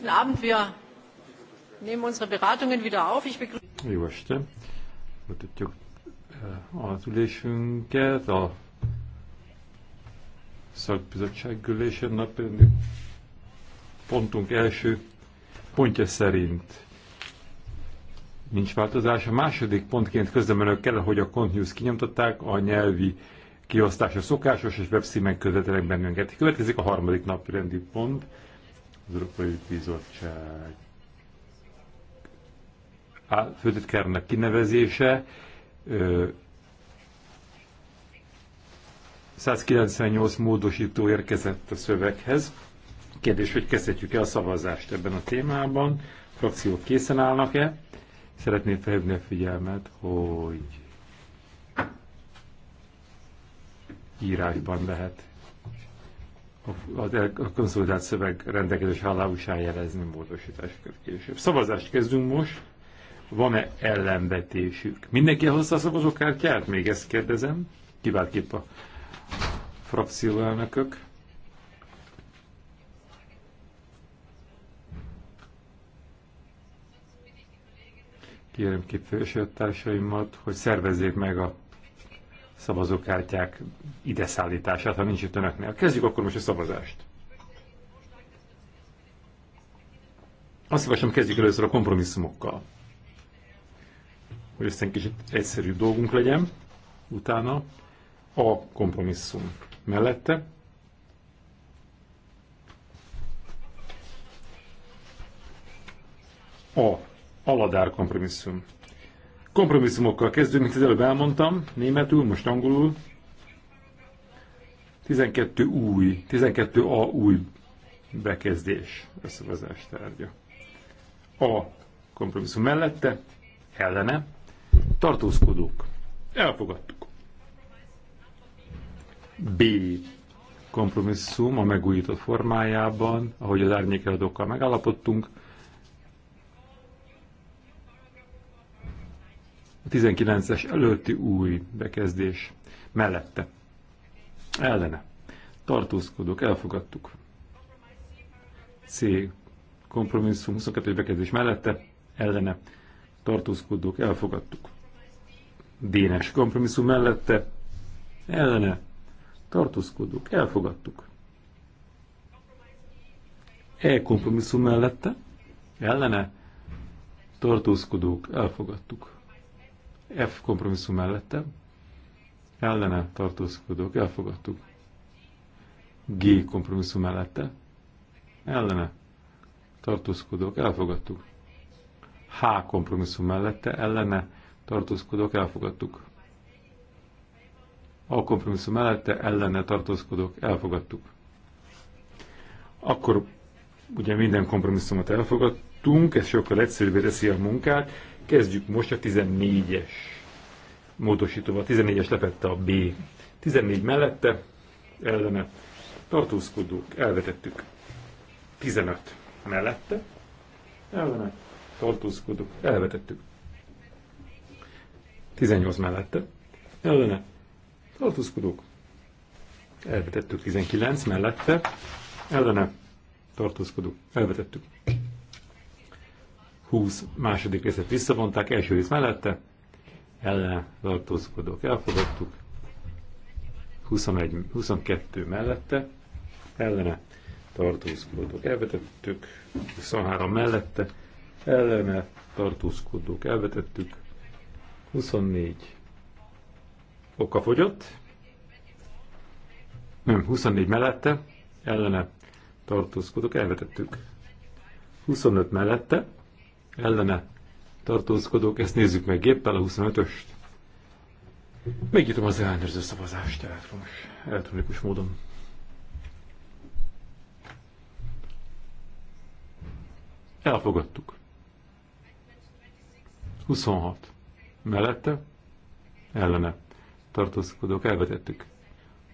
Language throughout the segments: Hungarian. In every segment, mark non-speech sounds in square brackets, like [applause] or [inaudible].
Guten Abend, wir nehmen unsere Beratungen wieder auf. Ich begrüße... Jó este! Eh, az ülésünket, a szakbizottság ülésen napi pontunk első pontja szerint nincs változás. A második pontként közlem önökkel, hogy a Contnews kinyomtatták a nyelvi kiosztása szokásos, és webszímen közvetelek bennünket. Következik a harmadik napi rendi pont, az Európai Bizottság főtitkárnak kinevezése 198 módosító érkezett a szöveghez. Kérdés, hogy kezdhetjük-e a szavazást ebben a témában? A frakciók készen állnak-e? Szeretném felhívni a figyelmet, hogy írásban lehet a konszolidált szöveg rendelkezés hálálúság jelezni módosításokat később. Szavazást kezdünk most. Van-e ellenvetésük? Mindenki hozta a szavazókártyát? Még ezt kérdezem. Kiváltképp a frakcióelnökök. Kérem képviselőtársaimat, hogy szervezzék meg a szavazókártyák ide szállítását, ha nincs itt önöknél. Kezdjük akkor most a szavazást. Azt javaslom, kezdjük először a kompromisszumokkal. Hogy aztán kicsit egyszerűbb dolgunk legyen. Utána a kompromisszum mellette. A aladár kompromisszum Kompromisszumokkal kezdünk, mint az előbb elmondtam, németül, most angolul. 12 új, 12 a új bekezdés, összevazás tárgya. A kompromisszum mellette, ellene, tartózkodók. Elfogadtuk. B kompromisszum a megújított formájában, ahogy az árnyékeladókkal megállapodtunk, a 19-es előtti új bekezdés mellette. Ellene. Tartózkodok, elfogadtuk. C. Kompromisszum 22-es bekezdés mellette. Ellene. Tartózkodók, elfogadtuk. Dénes kompromisszum mellette. Ellene. Tartózkodók, elfogadtuk. E kompromisszum mellette. Ellene. Tartózkodók, elfogadtuk. F kompromisszum mellette, ellene tartózkodók, elfogadtuk. G kompromisszum mellette, ellene tartózkodók, elfogadtuk. H kompromisszum mellette, ellene tartózkodók, elfogadtuk. A kompromisszum mellette, ellene tartózkodók, elfogadtuk. Akkor ugye minden kompromisszumot elfogadtunk, ez sokkal egyszerűbbé teszi a munkát, Kezdjük most a 14-es módosítóval. 14-es lepette a B. 14 mellette, ellene tartózkodók, elvetettük. 15 mellette, ellene tartózkodók, elvetettük. 18 mellette, ellene tartózkodók, elvetettük. 19 mellette, ellene tartózkodók, elvetettük. 20 második részet visszavonták, első rész mellette, ellen tartózkodók elfogadtuk, 21, 22 mellette, ellene tartózkodók elvetettük, 23 mellette, ellene tartózkodók elvetettük, 24 oka fogyott, nem, 24 mellette, ellene tartózkodók elvetettük, 25 mellette, ellene tartózkodók, ezt nézzük meg géppel, a 25-öst. Megnyitom az ellenőrző szavazást elektronos, elektronikus módon. Elfogadtuk. 26. Mellette, ellene. Tartózkodók, elvetettük.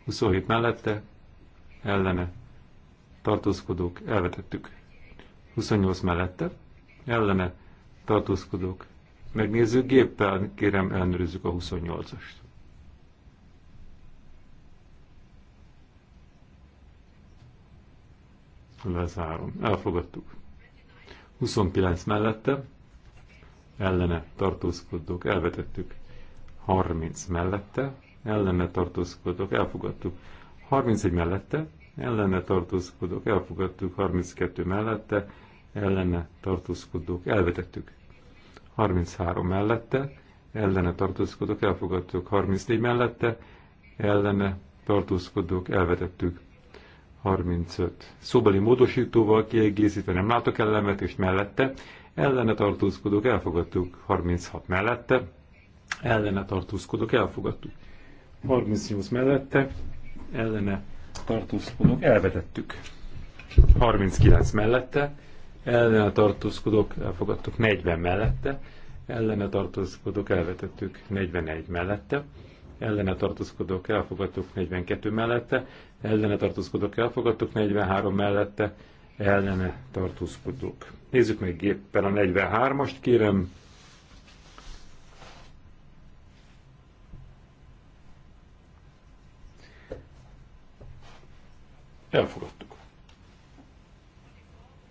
27 mellette, ellene. Tartózkodók, elvetettük. 28 mellette, ellene tartózkodók. Megnézzük géppel, kérem ellenőrizzük a 28-ast. Lezárom. Elfogadtuk. 29 mellette, ellene tartózkodók, elvetettük. 30 mellette, ellene tartózkodók, elfogadtuk. 31 mellette, ellene tartózkodók, elfogadtuk. 32 mellette, ellene tartózkodók elvetettük. 33 mellette, ellene tartózkodók elfogadtuk. 34 mellette, ellene tartózkodók elvetettük. 35. Szóbeli módosítóval kiegészítve nem látok és mellette, ellene tartózkodók elfogadtuk. 36 mellette, ellene tartózkodók elfogadtuk. 38 mellette, ellene tartózkodók elvetettük. 39 mellette, ellene tartózkodók elfogadtuk 40 mellette, ellene tartózkodók elvetettük 41 mellette, ellene tartózkodók elfogadtuk 42 mellette, ellene tartózkodók elfogadtuk 43 mellette, ellene tartózkodók. Nézzük meg éppen a 43-ast, kérem. Elfogadtuk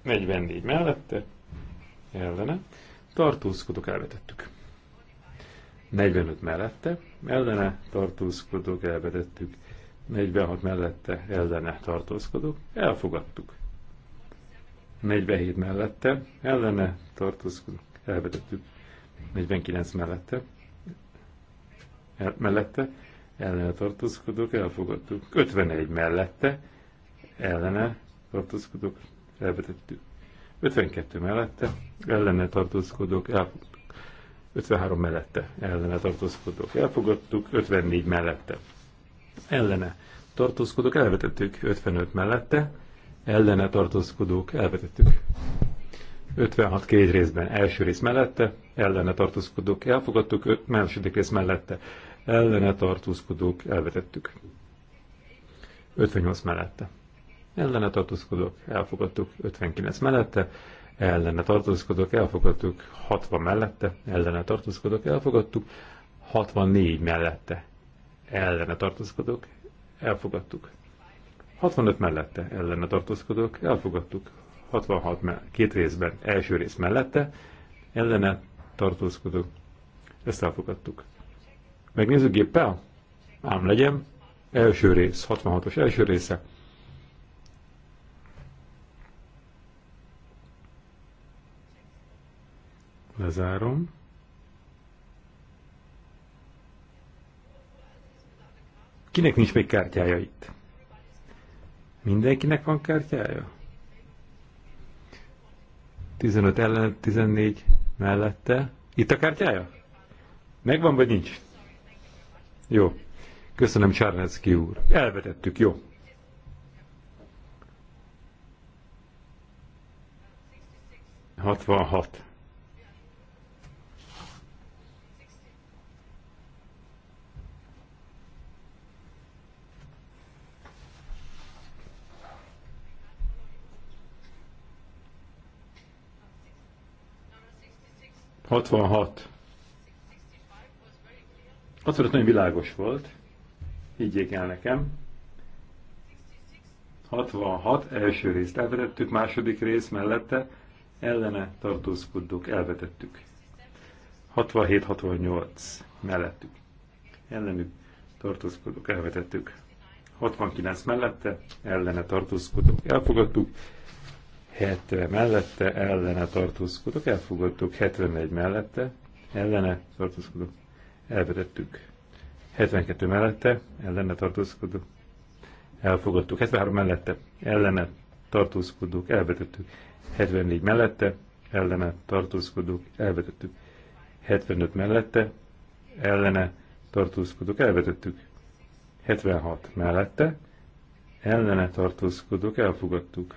vendég mellette, ellene, tartózkodók elvetettük. 45 mellette, ellene, tartózkodók elvetettük. 46 mellette, ellene, tartózkodók, elfogadtuk. 47 mellette, ellene, tartózkodók, elvetettük. 49 mellette, el, mellette, ellene tartózkodók, elfogadtuk. 51 mellette, ellene tartózkodók, elvetettük. 52 mellette, ellene tartózkodók, el, 53 mellette, ellene tartózkodók, elfogadtuk, 54 mellette, ellene tartózkodók, elvetettük, 55 mellette, ellene tartózkodók, elvetettük. 56 két részben, első rész mellette, ellene tartózkodók, elfogadtuk, 5 második rész mellette, ellene tartózkodók, elvetettük. 58 mellette ellene tartózkodok, elfogadtuk 59 mellette, ellene tartózkodok, elfogadtuk 60 mellette, ellene tartózkodok, elfogadtuk 64 mellette, ellene tartózkodok, elfogadtuk 65 mellette, ellene tartózkodok, elfogadtuk 66 me- két részben, első rész mellette, ellene tartózkodok, ezt elfogadtuk. Megnézzük géppel? Ám legyen, első rész, 66-os első része, Lezárom. Kinek nincs még kártyája itt? Mindenkinek van kártyája? 15 ellen, 14 mellette. Itt a kártyája? Megvan vagy nincs? Jó. Köszönöm, Csárnecki úr. Elvetettük, jó. Hatvanhat. 66. 65 nagyon világos volt, higgyék el nekem. 66 első részt elvetettük, második rész mellette ellene tartózkodók elvetettük. 67-68 mellettük. Ellenük tartózkodók elvetettük. 69 mellette ellene tartózkodók elfogadtuk. 70 mellette, ellene tartózkodok, elfogadtuk. 71 mellette, ellene tartózkodok, elvetettük. 72 mellette, ellene tartózkodok, elfogadtuk. 73 mellette, ellene tartózkodok, elvetettük. 74 mellette, ellene tartózkodok, elvetettük. 75 mellette, ellene tartózkodok, elvetettük. 76 mellette, ellene tartózkodok, elfogadtuk.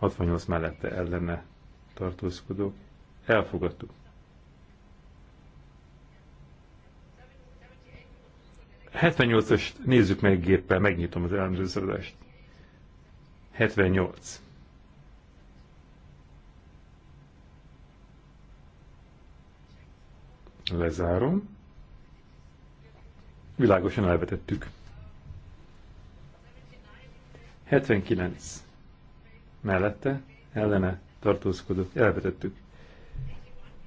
68 mellette ellene tartózkodók. Elfogadtuk. A 78-as nézzük meg géppel, megnyitom az elemzőszavazást. 78. Lezárom. Világosan elvetettük. 79 mellette, ellene tartózkodok, elvetettük.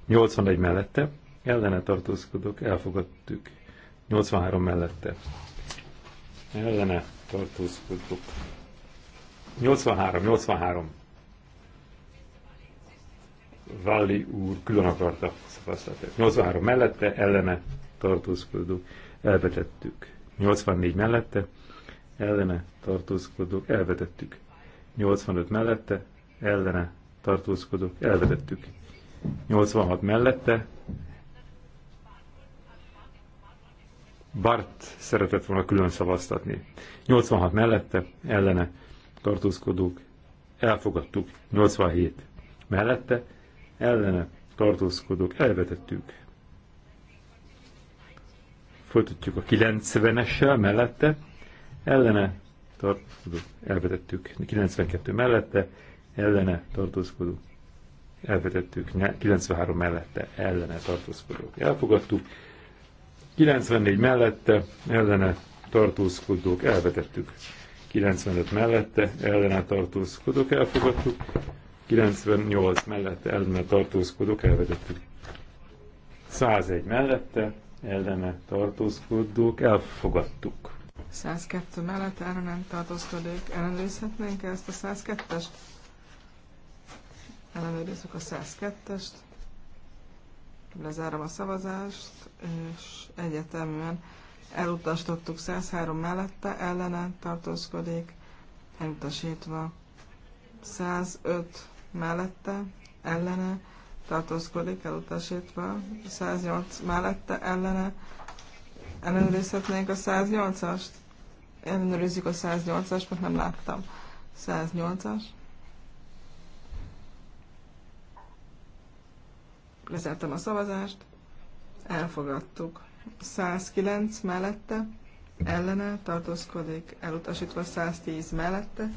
81 mellette, ellene tartózkodok, elfogadtuk. 83 mellette, ellene tartózkodok. 83, 83. Valli úr külön akarta szavaztatni. 83 mellette, ellene tartózkodok, elvetettük. 84 mellette, ellene tartózkodok, elvetettük. 85 mellette, ellene tartózkodok, elvedettük. 86 mellette, Bart szeretett volna külön szavaztatni. 86 mellette, ellene tartózkodók, elfogadtuk. 87 mellette, ellene tartózkodók, elvetettük. Folytatjuk a 90-essel mellette, ellene tartózkodó, elvetettük 92 mellette, ellene tartózkodó, elvetettük 93 mellette, ellene tartózkodó, elfogadtuk, 94 mellette, ellene tartózkodók, elvetettük, 95 mellette, ellene tartózkodók, elfogadtuk, 98 mellette, ellene tartózkodók, elvetettük, 101 mellette, ellene tartózkodók, elfogadtuk. 102 mellett erre nem tartózkodik. Ellenőrizhetnénk ezt a 102-est? Ellenőrizzük a 102-est. Lezárom a szavazást, és egyeteműen elutasítottuk 103 mellette, ellene tartózkodik, elutasítva. 105 mellette, ellene tartózkodik, elutasítva. 108 mellette, ellene Ellenőrizhetnénk a 108-ast? Ellenőrizzük a 108-ast, mert nem láttam. 108-as. Lezártam a szavazást. Elfogadtuk. 109 mellette, ellene tartózkodik, elutasítva 110 mellette,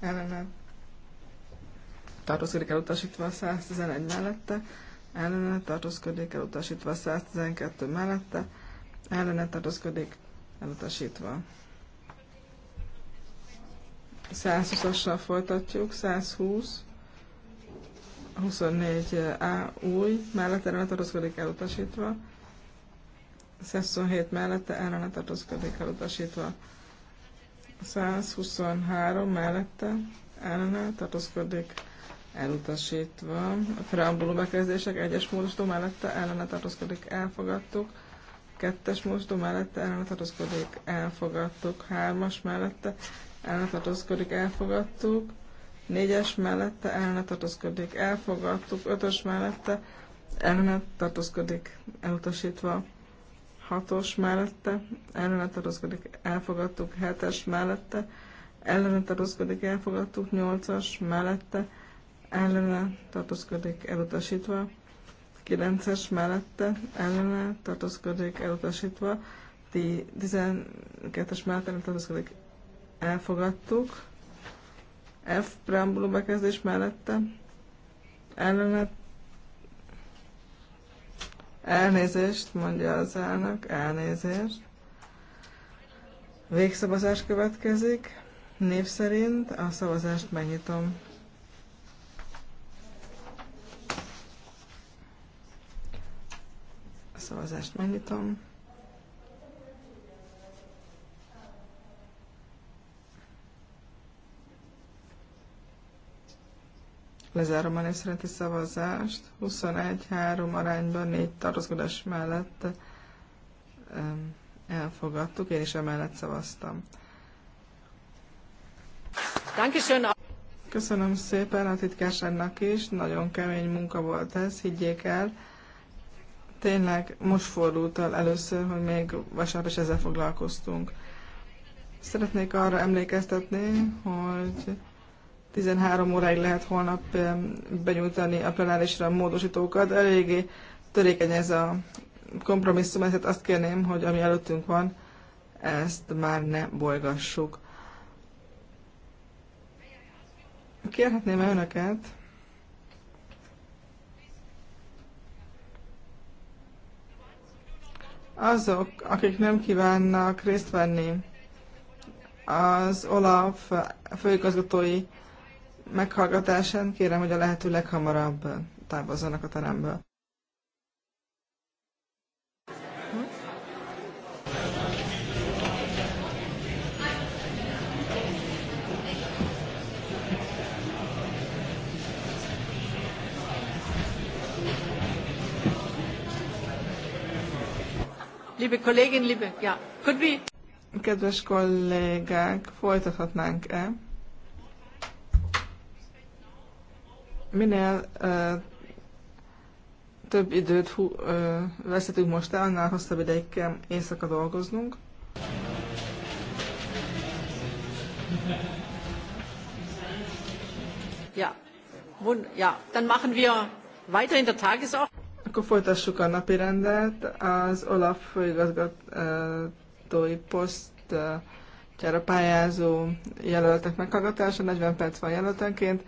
ellene tartózkodik, elutasítva 111 mellette, ellene tartózkodik, elutasítva 112 mellette, ellene tartozkodik elutasítva. 120-assal folytatjuk, 120, 24A eh, új, mellette ellene tartozkodik elutasítva. 127 mellette ellene tartozkodik elutasítva. 123 mellette ellene tartozkodik elutasítva. A preambuló bekezdések egyes módosító mellette ellene tartózkodik, elfogadtuk. Kettes mosdó mellette ellene elfogadtuk. Hármas mellette ellene elfogadtuk. Négyes mellette ellene elfogadtuk. Ötös mellette ellene elutasítva. Hatos mellette ellene elfogadtuk. Hetes mellette ellene elfogadtuk. Nyolcas mellette ellene tartózkodik, elutasítva 9-es mellette ellene tartózkodik elutasítva, 12-es mellette ellene tartózkodik elfogadtuk, F preambuló bekezdés mellette ellene elnézést, mondja az elnök, elnézést. Végszavazás következik. Név szerint a szavazást megnyitom. szavazást megnyitom. Lezárom a népszerinti szavazást. 21-3 arányban 4 tartozkodás mellett elfogadtuk, én is emellett szavaztam. Köszönöm szépen a titkárságnak is, nagyon kemény munka volt ez, higgyék el tényleg most fordult el először, hogy még vasárnap is ezzel foglalkoztunk. Szeretnék arra emlékeztetni, hogy 13 óráig lehet holnap benyújtani a plenárisra a módosítókat. Eléggé törékeny ez a kompromisszum, ezért azt kérném, hogy ami előttünk van, ezt már ne bolygassuk. Kérhetném -e önöket, Azok, akik nem kívánnak részt venni az Olaf főigazgatói meghallgatásán, kérem, hogy a lehető leghamarabb távozzanak a teremből. Liebe Kollegin, liebe, ja, could we... Kedves kollégák, folytathatnánk-e? Minél uh, több időt hú, uh, veszhetünk most el, annál hosszabb ideig kell éjszaka dolgoznunk. Ja, ja, dann machen wir weiter in der Tagesordnung. Akkor folytassuk a napi rendet. Az Olaf főigazgatói a pályázó jelöltek meghallgatása, 40 perc van jelöltenként.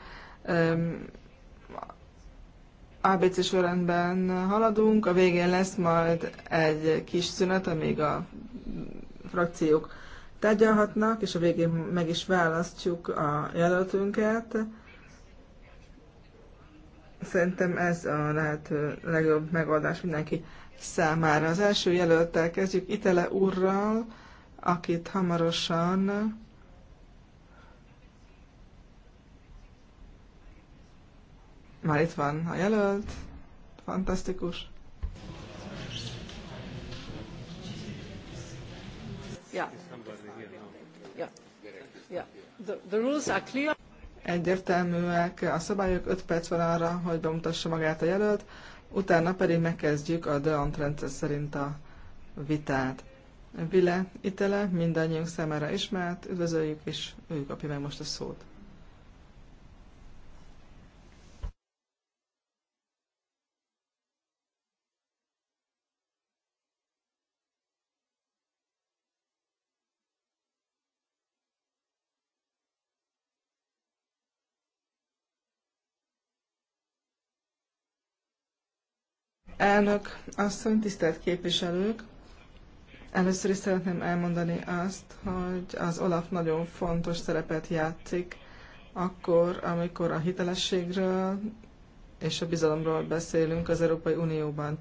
ABC sorrendben haladunk, a végén lesz majd egy kis szünet, amíg a frakciók tárgyalhatnak, és a végén meg is választjuk a jelöltünket. Szerintem ez a lehető legjobb megoldás mindenki számára. Az első jelöltel kezdjük Itele úrral, akit hamarosan már itt van a jelölt. Fantasztikus. Yeah. Yeah. ja. The, the rules are clear egyértelműek a szabályok, 5 perc van arra, hogy bemutassa magát a jelölt, utána pedig megkezdjük a Deont rendszer szerint a vitát. Vile Itele mindannyiunk számára ismert, üdvözöljük, és ő kapja meg most a szót. Elnök asszony, tisztelt képviselők! Először is szeretném elmondani azt, hogy az OLAF nagyon fontos szerepet játszik akkor, amikor a hitelességről és a bizalomról beszélünk az Európai Unióban.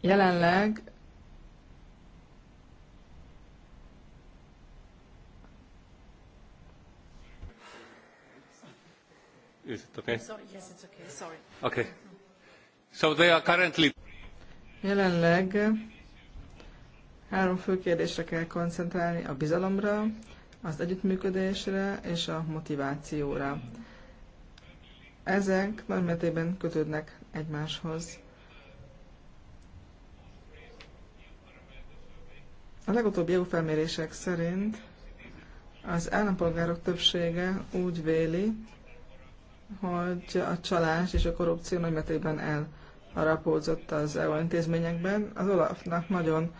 Jelenleg Is it okay? Sorry, yes, it's okay. Sorry. Okay. So they are currently... Jelenleg három fő kérdésre kell koncentrálni, a bizalomra, az együttműködésre és a motivációra. Ezek mértékben kötődnek egymáshoz. A legutóbbi EU felmérések szerint az állampolgárok többsége úgy véli, hogy a csalás és a korrupció el harapódzott az EU intézményekben. Az Olafnak nagyon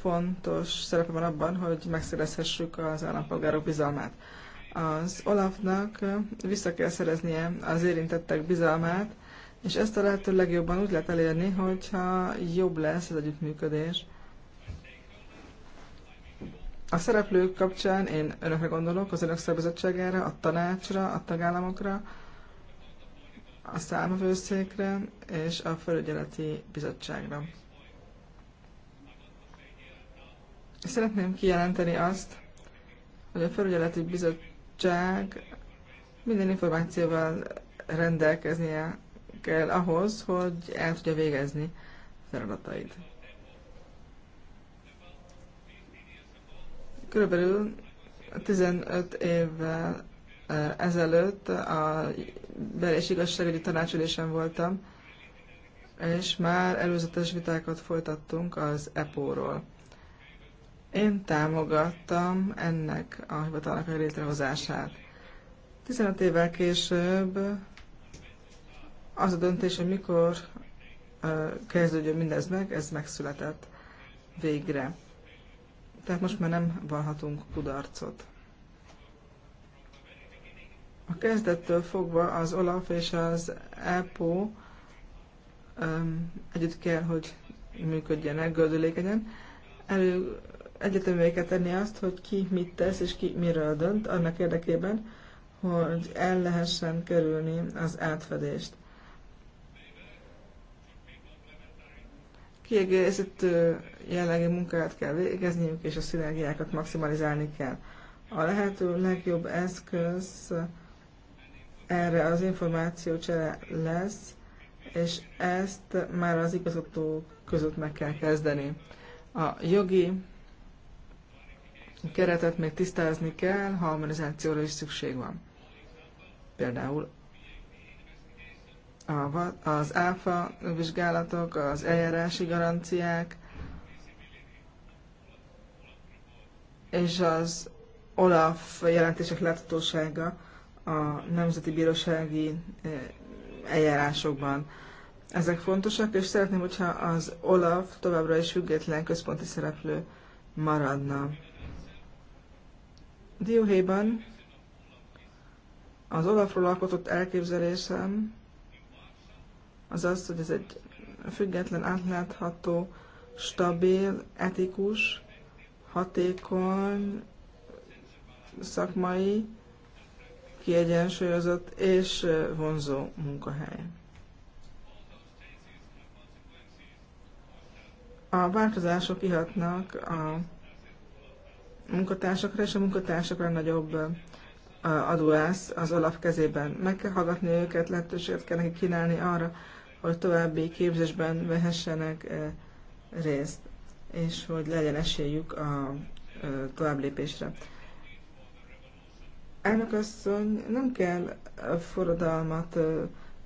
fontos szerepe van abban, hogy megszerezhessük az állampolgárok bizalmát. Az Olafnak vissza kell szereznie az érintettek bizalmát, és ezt a lehető legjobban úgy lehet elérni, hogyha jobb lesz az együttműködés. A szereplők kapcsán én önökre gondolok, az önök szervezettségére, a tanácsra, a tagállamokra, a számvőszékre és a felügyeleti bizottságra. Szeretném kijelenteni azt, hogy a felügyeleti bizottság minden információval rendelkeznie kell ahhoz, hogy el tudja végezni feladatait. Körülbelül 15 évvel Eh, ezelőtt a bel- és igazságügyi tanácsülésen voltam, és már előzetes vitákat folytattunk az EPO-ról. Én támogattam ennek a hivatalnak a létrehozását. 15 évvel később az a döntés, hogy mikor eh, kezdődjön mindez meg, ez megszületett végre. Tehát most már nem vallhatunk kudarcot. A kezdettől fogva az Olaf és az EPO um, együtt kell, hogy működjenek, gördülékenyen. Elő egyetemével kell tenni azt, hogy ki mit tesz és ki miről dönt, annak érdekében, hogy el lehessen kerülni az átfedést. Kiegészítő jellegi munkát kell végezniük, és a szinergiákat maximalizálni kell. A lehető legjobb eszköz erre az információcsere lesz, és ezt már az igazgató között meg kell kezdeni. A jogi keretet még tisztázni kell, ha harmonizációra is szükség van. Például az áfa vizsgálatok, az eljárási garanciák, és az OLAF jelentések láthatósága a nemzeti bírósági eh, eljárásokban. Ezek fontosak, és szeretném, hogyha az OLAF továbbra is független központi szereplő maradna. Dióhéjban az Olafról alkotott elképzelésem az az, hogy ez egy független, átlátható, stabil, etikus, hatékony, szakmai kiegyensúlyozott és vonzó munkahely. A változások ihatnak a munkatársakra, és a munkatársakra nagyobb adóász az alap kezében. Meg kell hallgatni őket, lehetőséget kell nekik kínálni arra, hogy további képzésben vehessenek részt, és hogy legyen esélyük a lépésre. Elnök asszony, nem kell forradalmat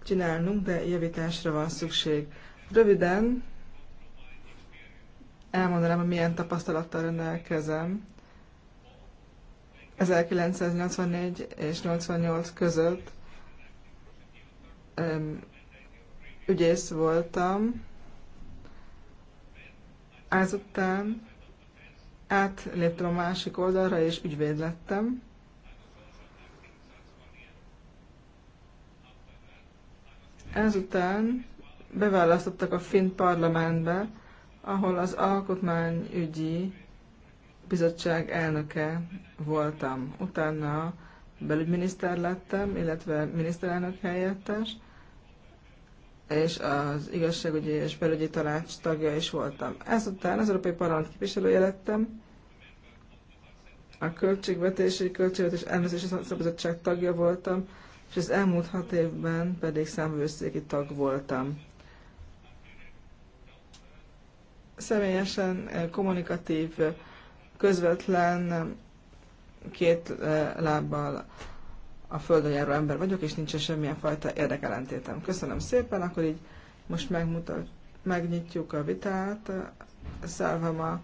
csinálnunk, de javításra van szükség. Röviden elmondanám, hogy milyen tapasztalattal rendelkezem. 1984 és 88 között ügyész voltam, ezután átléptem a másik oldalra, és ügyvéd lettem. Ezután beválasztottak a finn parlamentbe, ahol az alkotmányügyi bizottság elnöke voltam. Utána belügyminiszter lettem, illetve miniszterelnök helyettes, és az igazságügyi és belügyi tanács tagja is voltam. Ezután az Európai Parlament képviselője lettem, a költségvetési, költségvetés elnözési szabadság tagja voltam, és az elmúlt hat évben pedig számvőszéki tag voltam. Személyesen eh, kommunikatív, közvetlen, két eh, lábbal a földön járó ember vagyok, és nincsen semmilyen fajta érdekelentétem. Köszönöm szépen, akkor így most megmutat, megnyitjuk a vitát. Szálvama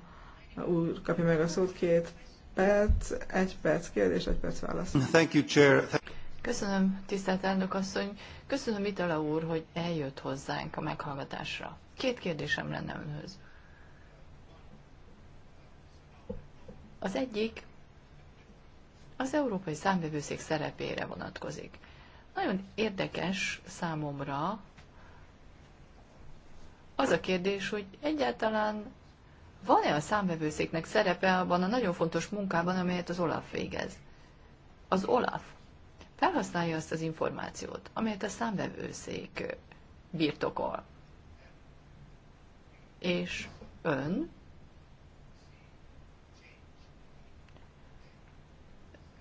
úr kapja meg a szót két perc, egy perc kérdés, egy perc válasz. Thank you, Chair. Köszönöm, tisztelt elnök asszony. Köszönöm, Itala úr, hogy eljött hozzánk a meghallgatásra. Két kérdésem lenne önhöz. Az egyik az Európai Számvevőszék szerepére vonatkozik. Nagyon érdekes számomra az a kérdés, hogy egyáltalán van-e a számvevőszéknek szerepe abban a nagyon fontos munkában, amelyet az Olaf végez? Az Olaf felhasználja azt az információt, amelyet a számvevőszék birtokol. És ön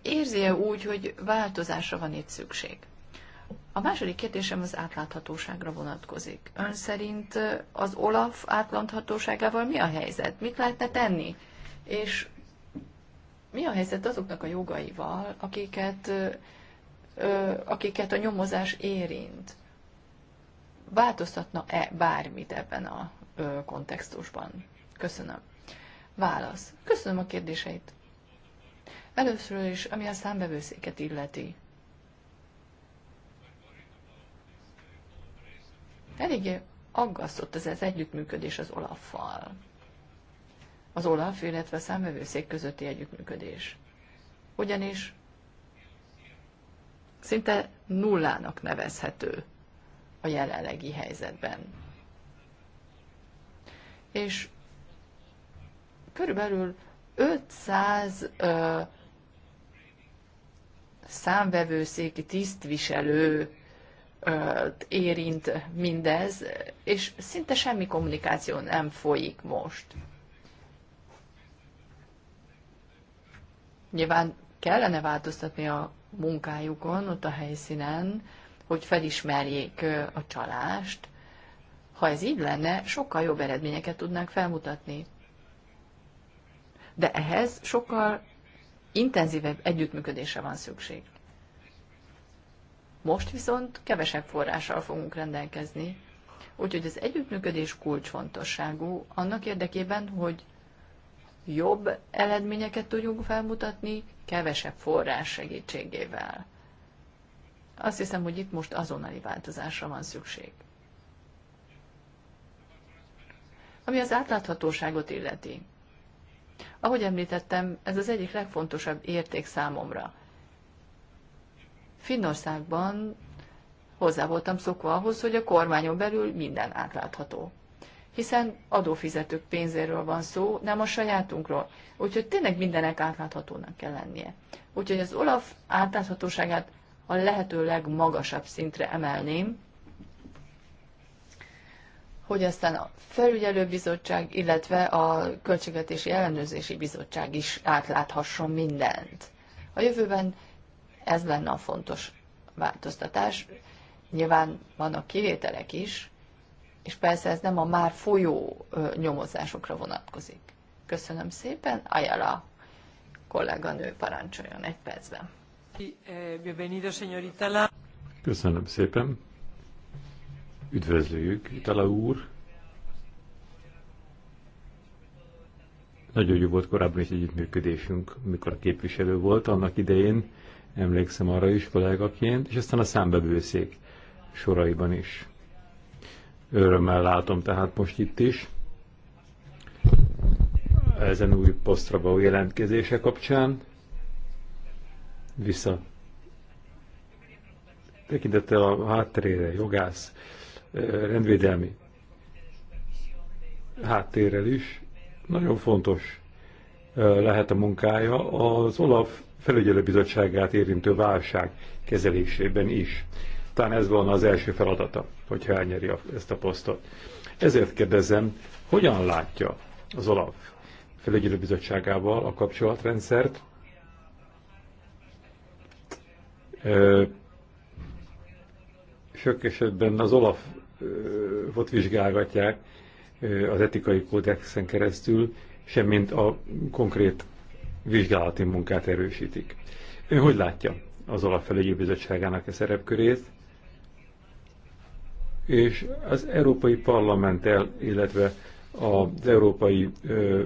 érzi -e úgy, hogy változásra van itt szükség? A második kérdésem az átláthatóságra vonatkozik. Ön szerint az OLAF átláthatóságával mi a helyzet? Mit lehetne tenni? És mi a helyzet azoknak a jogaival, akiket akiket a nyomozás érint. Változtatna-e bármit ebben a kontextusban? Köszönöm. Válasz. Köszönöm a kérdéseit. Először is, ami a számbevőszéket illeti. Eléggé aggasztott ez az együttműködés az Olaffal. Az Olaf, illetve a számbevőszék közötti együttműködés. Ugyanis szinte nullának nevezhető a jelenlegi helyzetben. És körülbelül 500 ö, számvevőszéki tisztviselő ö, érint mindez, és szinte semmi kommunikáció nem folyik most. Nyilván kellene változtatni a munkájukon, ott a helyszínen, hogy felismerjék a csalást. Ha ez így lenne, sokkal jobb eredményeket tudnánk felmutatni. De ehhez sokkal intenzívebb együttműködésre van szükség. Most viszont kevesebb forrással fogunk rendelkezni, úgyhogy az együttműködés kulcsfontosságú annak érdekében, hogy jobb eredményeket tudjunk felmutatni, kevesebb forrás segítségével. Azt hiszem, hogy itt most azonnali változásra van szükség. Ami az átláthatóságot illeti. Ahogy említettem, ez az egyik legfontosabb érték számomra. Finnországban hozzá voltam szokva ahhoz, hogy a kormányon belül minden átlátható hiszen adófizetők pénzéről van szó, nem a sajátunkról. Úgyhogy tényleg mindenek átláthatónak kell lennie. Úgyhogy az Olaf átláthatóságát a lehető legmagasabb szintre emelném, hogy aztán a felügyelőbizottság, illetve a Költségvetési Ellenőrzési Bizottság is átláthasson mindent. A jövőben ez lenne a fontos változtatás. Nyilván vannak kivételek is, és persze ez nem a már folyó nyomozásokra vonatkozik. Köszönöm szépen, Ayala kolléganő parancsoljon egy percben. Eh, Köszönöm szépen. Üdvözlőjük, Itala úr. Nagyon jó volt korábban is együttműködésünk, mikor a képviselő volt annak idején, emlékszem arra is kollégaként, és aztán a számbevőszék soraiban is örömmel látom tehát most itt is ezen új posztra való jelentkezése kapcsán. Vissza tekintettel a hátterére, jogász, rendvédelmi háttérrel is, nagyon fontos lehet a munkája az Olaf felügyelőbizottságát érintő válság kezelésében is. Talán ez volna az első feladata, hogyha elnyeri ezt a posztot. Ezért kérdezem, hogyan látja az Olaf felügyelőbizottságával a kapcsolatrendszert? Sok esetben az Olaf Olafot vizsgálgatják az etikai kódexen keresztül, semmint a konkrét vizsgálati munkát erősítik. Ön hogy látja az Olaf felügyelőbizottságának a e szerepkörét? és az Európai Parlamenttel, illetve az Európai ö,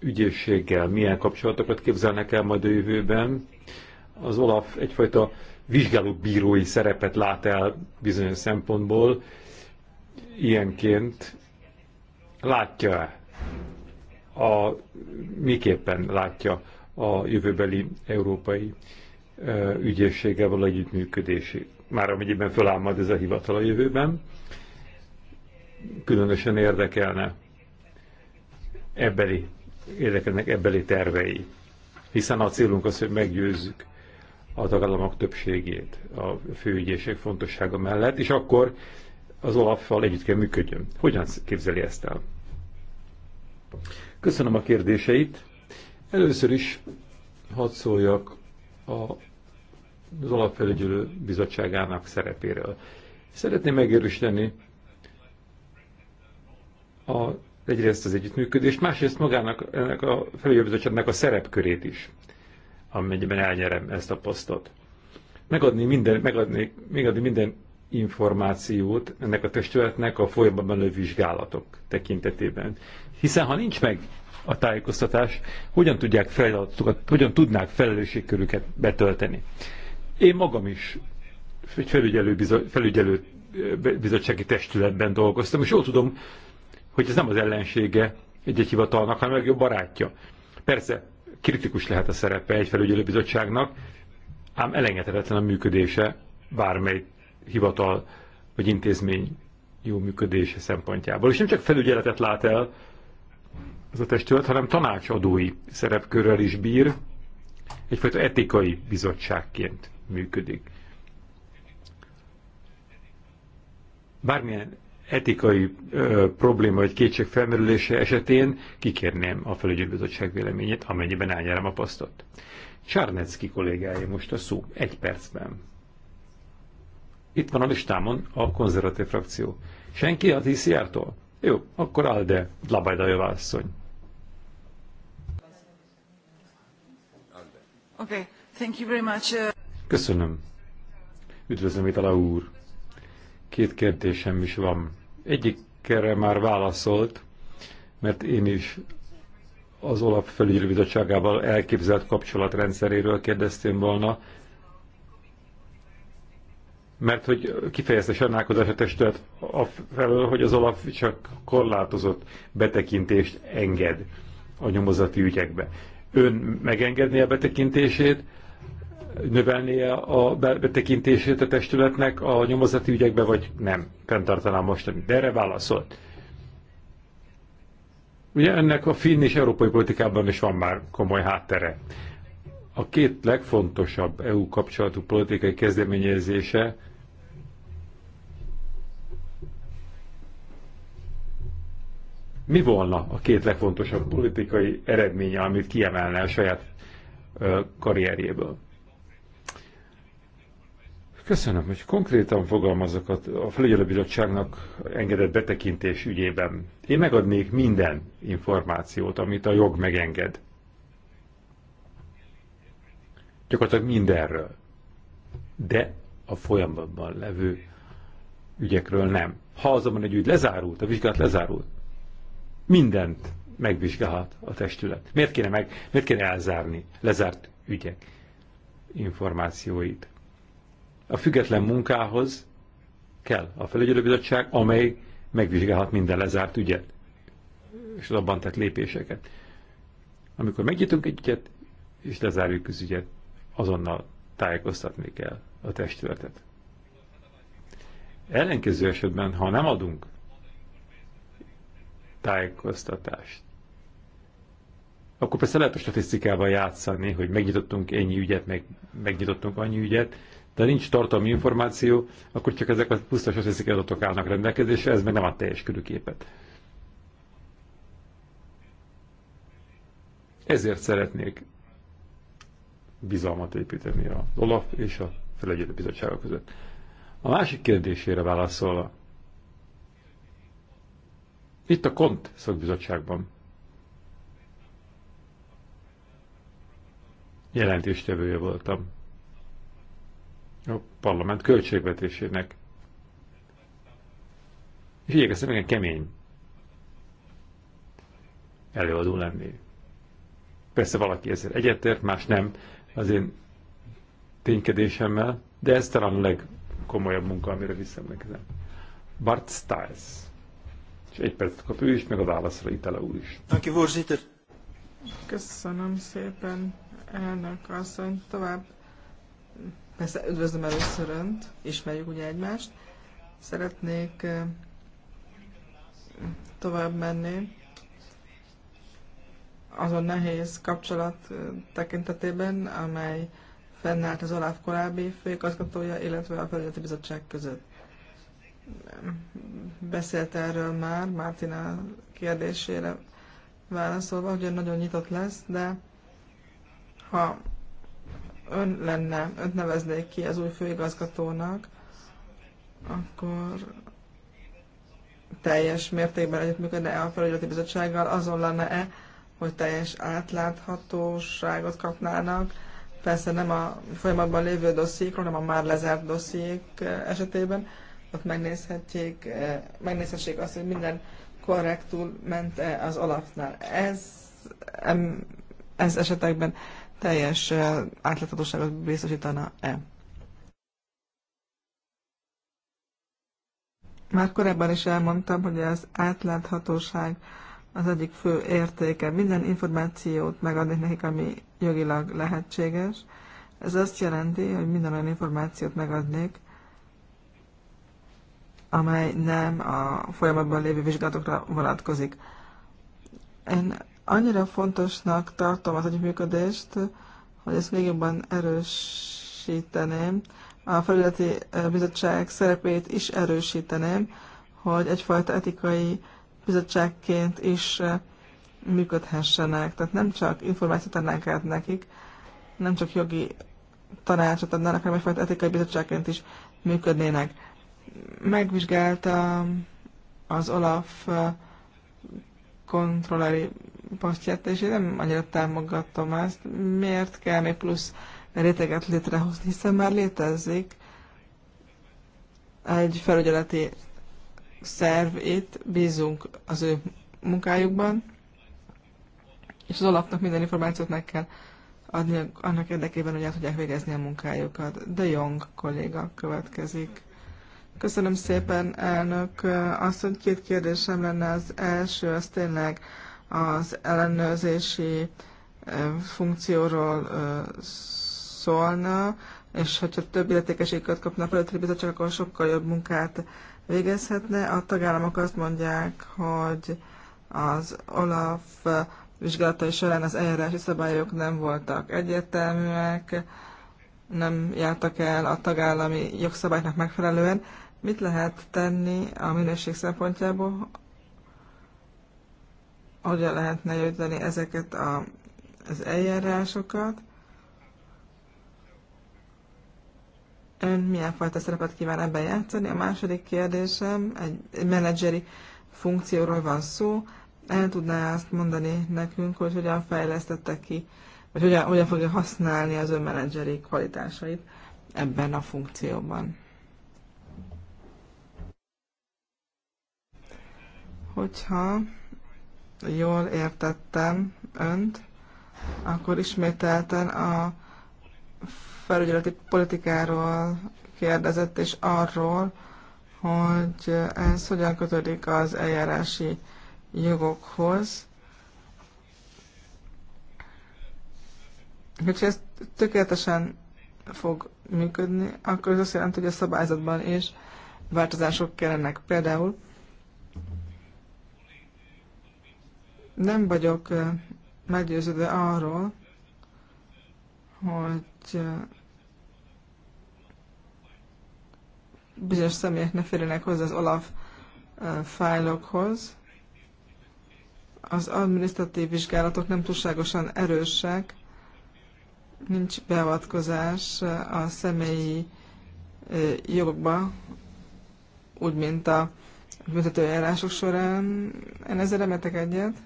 Ügyészséggel milyen kapcsolatokat képzelnek el majd a jövőben. Az Olaf egyfajta vizsgálóbírói szerepet lát el bizonyos szempontból. Ilyenként látja-e, a, miképpen látja a jövőbeli európai ügyészséggel való együttműködését? már amennyiben föláll majd ez a hivatal a jövőben, különösen érdekelne ebbeli, érdekelnek ebbeli tervei. Hiszen a célunk az, hogy meggyőzzük a tagállamok többségét a főügyészség fontossága mellett, és akkor az Olaffal együtt kell működjön. Hogyan képzeli ezt el? Köszönöm a kérdéseit. Először is hadd szóljak a az alapfelügyelő bizottságának szerepéről. Szeretném megerősíteni a, egyrészt az együttműködést, másrészt magának ennek a felügyelőbizottságnak a szerepkörét is, amennyiben elnyerem ezt a posztot. Megadni minden, megadni, megadni minden információt ennek a testületnek a folyamatban lő vizsgálatok tekintetében. Hiszen ha nincs meg a tájékoztatás, hogyan tudják hogyan tudnák felelősségkörüket betölteni. Én magam is egy felügyelő, felügyelő bizottsági testületben dolgoztam, és jól tudom, hogy ez nem az ellensége egy-egy hivatalnak, hanem a legjobb barátja. Persze, kritikus lehet a szerepe egy bizottságnak, ám elengedhetetlen a működése bármely hivatal vagy intézmény jó működése szempontjából. És nem csak felügyeletet lát el az a testület, hanem tanácsadói szerepkörrel is bír, egyfajta etikai bizottságként működik. Bármilyen etikai ö, probléma vagy kétség felmerülése esetén kikérném a felügyelőbizottság véleményét, amennyiben elnyerem a pasztot. Csárnecki kollégája most a szó, egy percben. Itt van a listámon a konzervatív frakció. Senki a TCR-tól? Jó, akkor Alde, Labajda Oké, Okay, thank you very much. Köszönöm. Üdvözlöm, Itala úr. Két kérdésem is van. Egyikre már válaszolt, mert én is az Olaf felügyelőbizottságával elképzelt kapcsolatrendszeréről kérdeztem volna, mert hogy kifejezte sajnálkozás a testület felől, hogy az Olaf csak korlátozott betekintést enged a nyomozati ügyekbe. Ön megengedné a betekintését, növelnie a betekintését a testületnek a nyomozati ügyekbe, vagy nem? Fentartanám mostani. De erre válaszolt. Ugye ennek a finn és európai politikában is van már komoly háttere. A két legfontosabb EU kapcsolatú politikai kezdeményezése mi volna a két legfontosabb politikai eredménye, amit kiemelne a saját karrierjéből? Köszönöm, hogy konkrétan fogalmazok a felügyelőbizottságnak engedett betekintés ügyében. Én megadnék minden információt, amit a jog megenged. Gyakorlatilag mindenről. De a folyamatban levő ügyekről nem. Ha azonban egy ügy lezárult, a vizsgálat lezárult, mindent megvizsgálhat a testület. Miért kéne, meg, miért kéne elzárni lezárt ügyek információit? a független munkához kell a felügyelőbizottság, amely megvizsgálhat minden lezárt ügyet, és az abban tett lépéseket. Amikor megnyitunk egy ügyet, és lezárjuk az ügyet, azonnal tájékoztatni kell a testületet. Ellenkező esetben, ha nem adunk tájékoztatást, akkor persze lehet a statisztikával játszani, hogy megnyitottunk ennyi ügyet, meg megnyitottunk annyi ügyet, de nincs tartalmi információ, akkor csak ezek a pusztas összeszik adatok állnak rendelkezésre, ez meg nem a teljes körüképet. Ezért szeretnék bizalmat építeni az Olaf és a felügyelő bizottságok között. A másik kérdésére válaszolva, itt a KONT szakbizottságban jelentéstevője voltam a parlament költségvetésének. És igyekeztem igen kemény előadó lenni. Persze valaki ezért egyetért, más nem az én ténykedésemmel, de ez talán a legkomolyabb munka, amire visszaemlékezem. Bart Stiles. És egy percet kap ő is, meg a válaszra Itala úr is. Köszönöm szépen, elnök asszony. Tovább Persze üdvözlöm először Önt, ismerjük ugye egymást. Szeretnék tovább menni azon nehéz kapcsolat tekintetében, amely fennállt az Oláv korábbi főigazgatója, illetve a Felügyeleti Bizottság között. Beszélt erről már Mártina kérdésére válaszolva, hogy nagyon nyitott lesz, de ha ön lenne, önt neveznék ki az új főigazgatónak, akkor teljes mértékben együttműködne a felügyeleti bizottsággal, azon lenne-e, hogy teljes átláthatóságot kapnának, persze nem a folyamatban lévő dossziék, hanem a már lezárt dossziék eh, esetében, ott megnézhetjék, eh, megnézhessék azt, hogy minden korrektul ment -e az alapnál. Ez, ez esetekben teljes átláthatóságot biztosítana-e. Már korábban is elmondtam, hogy az átláthatóság az egyik fő értéke. Minden információt megadni nekik, ami jogilag lehetséges. Ez azt jelenti, hogy minden olyan információt megadnék, amely nem a folyamatban lévő vizsgálatokra vonatkozik. Én Annyira fontosnak tartom az együttműködést, hogy ezt még jobban erősíteném. A felületi eh, bizottság szerepét is erősíteném, hogy egyfajta etikai bizottságként is eh, működhessenek. Tehát nem csak információt adnánk át nekik, nem csak jogi tanácsot adnának, hanem egyfajta etikai bizottságként is működnének. Megvizsgáltam az Olaf eh, kontrolleri posztját, és én nem annyira támogatom ezt. Miért kell még plusz réteget létrehozni, hiszen már létezik egy felügyeleti szerv itt, bízunk az ő munkájukban, és az alapnak minden információt meg kell adni annak érdekében, hogy el tudják végezni a munkájukat. De Jong kolléga következik. Köszönöm szépen, elnök. Azt, hogy két kérdésem lenne, az első, az tényleg az ellenőrzési funkcióról szólna, és hogyha több illetékeséget kapna a Felületi Bizottság, akkor sokkal jobb munkát végezhetne. A tagállamok azt mondják, hogy az Olaf vizsgálatai során az eljárási szabályok nem voltak egyértelműek, nem jártak el a tagállami jogszabálynak megfelelően. Mit lehet tenni a minőség szempontjából hogyan lehetne javítani ezeket a, az eljárásokat. Ön milyen fajta szerepet kíván ebben játszani? A második kérdésem, egy menedzseri funkcióról van szó. El tudná azt mondani nekünk, hogy hogyan fejlesztette ki, vagy hogyan, hogyan fogja használni az ön menedzseri kvalitásait ebben a funkcióban? Hogyha jól értettem önt, akkor ismételten a felügyeleti politikáról kérdezett, és arról, hogy ez hogyan kötődik az eljárási jogokhoz. Hogyha ez tökéletesen fog működni, akkor ez azt jelenti, hogy a szabályzatban is változások kellenek. Például Nem vagyok meggyőződve arról, hogy bizonyos személyek ne férjenek hozzá az Olaf fájlokhoz. Az administratív vizsgálatok nem túlságosan erősek, nincs beavatkozás a személyi jogokba, úgy, mint a büntetőjárások során. Én ezzel remetek egyet.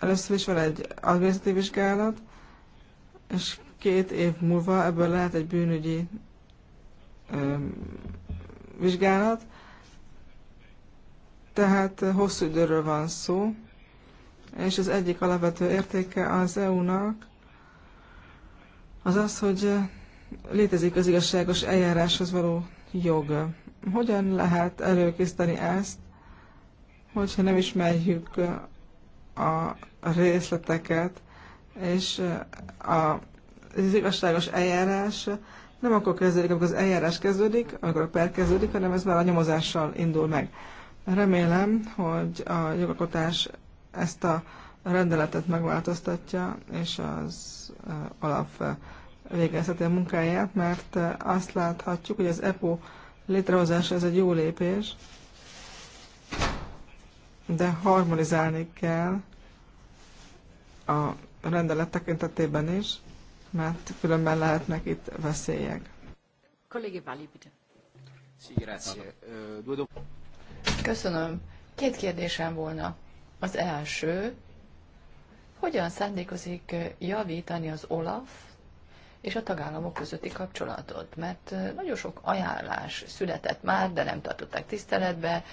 Először is van egy adminisztratív vizsgálat, és két év múlva ebből lehet egy bűnügyi ö, vizsgálat, tehát hosszú időről van szó, és az egyik alapvető értéke az EU-nak az az, hogy létezik az igazságos eljáráshoz való jog. Hogyan lehet előkészíteni ezt, hogyha nem ismerjük a részleteket, és eh, a, az igazságos eljárás nem akkor kezdődik, amikor az eljárás kezdődik, amikor a per kezdődik, hanem ez már a nyomozással indul meg. Remélem, hogy a jogalkotás ezt a rendeletet megváltoztatja, és az alap eh, eh, végezheti a munkáját, mert azt láthatjuk, hogy az EPO létrehozása ez egy jó lépés, de harmonizálni kell a rendelet tekintetében is, mert különben lehetnek itt veszélyek. Köszönöm. Két kérdésem volna. Az első, hogyan szándékozik javítani az OLAF és a tagállamok közötti kapcsolatot? Mert nagyon sok ajánlás született már, de nem tartották tiszteletbe,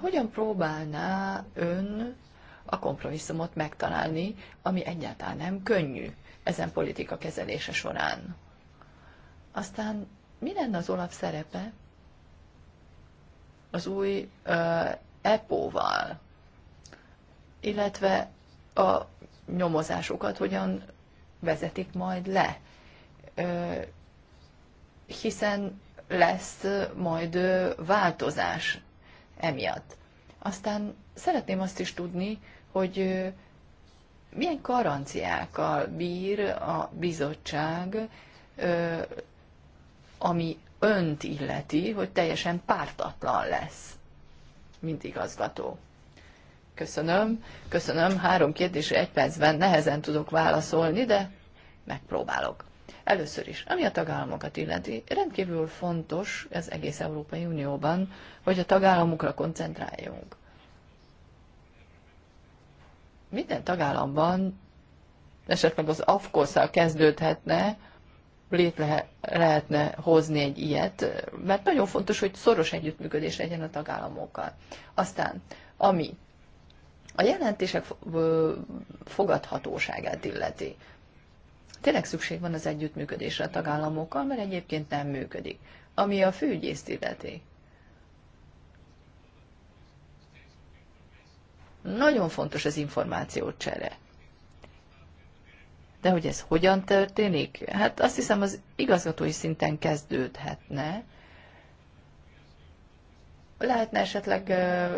hogyan próbálná ön a kompromisszumot megtalálni, ami egyáltalán nem könnyű ezen politika kezelése során? Aztán mi lenne az Olaf szerepe az új uh, EPO-val, illetve a nyomozásokat hogyan vezetik majd le? Uh, hiszen lesz majd változás emiatt. Aztán szeretném azt is tudni, hogy milyen garanciákkal bír a bizottság, ami önt illeti, hogy teljesen pártatlan lesz, mint igazgató. Köszönöm, köszönöm. Három kérdésre egy percben nehezen tudok válaszolni, de megpróbálok. Először is, ami a tagállamokat illeti, rendkívül fontos ez egész Európai Unióban, hogy a tagállamokra koncentráljunk. Minden tagállamban, esetleg az afkosz kezdődhetne, létre lehetne hozni egy ilyet, mert nagyon fontos, hogy szoros együttműködés legyen a tagállamokkal. Aztán, ami a jelentések fogadhatóságát illeti. Tényleg szükség van az együttműködésre a tagállamokkal, mert egyébként nem működik. Ami a főügyészt illeti. Nagyon fontos az információcsere. De hogy ez hogyan történik? Hát azt hiszem, az igazgatói szinten kezdődhetne. Lehetne esetleg ö,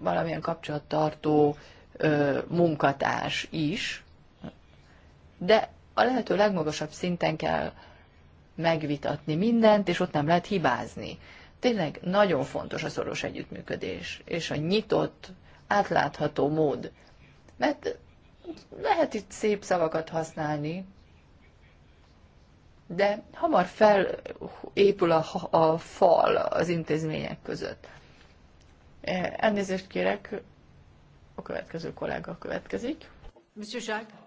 valamilyen kapcsolattartó ö, munkatárs is, de a lehető legmagasabb szinten kell megvitatni mindent, és ott nem lehet hibázni. Tényleg nagyon fontos a szoros együttműködés, és a nyitott, átlátható mód. Mert lehet itt szép szavakat használni, de hamar felépül a, a fal az intézmények között. E, elnézést kérek, a következő kollega következik. Monsieur Jacques.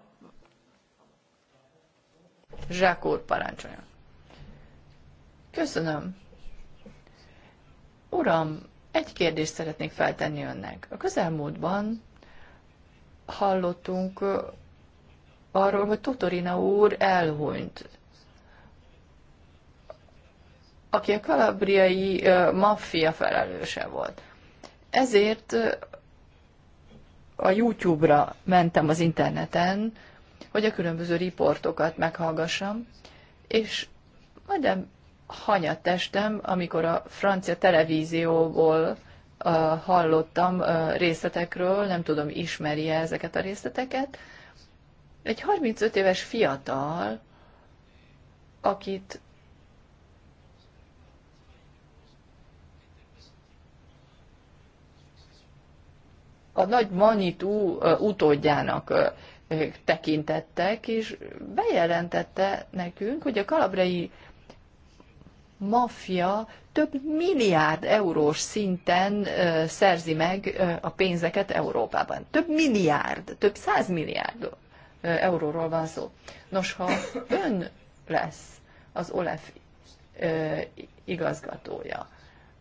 Zsák úr parancsoljon. Köszönöm. Uram, egy kérdést szeretnék feltenni önnek. A közelmúltban hallottunk arról, hogy Totorina úr elhunyt, aki a kalabriai maffia felelőse volt. Ezért a YouTube-ra mentem az interneten, hogy a különböző riportokat meghallgassam, és majdnem hanyat testem, amikor a francia televízióból uh, hallottam uh, részletekről, nem tudom, ismeri -e ezeket a részleteket. Egy 35 éves fiatal, akit a nagy Manitú uh, utódjának tekintettek, és bejelentette nekünk, hogy a kalabrai maffia több milliárd eurós szinten szerzi meg a pénzeket Európában. Több milliárd, több százmilliárd euróról van szó. Nos, ha ön lesz az OLEF igazgatója,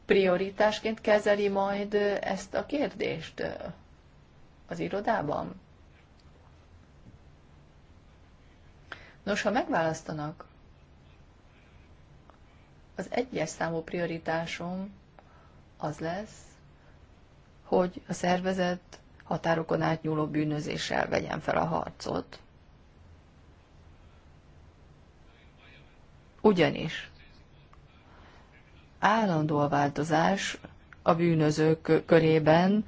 prioritásként kezeli majd ezt a kérdést az irodában? Nos, ha megválasztanak, az egyes számú prioritásom az lesz, hogy a szervezet határokon átnyúló bűnözéssel vegyen fel a harcot. Ugyanis állandó a változás a bűnözők körében,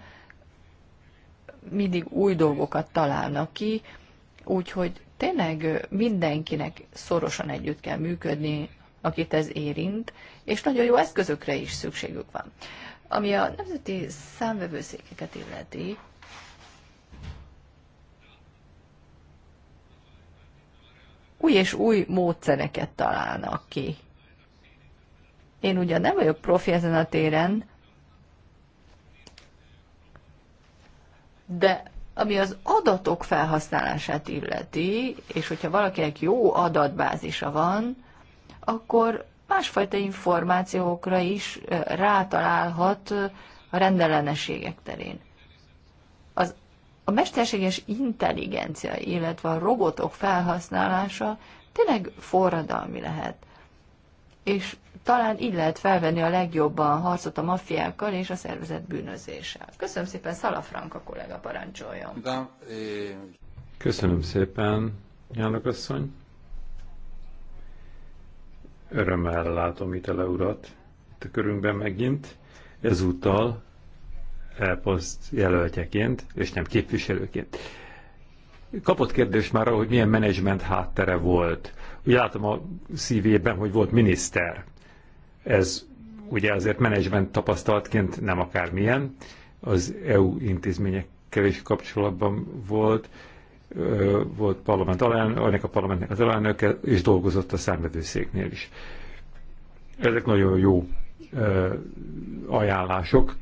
mindig új dolgokat találnak ki, úgyhogy tényleg mindenkinek szorosan együtt kell működni, akit ez érint, és nagyon jó eszközökre is szükségük van. Ami a nemzeti számvevőszékeket illeti, új és új módszereket találnak ki. Én ugye nem vagyok profi ezen a téren, de ami az adatok felhasználását illeti, és hogyha valakinek jó adatbázisa van, akkor másfajta információkra is rátalálhat a rendellenességek terén. Az, a mesterséges intelligencia, illetve a robotok felhasználása tényleg forradalmi lehet. És talán így lehet felvenni a legjobban harcot a maffiákkal és a szervezet bűnözéssel. Köszönöm szépen, Franka kollega parancsoljon. Eh, Köszönöm szépen, Jánok asszony. Örömmel látom Itele urat itt a körünkben megint. Ezúttal elposzt jelöltjeként, és nem képviselőként. Kapott kérdés már, hogy milyen menedzsment háttere volt. Úgy látom a szívében, hogy volt miniszter. Ez ugye azért menedzsment tapasztalatként nem akármilyen, az EU intézmények kevés kapcsolatban volt, volt parlament alelnök, annak a parlamentnek az alelnöke, és dolgozott a számvevőszéknél is. Ezek nagyon jó ajánlások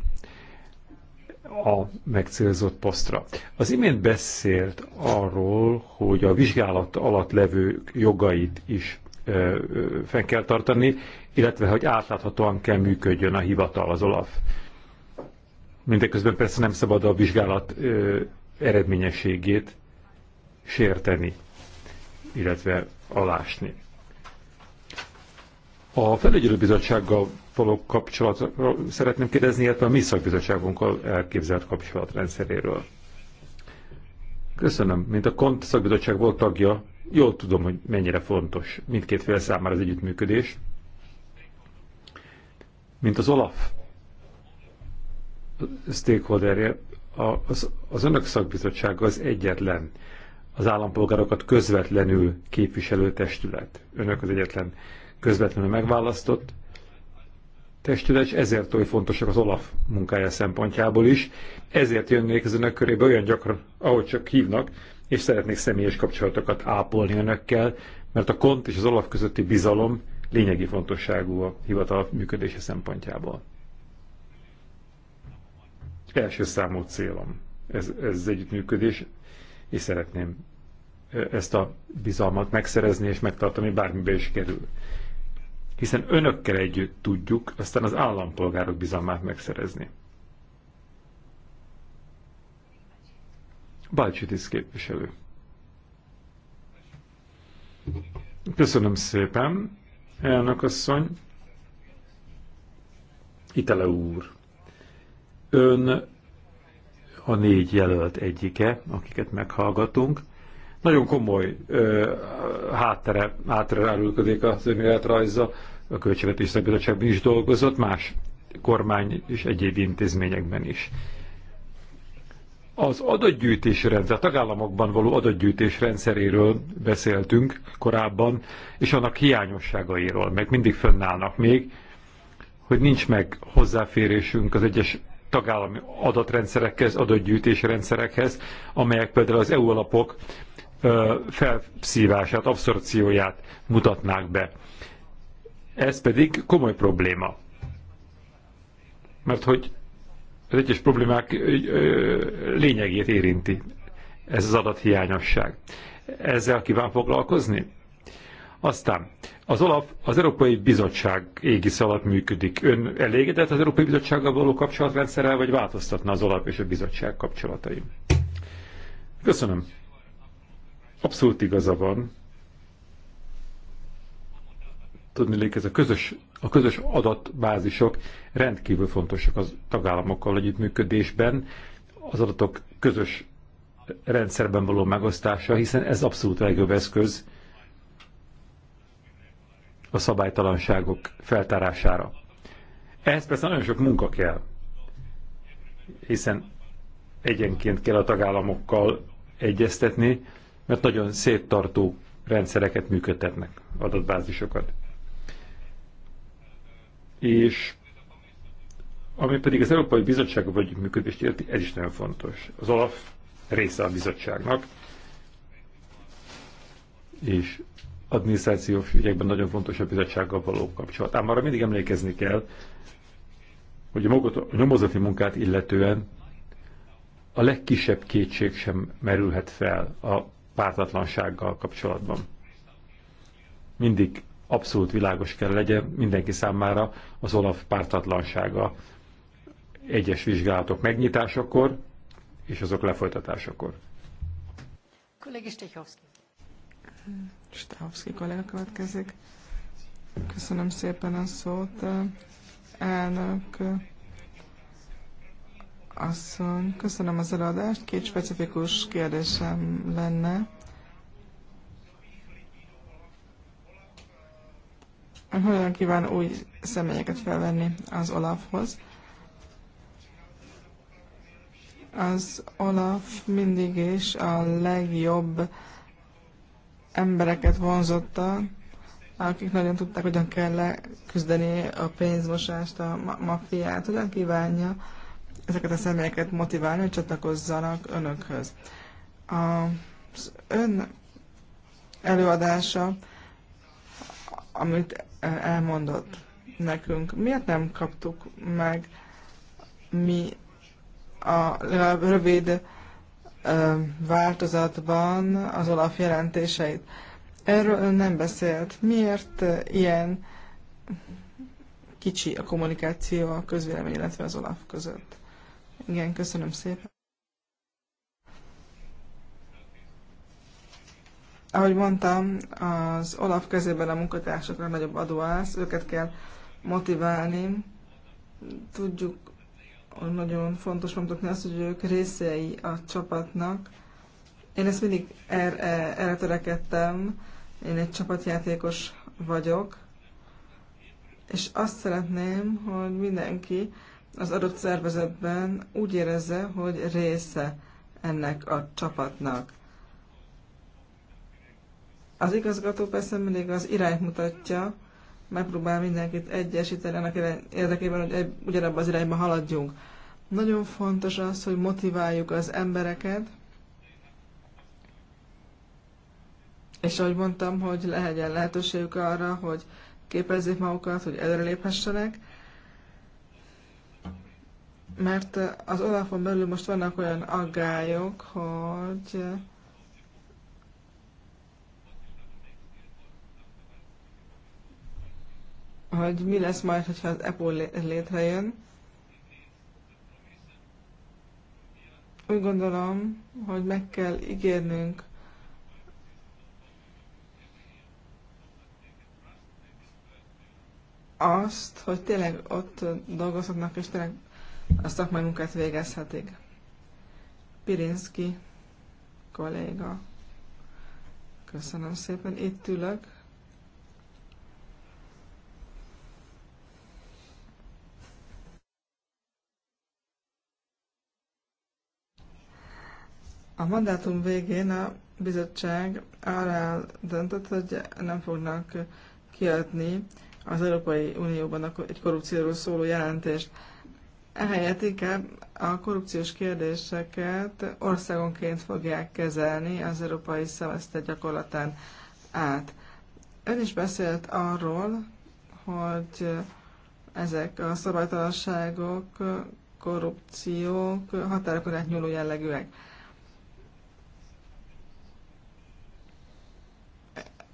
a megcélzott posztra. Az imént beszélt arról, hogy a vizsgálat alatt levő jogait is fenn kell tartani, illetve hogy átláthatóan kell működjön a hivatal, az OLAF. Mindeközben persze nem szabad a vizsgálat ö, eredményességét sérteni, illetve alásni. A felügyelőbizottsággal való kapcsolatról szeretném kérdezni, illetve a mi szakbizottságunkkal elképzelt kapcsolatrendszeréről. Köszönöm. Mint a KONT szakbizottság volt tagja, jól tudom, hogy mennyire fontos mindkét fél számára az együttműködés mint az Olaf stakeholderje, az, az önök szakbizottsága az egyetlen az állampolgárokat közvetlenül képviselő testület. Önök az egyetlen közvetlenül megválasztott testület, és ezért oly fontosak az Olaf munkája szempontjából is. Ezért jönnék az önök körébe olyan gyakran, ahogy csak hívnak, és szeretnék személyes kapcsolatokat ápolni önökkel, mert a kont és az Olaf közötti bizalom lényegi fontosságú a hivatal működése szempontjából. Első számú célom ez, ez együttműködés, és szeretném ezt a bizalmat megszerezni és megtartani, bármibe is kerül. Hiszen önökkel együtt tudjuk aztán az állampolgárok bizalmát megszerezni. Balcsi képviselő. Köszönöm szépen. Elnök asszony, Itele úr, ön a négy jelölt egyike, akiket meghallgatunk. Nagyon komoly ö, háttere, háttere rárulkodik az életrajza, a Költségvetés Szabadságban is dolgozott, más kormány és egyéb intézményekben is. Az adatgyűjtési rendszer, a tagállamokban való adatgyűjtés rendszeréről beszéltünk korábban, és annak hiányosságairól, meg mindig fönnállnak még, hogy nincs meg hozzáférésünk az egyes tagállami adatrendszerekhez, adatgyűjtési rendszerekhez, amelyek például az EU alapok felszívását, abszorcióját mutatnák be. Ez pedig komoly probléma. Mert hogy az egyes problémák lényegét érinti ez az adathiányosság. Ezzel kíván foglalkozni? Aztán az alap az Európai Bizottság égisze alatt működik. Ön elégedett az Európai Bizottsággal való kapcsolatrendszerrel, vagy változtatna az alap és a bizottság kapcsolatai? Köszönöm. Abszolút igaza van. Tudni légy, ez a közös a közös adatbázisok rendkívül fontosak az tagállamokkal együttműködésben, az adatok közös rendszerben való megosztása, hiszen ez abszolút legjobb eszköz a szabálytalanságok feltárására. Ehhez persze nagyon sok munka kell, hiszen egyenként kell a tagállamokkal egyeztetni, mert nagyon széttartó rendszereket működtetnek, adatbázisokat és ami pedig az Európai Bizottság vagy működést érti, ez is nagyon fontos. Az Olaf része a bizottságnak, és adminisztrációs ügyekben nagyon fontos a bizottsággal való kapcsolat. Ám arra mindig emlékezni kell, hogy a, magot, a nyomozati munkát illetően a legkisebb kétség sem merülhet fel a pártatlansággal kapcsolatban. Mindig abszolút világos kell legyen mindenki számára az Olaf pártatlansága egyes vizsgálatok megnyitásakor és azok lefolytatásakor. Kollégi Stechowski. Stechowski kollega következik. Köszönöm szépen a szót, elnök asszony. Köszönöm az előadást. Két specifikus kérdésem lenne hogyan kíván új személyeket felvenni az Olafhoz. Az Olaf mindig is a legjobb embereket vonzotta, akik nagyon tudták, hogyan kell küzdeni a pénzmosást, a maffiát, hogyan kívánja ezeket a személyeket motiválni, hogy csatlakozzanak önökhöz. Az ön előadása, amit elmondott nekünk. Miért nem kaptuk meg mi a, rövid változatban az Olaf jelentéseit? Erről ön nem beszélt. Miért ilyen kicsi a kommunikáció a közvélemény, illetve az Olaf között? Igen, köszönöm szépen. ahogy mondtam, az Olaf kezében a munkatársakra nagyobb adó állsz, szóval őket kell motiválni. Tudjuk, hogy nagyon fontos mondani azt, hogy ők részei a csapatnak. Én ezt mindig erre, erre törekedtem, én egy csapatjátékos vagyok, és azt szeretném, hogy mindenki az adott szervezetben úgy érezze, hogy része ennek a csapatnak az igazgató persze mindig az irányt mutatja, megpróbál mindenkit egyesíteni ennek érdekében, hogy ugyanebben az irányba haladjunk. Nagyon fontos az, hogy motiváljuk az embereket, és ahogy mondtam, hogy legyen lehetőségük arra, hogy képezzék magukat, hogy előreléphessenek, mert az Olafon belül most vannak olyan aggályok, hogy hogy mi lesz majd, hogyha az EPO létrejön. Úgy gondolom, hogy meg kell ígérnünk azt, hogy tényleg ott dolgozhatnak, és tényleg a szakmai munkát végezhetik. Pirinski kolléga. Köszönöm szépen, itt ülök. A mandátum végén a bizottság arra döntött, hogy nem fognak kiadni az Európai Unióban egy korrupcióról szóló jelentést. Ehelyett inkább a korrupciós kérdéseket országonként fogják kezelni az európai szemeszter gyakorlatán át. Ön is beszélt arról, hogy ezek a szabálytalanságok, korrupciók határokon átnyúló jellegűek.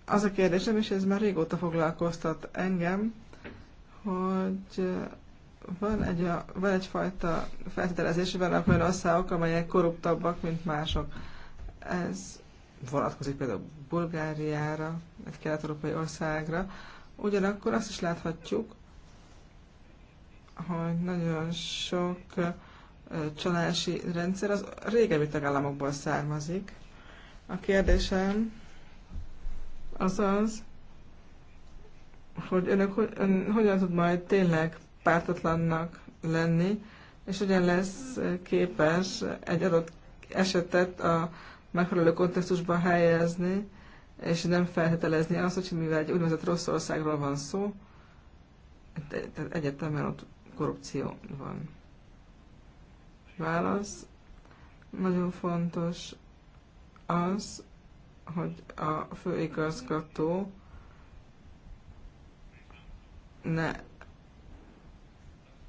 az a kérdésem, és ez már régóta foglalkoztat engem, hogy van, egy, a, van egyfajta feltételezés, hogy vannak olyan országok, amelyek korruptabbak, mint mások. Ez vonatkozik például Bulgáriára, egy kelet-európai országra. Ugyanakkor azt is láthatjuk, hogy nagyon sok csalási rendszer az régebbi tagállamokból származik. A kérdésem, az az, hogy önök ön, hogyan tud majd tényleg pártatlannak lenni, és hogyan lesz képes egy adott esetet a megfelelő kontextusba helyezni, és nem feltételezni azt, hogy mivel egy úgynevezett rossz országról van szó, tehát egyetemen ott korrupció van. Válasz. Nagyon fontos az, hogy a főigazgató ne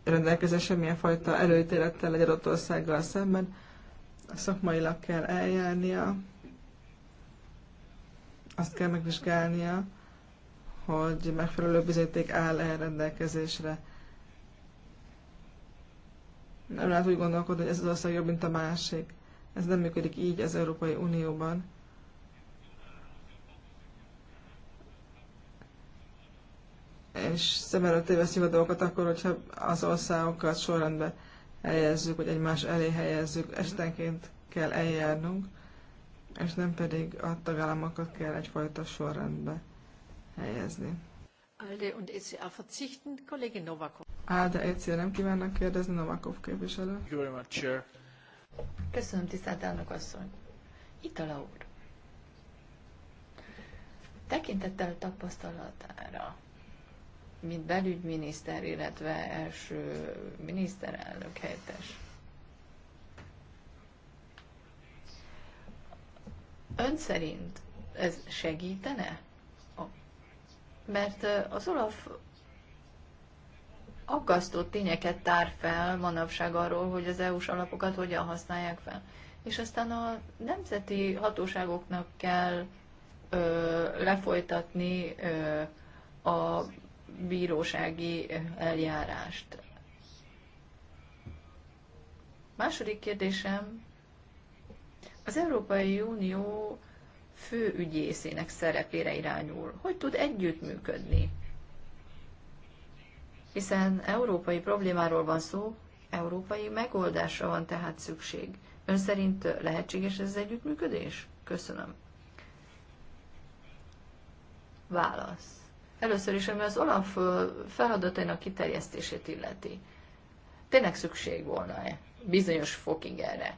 rendelkezzen semmilyen fajta előítélettel egy adott országgal szemben, szakmailag kell eljárnia, azt kell megvizsgálnia, hogy megfelelő bizonyíték áll el rendelkezésre. Nem lehet úgy gondolkodni, hogy ez az ország jobb, mint a másik. Ez nem működik így az Európai Unióban. és szem előtt éveszünk a dolgokat akkor, hogyha az országokat sorrendbe helyezzük, vagy egymás elé helyezzük, estenként kell eljárnunk, és nem pedig a tagállamokat kell egyfajta sorrendbe helyezni. Alde und ECA verzichten, Kollege Novakov. Alde, ECA nem kívánnak kérdezni, Novakov képviselő. Thank you very much, Chair. Köszönöm, tisztelt elnök asszony. Itala úr. Tekintettel tapasztalatára, mint belügyminiszter, illetve első miniszterelnök helyettes. Ön szerint ez segítene? Mert az Olaf aggasztó tényeket tár fel manapság arról, hogy az EU-s alapokat hogyan használják fel. És aztán a nemzeti hatóságoknak kell ö, lefolytatni ö, a bírósági eljárást. Második kérdésem, az Európai Unió főügyészének szerepére irányul. Hogy tud együttműködni? Hiszen európai problémáról van szó, európai megoldásra van tehát szükség. Ön szerint lehetséges ez az együttműködés? Köszönöm. Válasz. Először is, ami az Olaf feladatainak kiterjesztését illeti. Tényleg szükség volna-e bizonyos fokig erre?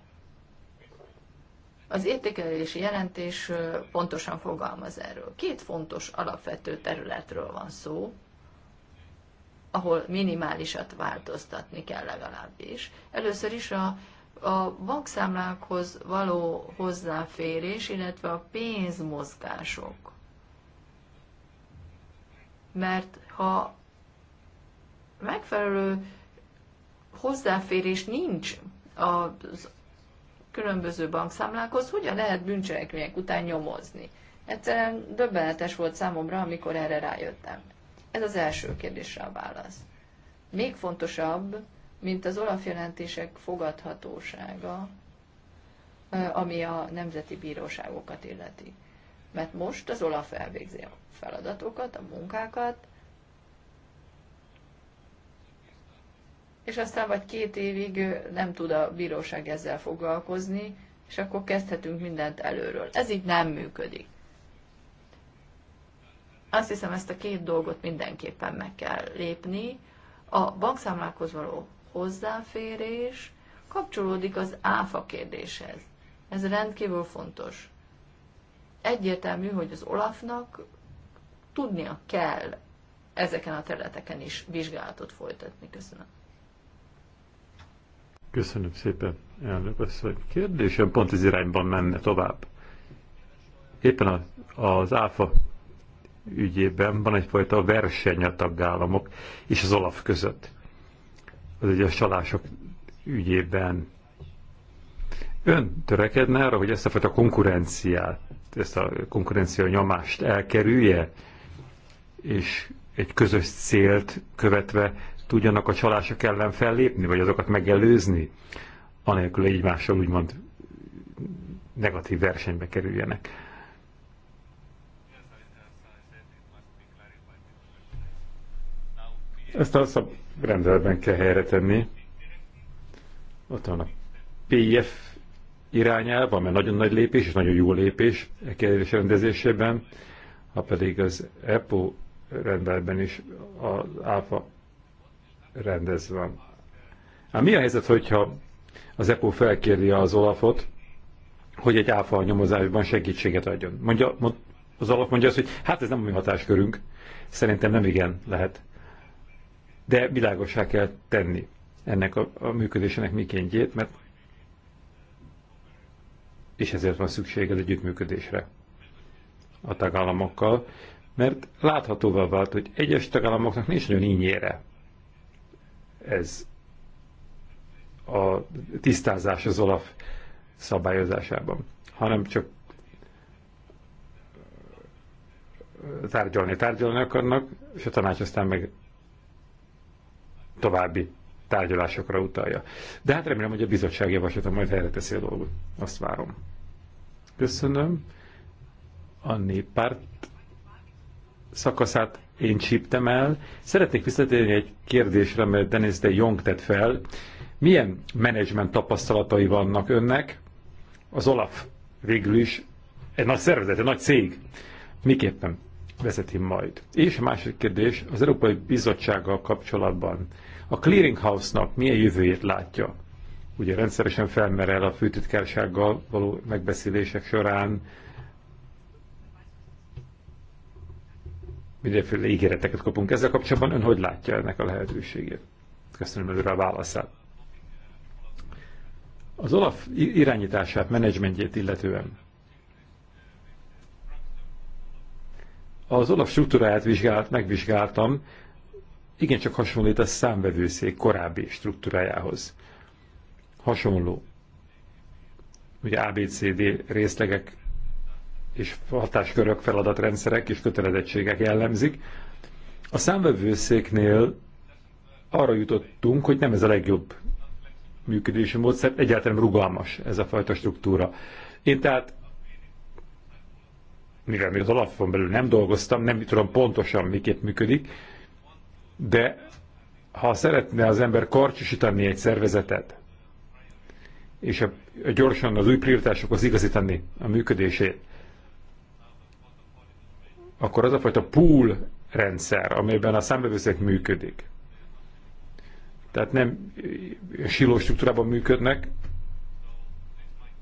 Az értékelési jelentés pontosan fogalmaz erről. Két fontos alapvető területről van szó, ahol minimálisat változtatni kell legalábbis. Először is a, a bankszámlákhoz való hozzáférés, illetve a pénzmozgások mert ha megfelelő hozzáférés nincs az különböző bankszámlákhoz, hogyan lehet bűncselekmények után nyomozni? Egyszerűen döbbenetes volt számomra, amikor erre rájöttem. Ez az első kérdésre a válasz. Még fontosabb, mint az olaf jelentések fogadhatósága, ami a nemzeti bíróságokat illeti mert most az Olaf elvégzi a feladatokat, a munkákat, és aztán vagy két évig nem tud a bíróság ezzel foglalkozni, és akkor kezdhetünk mindent előről. Ez így nem működik. Azt hiszem, ezt a két dolgot mindenképpen meg kell lépni. A bankszámlákhoz való hozzáférés kapcsolódik az áfa kérdéshez. Ez rendkívül fontos egyértelmű, hogy az Olafnak tudnia kell ezeken a területeken is vizsgálatot folytatni. Köszönöm. Köszönöm szépen, elnök asszony. Kérdésem pont az irányban menne tovább. Éppen a, az ÁFA ügyében van egyfajta verseny a tagállamok és az Olaf között. Az egyes csalások ügyében. Ön törekedne arra, hogy ezt a fajta konkurenciát ezt a konkurencia nyomást elkerülje, és egy közös célt követve tudjanak a csalások ellen fellépni, vagy azokat megelőzni, anélkül egymással úgymond negatív versenybe kerüljenek. Ezt a szab rendeletben kell helyre tenni. Ott van a PF irányába, mert nagyon nagy lépés, és nagyon jó lépés a e kérdés rendezésében, ha pedig az EPO rendelben is az áfa rendezve van. Hát mi a helyzet, hogyha az EPO felkéri az Olafot, hogy egy áfa nyomozásban segítséget adjon? Mondja, mond, az Olaf mondja azt, hogy hát ez nem a mi hatáskörünk. Szerintem nem igen lehet. De világosá kell tenni ennek a, a működésének mikéntjét, mert és ezért van szükség az együttműködésre a tagállamokkal, mert láthatóvá vált, hogy egyes tagállamoknak nincs nagyon ínyére ez a tisztázás az Olaf szabályozásában, hanem csak tárgyalni, tárgyalni akarnak, és a tanács aztán meg további tárgyalásokra utalja. De hát remélem, hogy a bizottság javaslata majd helyre teszi a dolgot. Azt várom. Köszönöm. A néppárt szakaszát én csíptem el. Szeretnék visszatérni egy kérdésre, mert Denis de Jong tett fel. Milyen menedzsment tapasztalatai vannak önnek? Az Olaf végül is egy nagy szervezet, egy nagy cég. Miképpen vezeti majd? És a másik kérdés az Európai Bizottsággal kapcsolatban a clearinghouse-nak milyen jövőjét látja? Ugye rendszeresen felmerel a főtitkársággal való megbeszélések során mindenféle ígéreteket kapunk ezzel kapcsolatban. Ön hogy látja ennek a lehetőségét? Köszönöm előre a válaszát. Az Olaf irányítását, menedzsmentjét illetően az Olaf struktúráját vizsgált, megvizsgáltam, igencsak hasonlít a számvevőszék korábbi struktúrájához. Hasonló. Ugye ABCD részlegek és hatáskörök, feladatrendszerek és kötelezettségek jellemzik. A számvevőszéknél arra jutottunk, hogy nem ez a legjobb működési módszer, egyáltalán rugalmas ez a fajta struktúra. Én tehát, mivel még az alapfon belül nem dolgoztam, nem tudom pontosan miképp működik, de ha szeretne az ember karcsisítani egy szervezetet, és a, a gyorsan az új prioritásokhoz igazítani a működését, akkor az a fajta pool rendszer, amelyben a számbevőszék működik, tehát nem siló struktúrában működnek,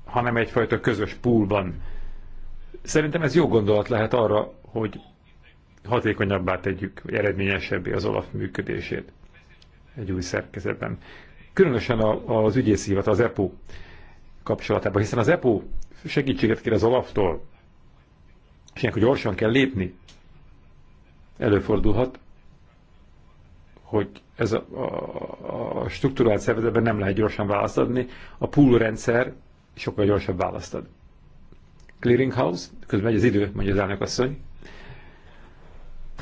hanem egyfajta közös poolban. Szerintem ez jó gondolat lehet arra, hogy hatékonyabbá tegyük, eredményesebbé az Olaf működését egy új szerkezetben. Különösen az ügyész hivat, az EPO kapcsolatában, hiszen az EPO segítséget kér az Olaftól, és ilyenkor gyorsan kell lépni. Előfordulhat, hogy ez a, a, a struktúrált szervezetben nem lehet gyorsan választ adni, a pool rendszer sokkal gyorsabb választ ad. Clearinghouse, közben megy az idő, mondja az elnök asszony.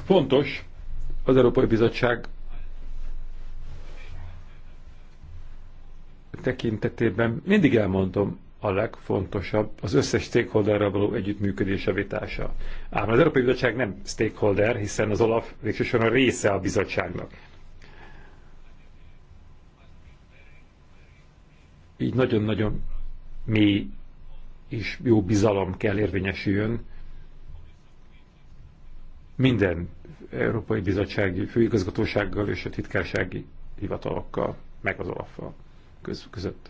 Fontos az Európai Bizottság tekintetében mindig elmondom, a legfontosabb az összes stakeholderrel való együttműködés javítása. Ám az Európai Bizottság nem stakeholder, hiszen az Olaf végsősorban része a bizottságnak. Így nagyon-nagyon mély és jó bizalom kell érvényesüljön minden Európai Bizottsági Főigazgatósággal és a titkársági hivatalokkal, meg az köz között.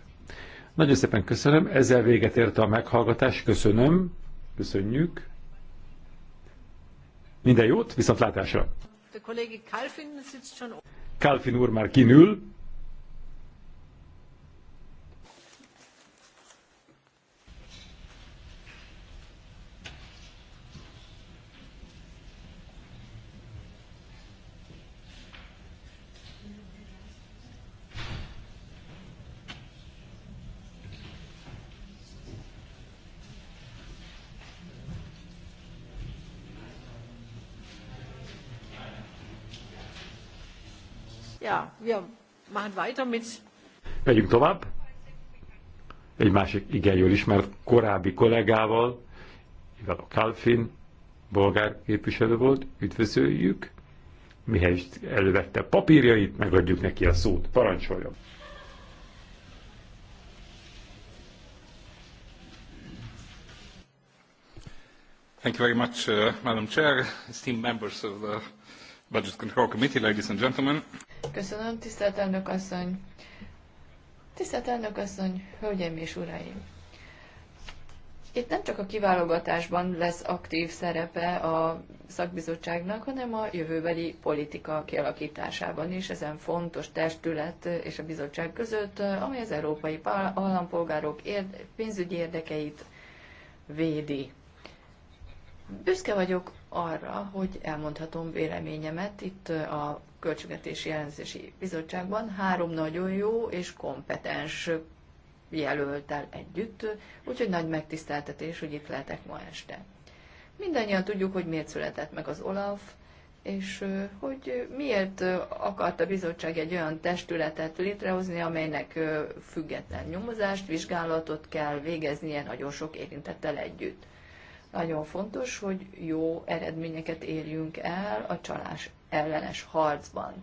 Nagyon szépen köszönöm, ezzel véget érte a meghallgatás, köszönöm, köszönjük. Minden jót, viszontlátásra! Kalfin úr már kinül. Ja, wir machen weiter mit... Megyünk tovább. Egy másik igen jól ismert korábbi kollégával, Ivalo Kalfin, bolgár képviselő volt, üdvözöljük. is elővette papírjait, megadjuk neki a szót. Parancsoljon! Thank you very much, uh, Madam Chair, esteemed members of the Budget Control Committee, ladies and gentlemen. Köszönöm, tisztelt elnök asszony. Tisztelt elnök asszony, hölgyeim és uraim. Itt nem csak a kiválogatásban lesz aktív szerepe a szakbizottságnak, hanem a jövőbeli politika kialakításában is, ezen fontos testület és a bizottság között, amely az európai állampolgárok pénzügyi érdekeit védi. Büszke vagyok arra, hogy elmondhatom véleményemet itt a Költségvetési Jelenzési Bizottságban három nagyon jó és kompetens jelöltel együtt, úgyhogy nagy megtiszteltetés, hogy itt lehetek ma este. Mindannyian tudjuk, hogy miért született meg az OLAF, és hogy miért akart a bizottság egy olyan testületet létrehozni, amelynek független nyomozást, vizsgálatot kell végeznie nagyon sok érintettel együtt. Nagyon fontos, hogy jó eredményeket érjünk el a csalás ellenes harcban.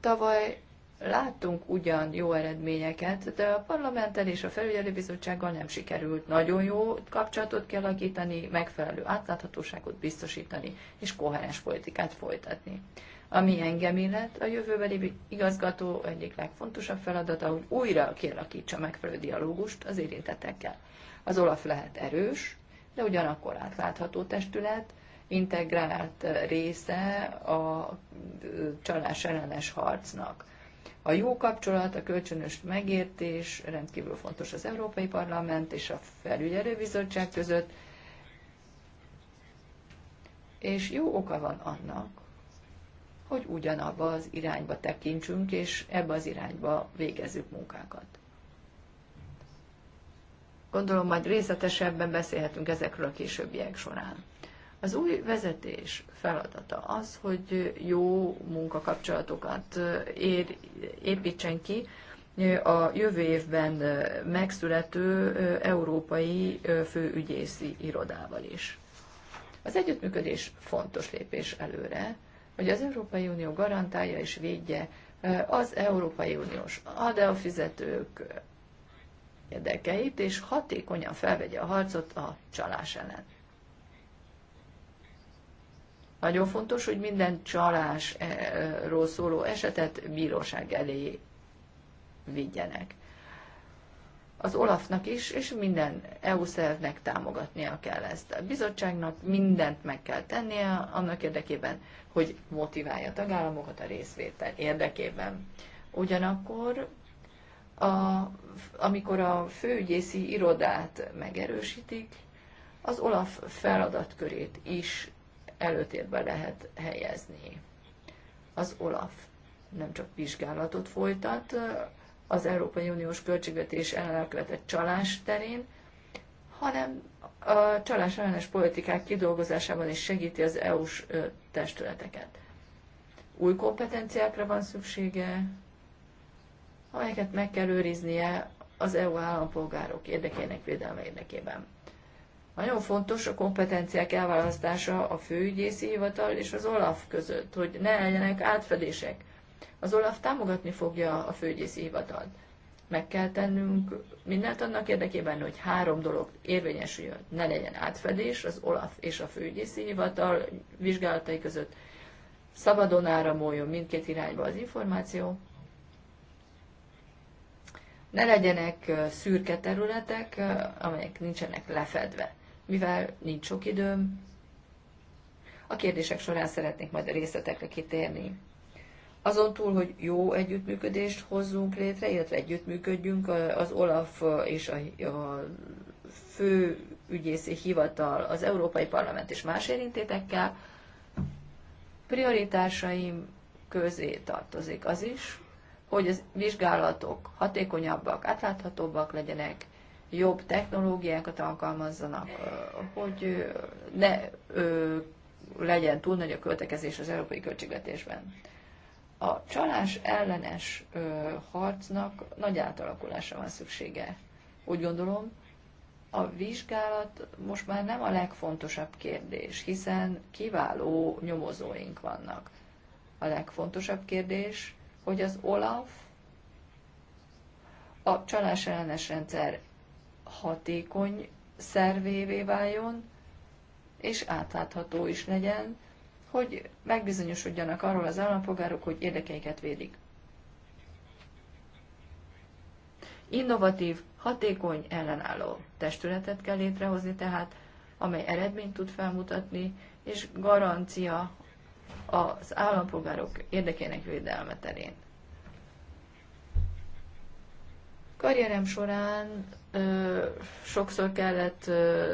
Tavaly láttunk ugyan jó eredményeket, de a parlamenttel és a felügyelőbizottsággal nem sikerült. Nagyon jó kapcsolatot kialakítani, megfelelő átláthatóságot biztosítani és koherens politikát folytatni. Ami engem illet, a jövőbeli igazgató egyik legfontosabb feladata, hogy újra kialakítsa megfelelő dialógust az érintetekkel. Az Olaf lehet erős, de ugyanakkor átlátható testület, integrált része a csalás ellenes harcnak. A jó kapcsolat, a kölcsönös megértés rendkívül fontos az Európai Parlament és a Felügyelőbizottság között, és jó oka van annak, hogy ugyanabba az irányba tekintsünk, és ebbe az irányba végezzük munkákat. Gondolom majd részletesebben beszélhetünk ezekről a későbbiek során. Az új vezetés feladata az, hogy jó munkakapcsolatokat ér, építsen ki a jövő évben megszülető európai főügyészi irodával is. Az együttműködés fontos lépés előre, hogy az Európai Unió garantálja és védje az Európai Uniós adelfizetők, érdekeit, és hatékonyan felvegye a harcot a csalás ellen. Nagyon fontos, hogy minden csalásról eh, szóló esetet bíróság elé vigyenek. Az Olafnak is, és minden EU szervnek támogatnia kell ezt. A bizottságnak mindent meg kell tennie annak érdekében, hogy motiválja a tagállamokat a részvétel érdekében. Ugyanakkor a, amikor a főügyészi irodát megerősítik, az Olaf feladatkörét is előtérbe lehet helyezni. Az Olaf nem csak vizsgálatot folytat az Európai Uniós költségvetés elkövetett csalás terén, hanem a csalás ellenes politikák kidolgozásában is segíti az EU-s testületeket. Új kompetenciákra van szüksége, amelyeket meg kell őriznie az EU állampolgárok érdekének védelme érdekében. Nagyon fontos a kompetenciák elválasztása a főügyészi hivatal és az OLAF között, hogy ne legyenek átfedések. Az OLAF támogatni fogja a főügyészi hivatalt. Meg kell tennünk mindent annak érdekében, hogy három dolog érvényesüljön. Ne legyen átfedés az OLAF és a főügyészi hivatal vizsgálatai között. Szabadon áramoljon mindkét irányba az információ, ne legyenek szürke területek, amelyek nincsenek lefedve. Mivel nincs sok időm, a kérdések során szeretnék majd a részletekre kitérni. Azon túl, hogy jó együttműködést hozzunk létre, illetve együttműködjünk az OLAF és a, fő ügyészi hivatal, az Európai Parlament és más érintétekkel, prioritásaim közé tartozik az is, hogy a vizsgálatok hatékonyabbak, átláthatóbbak legyenek, jobb technológiákat alkalmazzanak, hogy ne legyen túl nagy a költekezés az európai költségvetésben. A csalás ellenes harcnak nagy átalakulásra van szüksége. Úgy gondolom, a vizsgálat most már nem a legfontosabb kérdés, hiszen kiváló nyomozóink vannak. A legfontosabb kérdés hogy az OLAF a csalás ellenes rendszer hatékony szervévé váljon, és átlátható is legyen, hogy megbizonyosodjanak arról az állampolgárok, hogy érdekeiket védik. Innovatív, hatékony, ellenálló testületet kell létrehozni tehát, amely eredményt tud felmutatni, és garancia az állampolgárok érdekének védelme terén. Karrierem során ö, sokszor kellett ö,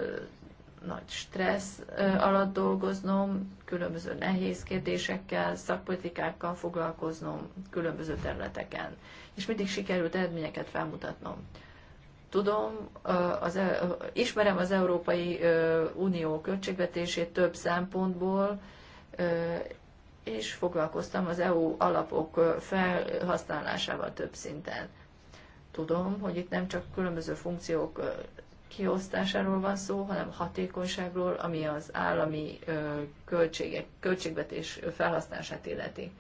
nagy stressz ö, alatt dolgoznom, különböző nehéz kérdésekkel, szakpolitikákkal foglalkoznom különböző területeken, és mindig sikerült eredményeket felmutatnom. Tudom, az, e, ismerem az Európai Unió költségvetését több szempontból, és foglalkoztam az EU alapok felhasználásával több szinten. Tudom, hogy itt nem csak különböző funkciók kiosztásáról van szó, hanem hatékonyságról, ami az állami költségek, költségvetés felhasználását illeti.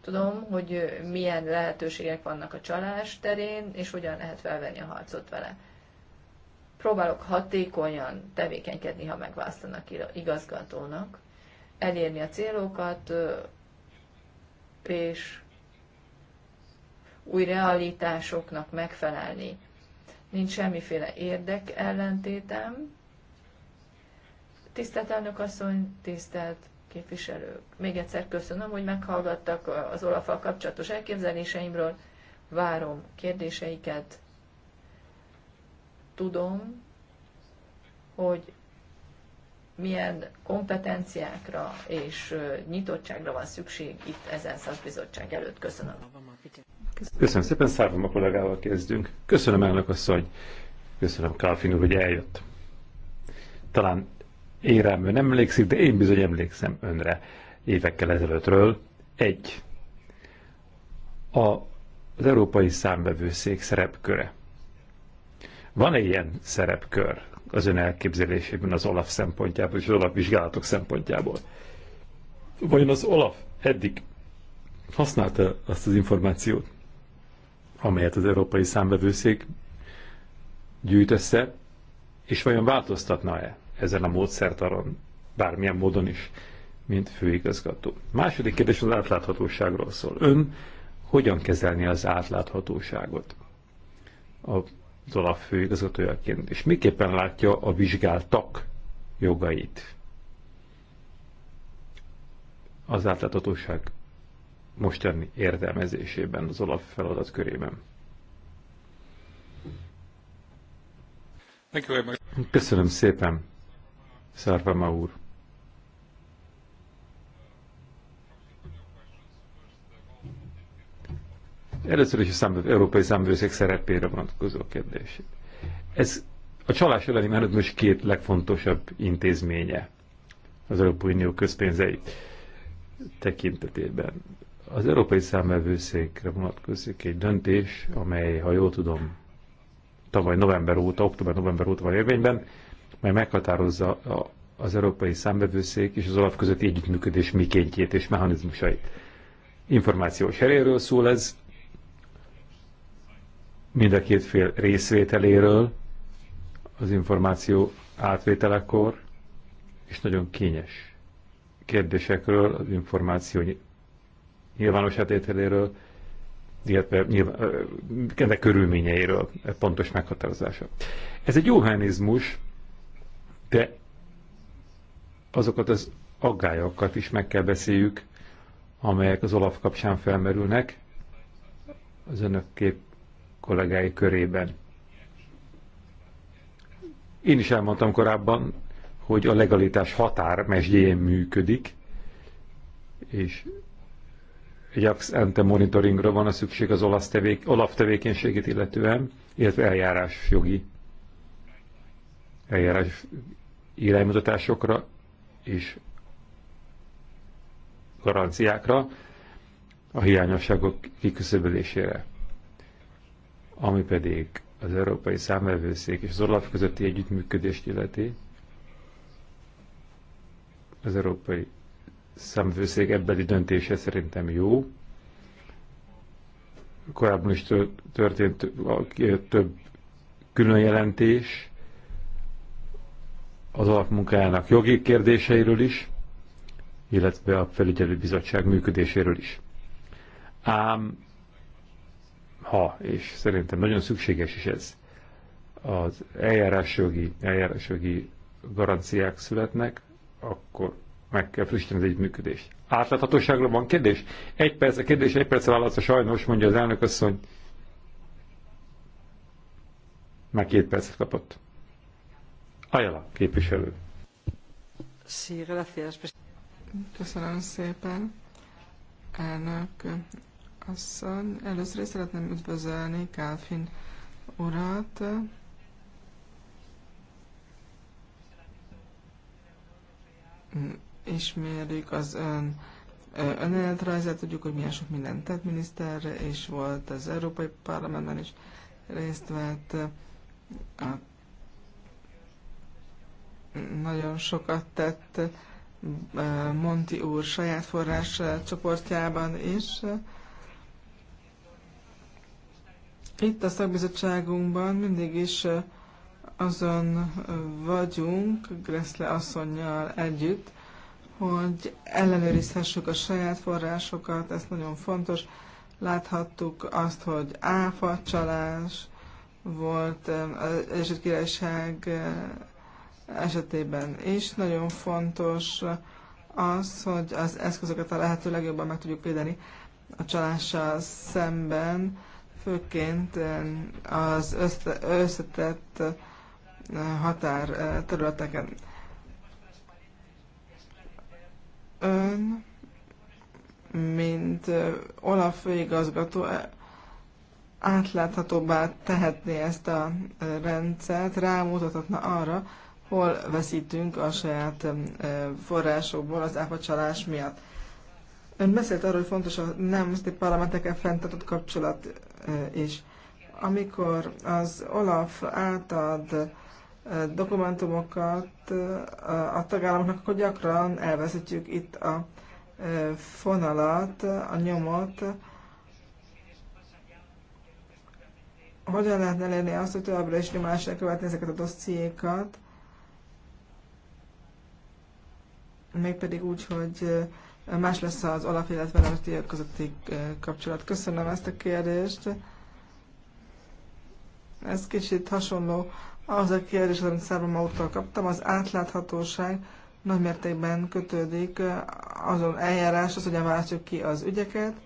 Tudom, hogy milyen lehetőségek vannak a csalás terén, és hogyan lehet felvenni a harcot vele. Próbálok hatékonyan tevékenykedni, ha megválasztanak igazgatónak, elérni a célokat, és új realitásoknak megfelelni. Nincs semmiféle érdek ellentétem. Tisztelt elnök asszony, tisztelt képviselők! Még egyszer köszönöm, hogy meghallgattak az olaf kapcsolatos elképzeléseimről. Várom kérdéseiket. Tudom, hogy milyen kompetenciákra és nyitottságra van szükség itt ezen szakbizottság előtt. Köszönöm. Köszönöm szépen, Szárvam a kollégával kezdünk. Köszönöm elnök asszony, köszönöm Kálfin hogy eljött. Talán én rám emlékszik, de én bizony emlékszem önre évekkel ezelőttről. Egy. A, az Európai Számbevőszék szerepköre. Van -e ilyen szerepkör? az ön elképzelésében az Olaf szempontjából és az Olaf vizsgálatok szempontjából. Vajon az Olaf eddig használta azt az információt, amelyet az Európai Számbevőszék gyűjt össze, és vajon változtatna-e ezen a módszertaron, bármilyen módon is, mint főigazgató? Második kérdés az átláthatóságról szól. Ön hogyan kezelni az átláthatóságot? A az OLAF főigazgatójaként, és miképpen látja a vizsgáltak jogait. Az átláthatóság mostani értelmezésében, az OLAF feladat körében. Köszönöm szépen, Szárvama úr. Először is a számbev, európai számvőszék szerepére vonatkozó kérdés. Ez a csalás elleni mechanizmus két legfontosabb intézménye az Európai Unió közpénzei tekintetében. Az Európai Számvevőszékre vonatkozik egy döntés, amely, ha jól tudom, tavaly november óta, október-november óta van érvényben, mely meghatározza a, az Európai Számvevőszék és az alap közötti együttműködés mikéntjét és mechanizmusait. Információs heréről szól ez, mind a két fél részvételéről az információ átvételekor, és nagyon kényes kérdésekről, az információ nyilvános átételéről, illetve nyilván, ennek körülményeiről e pontos meghatározása. Ez egy jó mechanizmus, de azokat az aggályokat is meg kell beszéljük, amelyek az Olaf kapcsán felmerülnek. Az önök kép kollégái körében. Én is elmondtam korábban, hogy a legalitás határ mesdjén működik, és egy ante monitoringra van a szükség az olasz tevék, olaf tevékenységét illetően, illetve eljárás jogi eljárás iránymutatásokra és garanciákra, a hiányosságok kiküszöbölésére ami pedig az Európai Számelvőszék és az OLAF közötti együttműködést illeti. Az Európai Számelvőszék ebbeli döntése szerintem jó. Korábban is történt több külön jelentés az alapmunkájának jogi kérdéseiről is, illetve a bizottság működéséről is. Ám ha, és szerintem nagyon szükséges is ez, az eljárásjogi, eljárásjogi garanciák születnek, akkor meg kell frissíteni az együttműködést. Átláthatóságra van kérdés? Egy perc a kérdés, egy perc a válasz, sajnos, mondja az elnök asszony. Már két percet kapott. Ajala, képviselő. Köszönöm szépen, elnök asszony. Először is szeretném üdvözölni Kálfin urat. Ismerjük az ön önéletrajzát, tudjuk, hogy milyen sok mindent tett miniszterre, és volt az Európai Parlamentben is részt vett. A nagyon sokat tett Monti úr saját forrás csoportjában is. Itt a szakbizottságunkban mindig is azon vagyunk, Greszle asszonynal együtt, hogy ellenőrizhessük a saját forrásokat, ez nagyon fontos. Láthattuk azt, hogy áfa csalás volt az Egyesült Királyság esetében is. Nagyon fontos az, hogy az eszközöket a lehető legjobban meg tudjuk védeni a csalással szemben főként eh, az összetett eh, határ eh, területeken. Ön, mint Olaf főigazgató, átláthatóbbá tehetné ezt a rendszert, rámutathatna arra, hol veszítünk a saját forrásokból az áfacsalás miatt. Ön beszélt arról, hogy fontos a nemzeti parlamentekkel fenntartott kapcsolat is. Amikor az Olaf átad dokumentumokat a tagállamoknak, akkor gyakran elveszítjük itt a fonalat, a nyomot. Hogyan lehetne elérni azt, hogy továbbra is nyomásra követni ezeket a dossziékat? Mégpedig úgy, hogy más lesz az olaf, illetve a tiéd közötti kapcsolat. Köszönöm ezt a kérdést. Ez kicsit hasonló az a kérdés, amit Szervama úrtól kaptam. Az átláthatóság nagymértékben kötődik azon eljárás, az hogyan választjuk ki az ügyeket,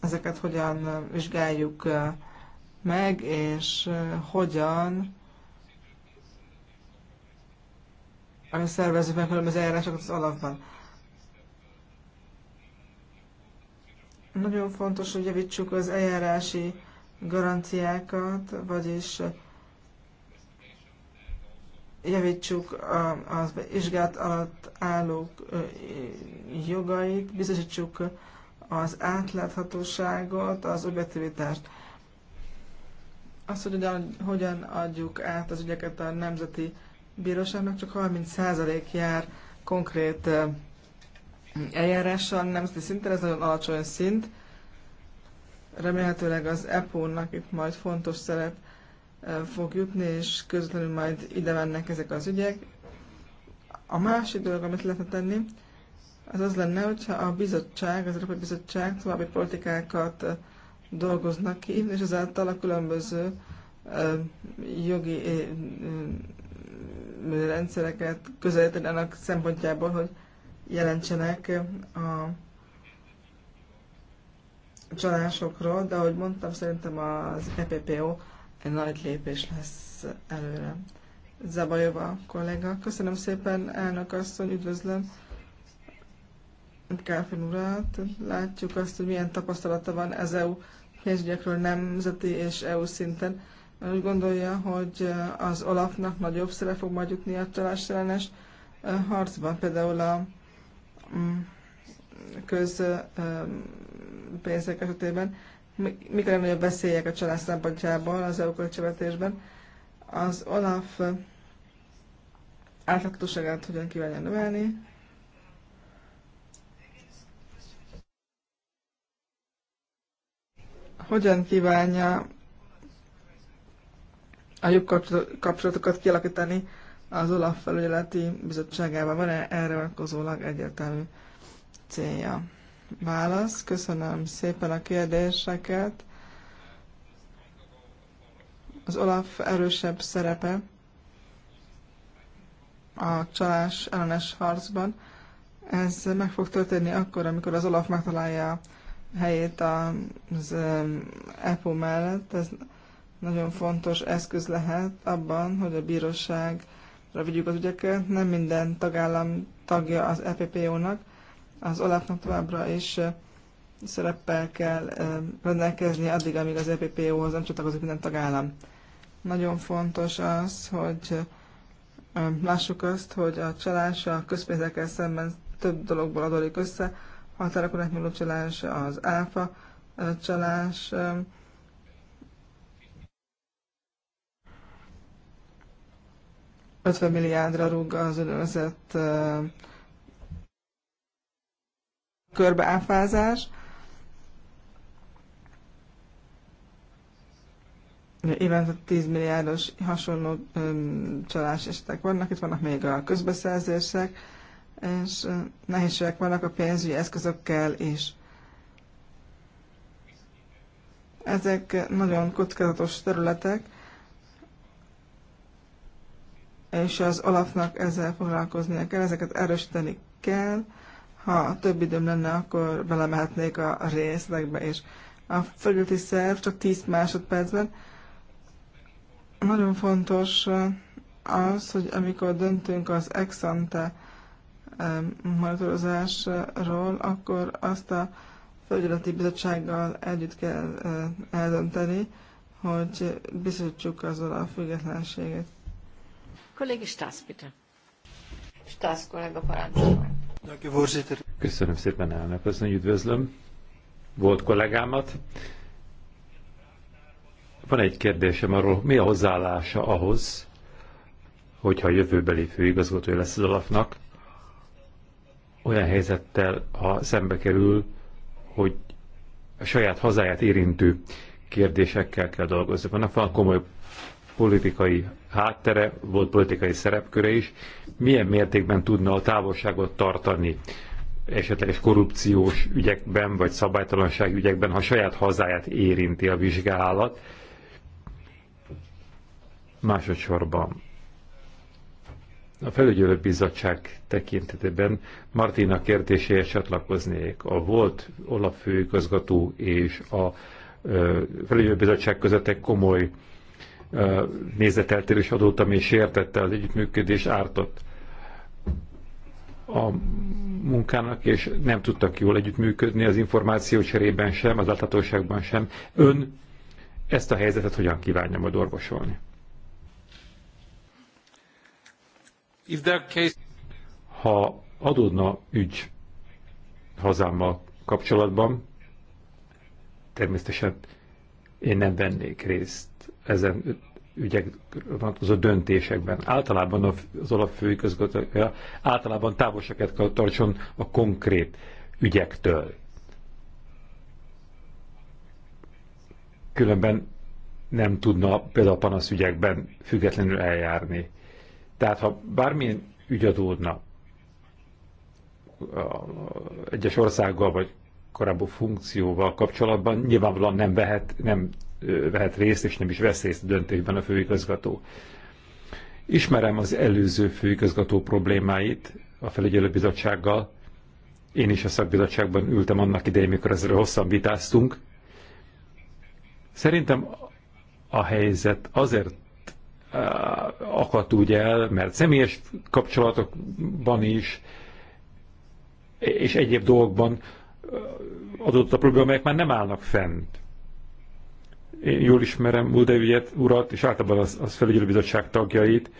ezeket hogyan vizsgáljuk meg, és hogyan szervezünk meg különböző eljárásokat az alapban. Nagyon fontos, hogy javítsuk az eljárási garanciákat, vagyis javítsuk a, a vizsgát alatt állók jogait, biztosítsuk az átláthatóságot, az objektivitást. Azt, hogy hogyan, hogyan adjuk át az ügyeket a Nemzeti Bíróságnak, csak 30% jár konkrét eljárással nemzeti szinten, ez nagyon alacsony szint. Remélhetőleg az EPO-nak itt majd fontos szerep e, fog jutni, és közvetlenül majd ide mennek ezek az ügyek. A másik dolog, amit lehetne tenni, az az lenne, hogyha a bizottság, az Európai Bizottság további politikákat e, dolgoznak ki, és ezáltal a különböző e, jogi rendszereket közelíteni annak szempontjából, hogy jelentsenek a csalásokról, de ahogy mondtam, szerintem az EPPO egy nagy lépés lesz előre. Zabajova kollega. Köszönöm szépen, elnök asszony, üdvözlöm. Kárfin urat. Látjuk azt, hogy milyen tapasztalata van az EU pénzügyekről nemzeti és EU szinten. Úgy gondolja, hogy az Olafnak nagyobb szerep fog majd jutni a csalás ellenes harcban, például a közpénzek esetében, mik a legnagyobb veszélyek a család szempontjából az EU költségvetésben, az Olaf átláthatóságát hogyan kívánja növelni, hogyan kívánja a jobb kapcsolatokat kialakítani az Olaf felügyeleti bizottságában van-e erre vonatkozólag egyértelmű célja? Válasz. Köszönöm szépen a kérdéseket. Az Olaf erősebb szerepe a csalás ellenes harcban. Ez meg fog történni akkor, amikor az Olaf megtalálja helyét az EPO mellett. Ez nagyon fontos eszköz lehet abban, hogy a bíróság vigyük az ügyeket. Nem minden tagállam tagja az EPPO-nak, az OLAF-nak továbbra is szereppel kell rendelkezni addig, amíg az EPPO-hoz nem csatlakozik minden tagállam. Nagyon fontos az, hogy lássuk azt, hogy a csalás a közpénzekkel szemben több dologból adódik össze, határokon átnyúló csalás, az áfa csalás, 50 milliárdra rúg az úgynevezett körbeáfázás. Évente 10 milliárdos hasonló csalás esetek vannak, itt vannak még a közbeszerzések, és nehézségek vannak a pénzügyi eszközökkel is. Ezek nagyon kockázatos területek, és az Olafnak ezzel foglalkoznia kell, ezeket erősíteni kell. Ha több időm lenne, akkor belemehetnék a részlegbe, és a felületi szerv csak 10 másodpercben. Nagyon fontos az, hogy amikor döntünk az exante monitorozásról, akkor azt a felületi bizottsággal együtt kell eldönteni, hogy biztosítsuk az a függetlenséget. Kollégi Stász, bitte. Stász kollega parancsoljon. Köszönöm szépen, elnök üdvözlöm volt kollégámat. Van egy kérdésem arról, mi a hozzáállása ahhoz, hogyha a jövőbeli főigazgatója lesz az alapnak, olyan helyzettel, ha szembe kerül, hogy a saját hazáját érintő kérdésekkel kell dolgozni. Vannak van komoly politikai háttere, volt politikai szerepköre is, milyen mértékben tudna a távolságot tartani esetleges korrupciós ügyekben, vagy szabálytalanság ügyekben, ha saját hazáját érinti a vizsgálat. Másodszorban a felügyelő bizottság tekintetében Martina kérdéséhez csatlakoznék. A volt Olaf főigazgató és a felügyelő bizottság között egy komoly nézeteltérés adót, ami sértette az együttműködés ártott a munkának, és nem tudtak jól együttműködni az információ cserében sem, az láthatóságban sem. Ön ezt a helyzetet hogyan kívánja majd orvosolni? Ha adódna ügy hazámmal kapcsolatban, természetesen én nem vennék részt ezen ügyek vonatkozó döntésekben. Általában az alapfőigazgatója általában távolságet kell tartson a konkrét ügyektől. Különben nem tudna például a panaszügyekben függetlenül eljárni. Tehát ha bármilyen ügy adódna egyes országgal vagy korábbi funkcióval kapcsolatban, nyilvánvalóan nem vehet, nem vehet részt, és nem is vesz részt döntésben a főigazgató. Ismerem az előző főigazgató problémáit a felügyelőbizottsággal. Én is a szakbizottságban ültem annak idején, mikor ezzel hosszan vitáztunk. Szerintem a helyzet azért akadt úgy el, mert személyes kapcsolatokban is, és egyéb dolgokban adott a probléma, amelyek már nem állnak fent. Én jól ismerem Mulder ügyet, urat, és általában az, az felügyelőbizottság tagjait,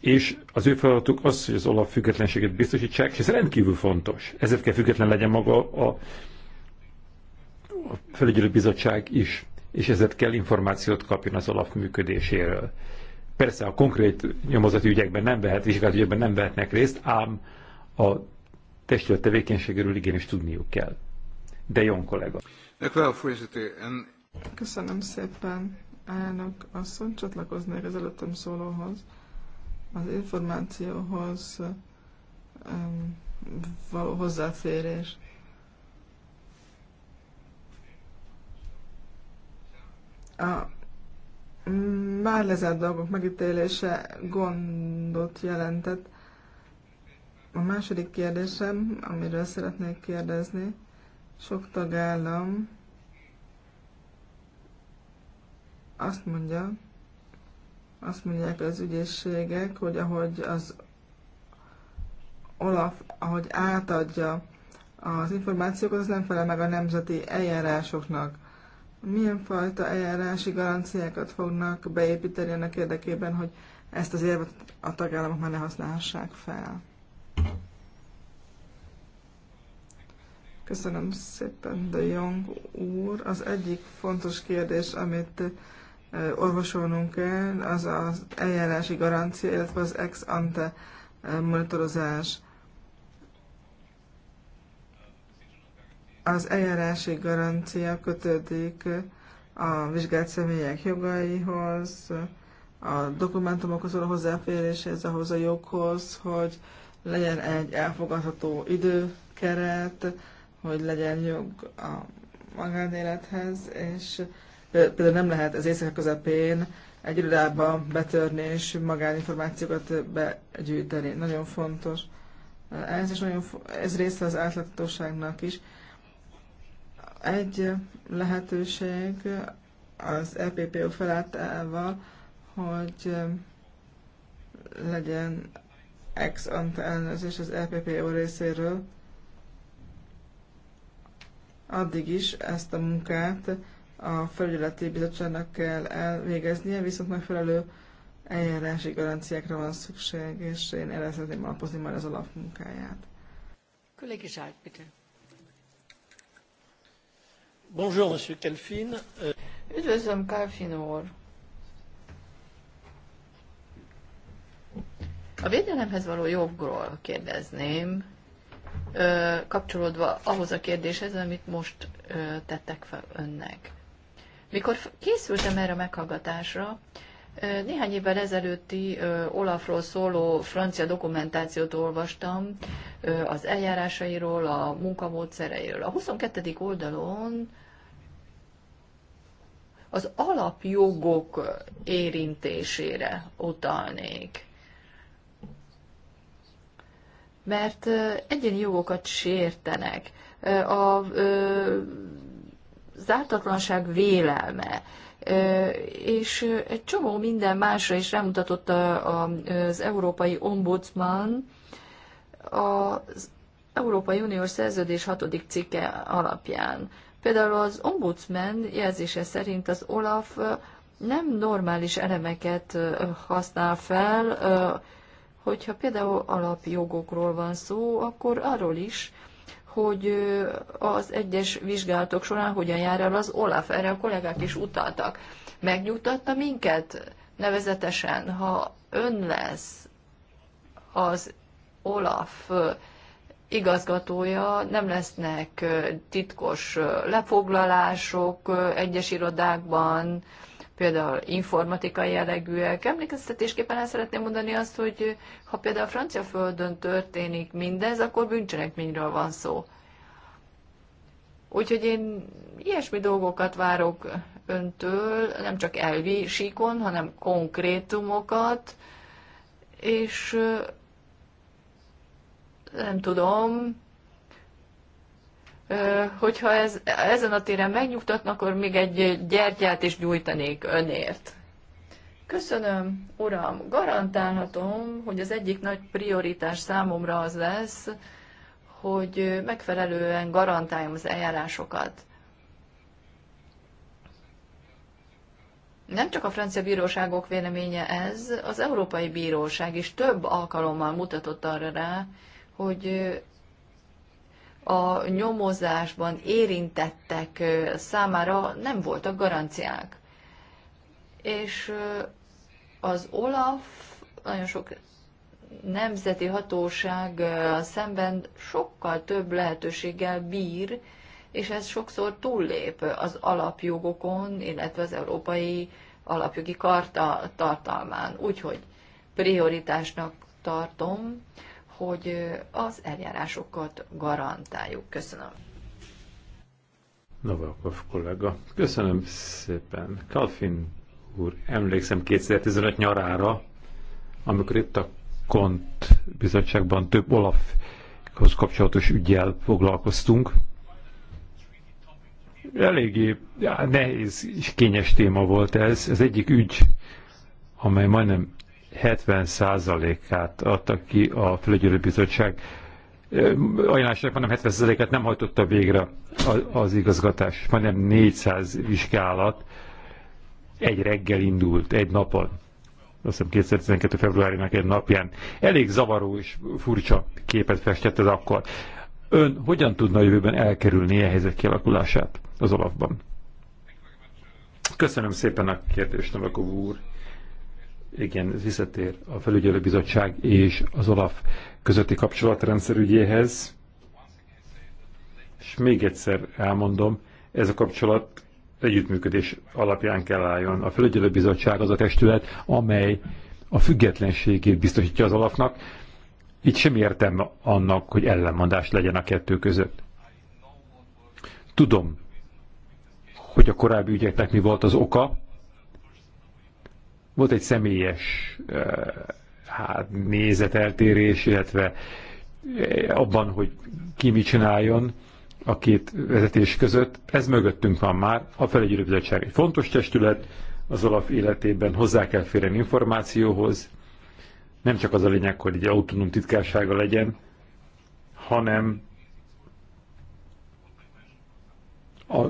és az ő feladatuk az, hogy az olaf függetlenséget biztosítsák, és ez rendkívül fontos. Ezért kell független legyen maga a, a felügyelőbizottság is, és ezért kell információt kapjon az olaf működéséről. Persze a konkrét nyomozati ügyekben nem vehet, vizsgálati ügyekben nem vehetnek részt, ám a testület tevékenységéről igenis tudniuk kell. De jó, kollega. Dank u wel, voorzitter. En Köszönöm szépen, elnök asszony, csatlakoznék az előttem szólóhoz, az információhoz um, való hozzáférés. A már lezárt dolgok megítélése gondot jelentett. A második kérdésem, amiről szeretnék kérdezni, sok tagállam azt mondja, azt mondják az ügyészségek, hogy ahogy az Olaf, ahogy átadja az információkat, az nem felel meg a nemzeti eljárásoknak. Milyen fajta eljárási garanciákat fognak beépíteni ennek érdekében, hogy ezt az érvet a tagállamok már ne használhassák fel? Köszönöm szépen, de Jong úr. Az egyik fontos kérdés, amit orvosolnunk kell, az az eljárási garancia, illetve az ex ante monitorozás. Az eljárási garancia kötődik a vizsgált személyek jogaihoz, a dokumentumokhoz való hozzáféréshez, ahhoz a joghoz, hogy legyen egy elfogadható időkeret, hogy legyen jog a magánélethez, és például nem lehet az éjszaka közepén egy irodába betörni és magáninformációkat begyűjteni. Nagyon fontos. Ez, is nagyon, ez része az átláthatóságnak is. Egy lehetőség az EPPO felálltával, hogy legyen ex ante ellenőrzés az EPPO részéről. Addig is ezt a munkát a felügyeleti bizottságnak kell elvégeznie, viszont megfelelő eljárási garanciákra van szükség, és én erre szeretném alapozni majd az alapmunkáját. Kollégi Zsák, bitte. Bonjour, Monsieur Kelfin. Üdvözlöm, Kelfin úr. A védelemhez való jogról kérdezném, kapcsolódva ahhoz a kérdéshez, amit most tettek fel önnek. Mikor készültem erre a meghallgatásra, néhány évvel ezelőtti Olafról szóló francia dokumentációt olvastam az eljárásairól, a munkamódszereiről. A 22. oldalon az alapjogok érintésére utalnék. Mert egyéni jogokat sértenek. A zártatlanság vélelme, és egy csomó minden másra is rámutatott az Európai Ombudsman, az Európai Uniós Szerződés hatodik cikke alapján. Például az ombudsman jelzése szerint az Olaf nem normális elemeket használ fel, hogyha például alapjogokról van szó, akkor arról is, hogy az egyes vizsgálatok során hogyan jár el az Olaf. Erre a kollégák is utaltak. Megnyugtatta minket, nevezetesen, ha ön lesz az Olaf igazgatója, nem lesznek titkos lefoglalások egyes irodákban, például informatikai jellegűek. Emlékeztetésképpen el szeretném mondani azt, hogy ha például a francia földön történik mindez, akkor bűncselekményről van szó. Úgyhogy én ilyesmi dolgokat várok öntől, nem csak elvi síkon, hanem konkrétumokat, és nem tudom, hogyha ez, ezen a téren megnyugtatnak, akkor még egy gyertyát is gyújtanék önért. Köszönöm, uram. Garantálhatom, hogy az egyik nagy prioritás számomra az lesz, hogy megfelelően garantáljam az eljárásokat. Nem csak a francia bíróságok véleménye ez, az Európai Bíróság is több alkalommal mutatott arra rá, hogy a nyomozásban érintettek számára nem voltak garanciák. És az Olaf nagyon sok nemzeti hatóság szemben sokkal több lehetőséggel bír, és ez sokszor túllép az alapjogokon, illetve az európai alapjogi karta tartalmán. Úgyhogy prioritásnak tartom, hogy az eljárásokat garantáljuk. Köszönöm. Novakov kollega. Köszönöm szépen. Kalfin úr, emlékszem 2015 nyarára, amikor itt a Kont bizottságban több Olafhoz kapcsolatos ügyjel foglalkoztunk. Eléggé já, nehéz és kényes téma volt ez. Ez egyik ügy, amely majdnem 70%-át adta ki a Bizottság. ajánlásnak, hanem 70%-át nem hajtotta végre az igazgatás. Majdnem 400 vizsgálat egy reggel indult, egy napon. Azt hiszem 2012. februárinak egy napján. Elég zavaró és furcsa képet festett ez akkor. Ön hogyan tudna a jövőben elkerülni a helyzet kialakulását az olafban? Köszönöm szépen a kérdést, Novakov úr igen, ez visszatér a felügyelőbizottság és az OLAF közötti kapcsolatrendszer ügyéhez. És még egyszer elmondom, ez a kapcsolat együttműködés alapján kell álljon. A felügyelőbizottság az a testület, amely a függetlenségét biztosítja az alapnak. Itt sem értem annak, hogy ellenmondás legyen a kettő között. Tudom, hogy a korábbi ügyeknek mi volt az oka, volt egy személyes hát, nézeteltérés, illetve abban, hogy ki mit csináljon a két vezetés között. Ez mögöttünk van már. A bizottság egy fontos testület, az alap életében hozzá kell férni információhoz. Nem csak az a lényeg, hogy egy autonóm titkársága legyen, hanem a,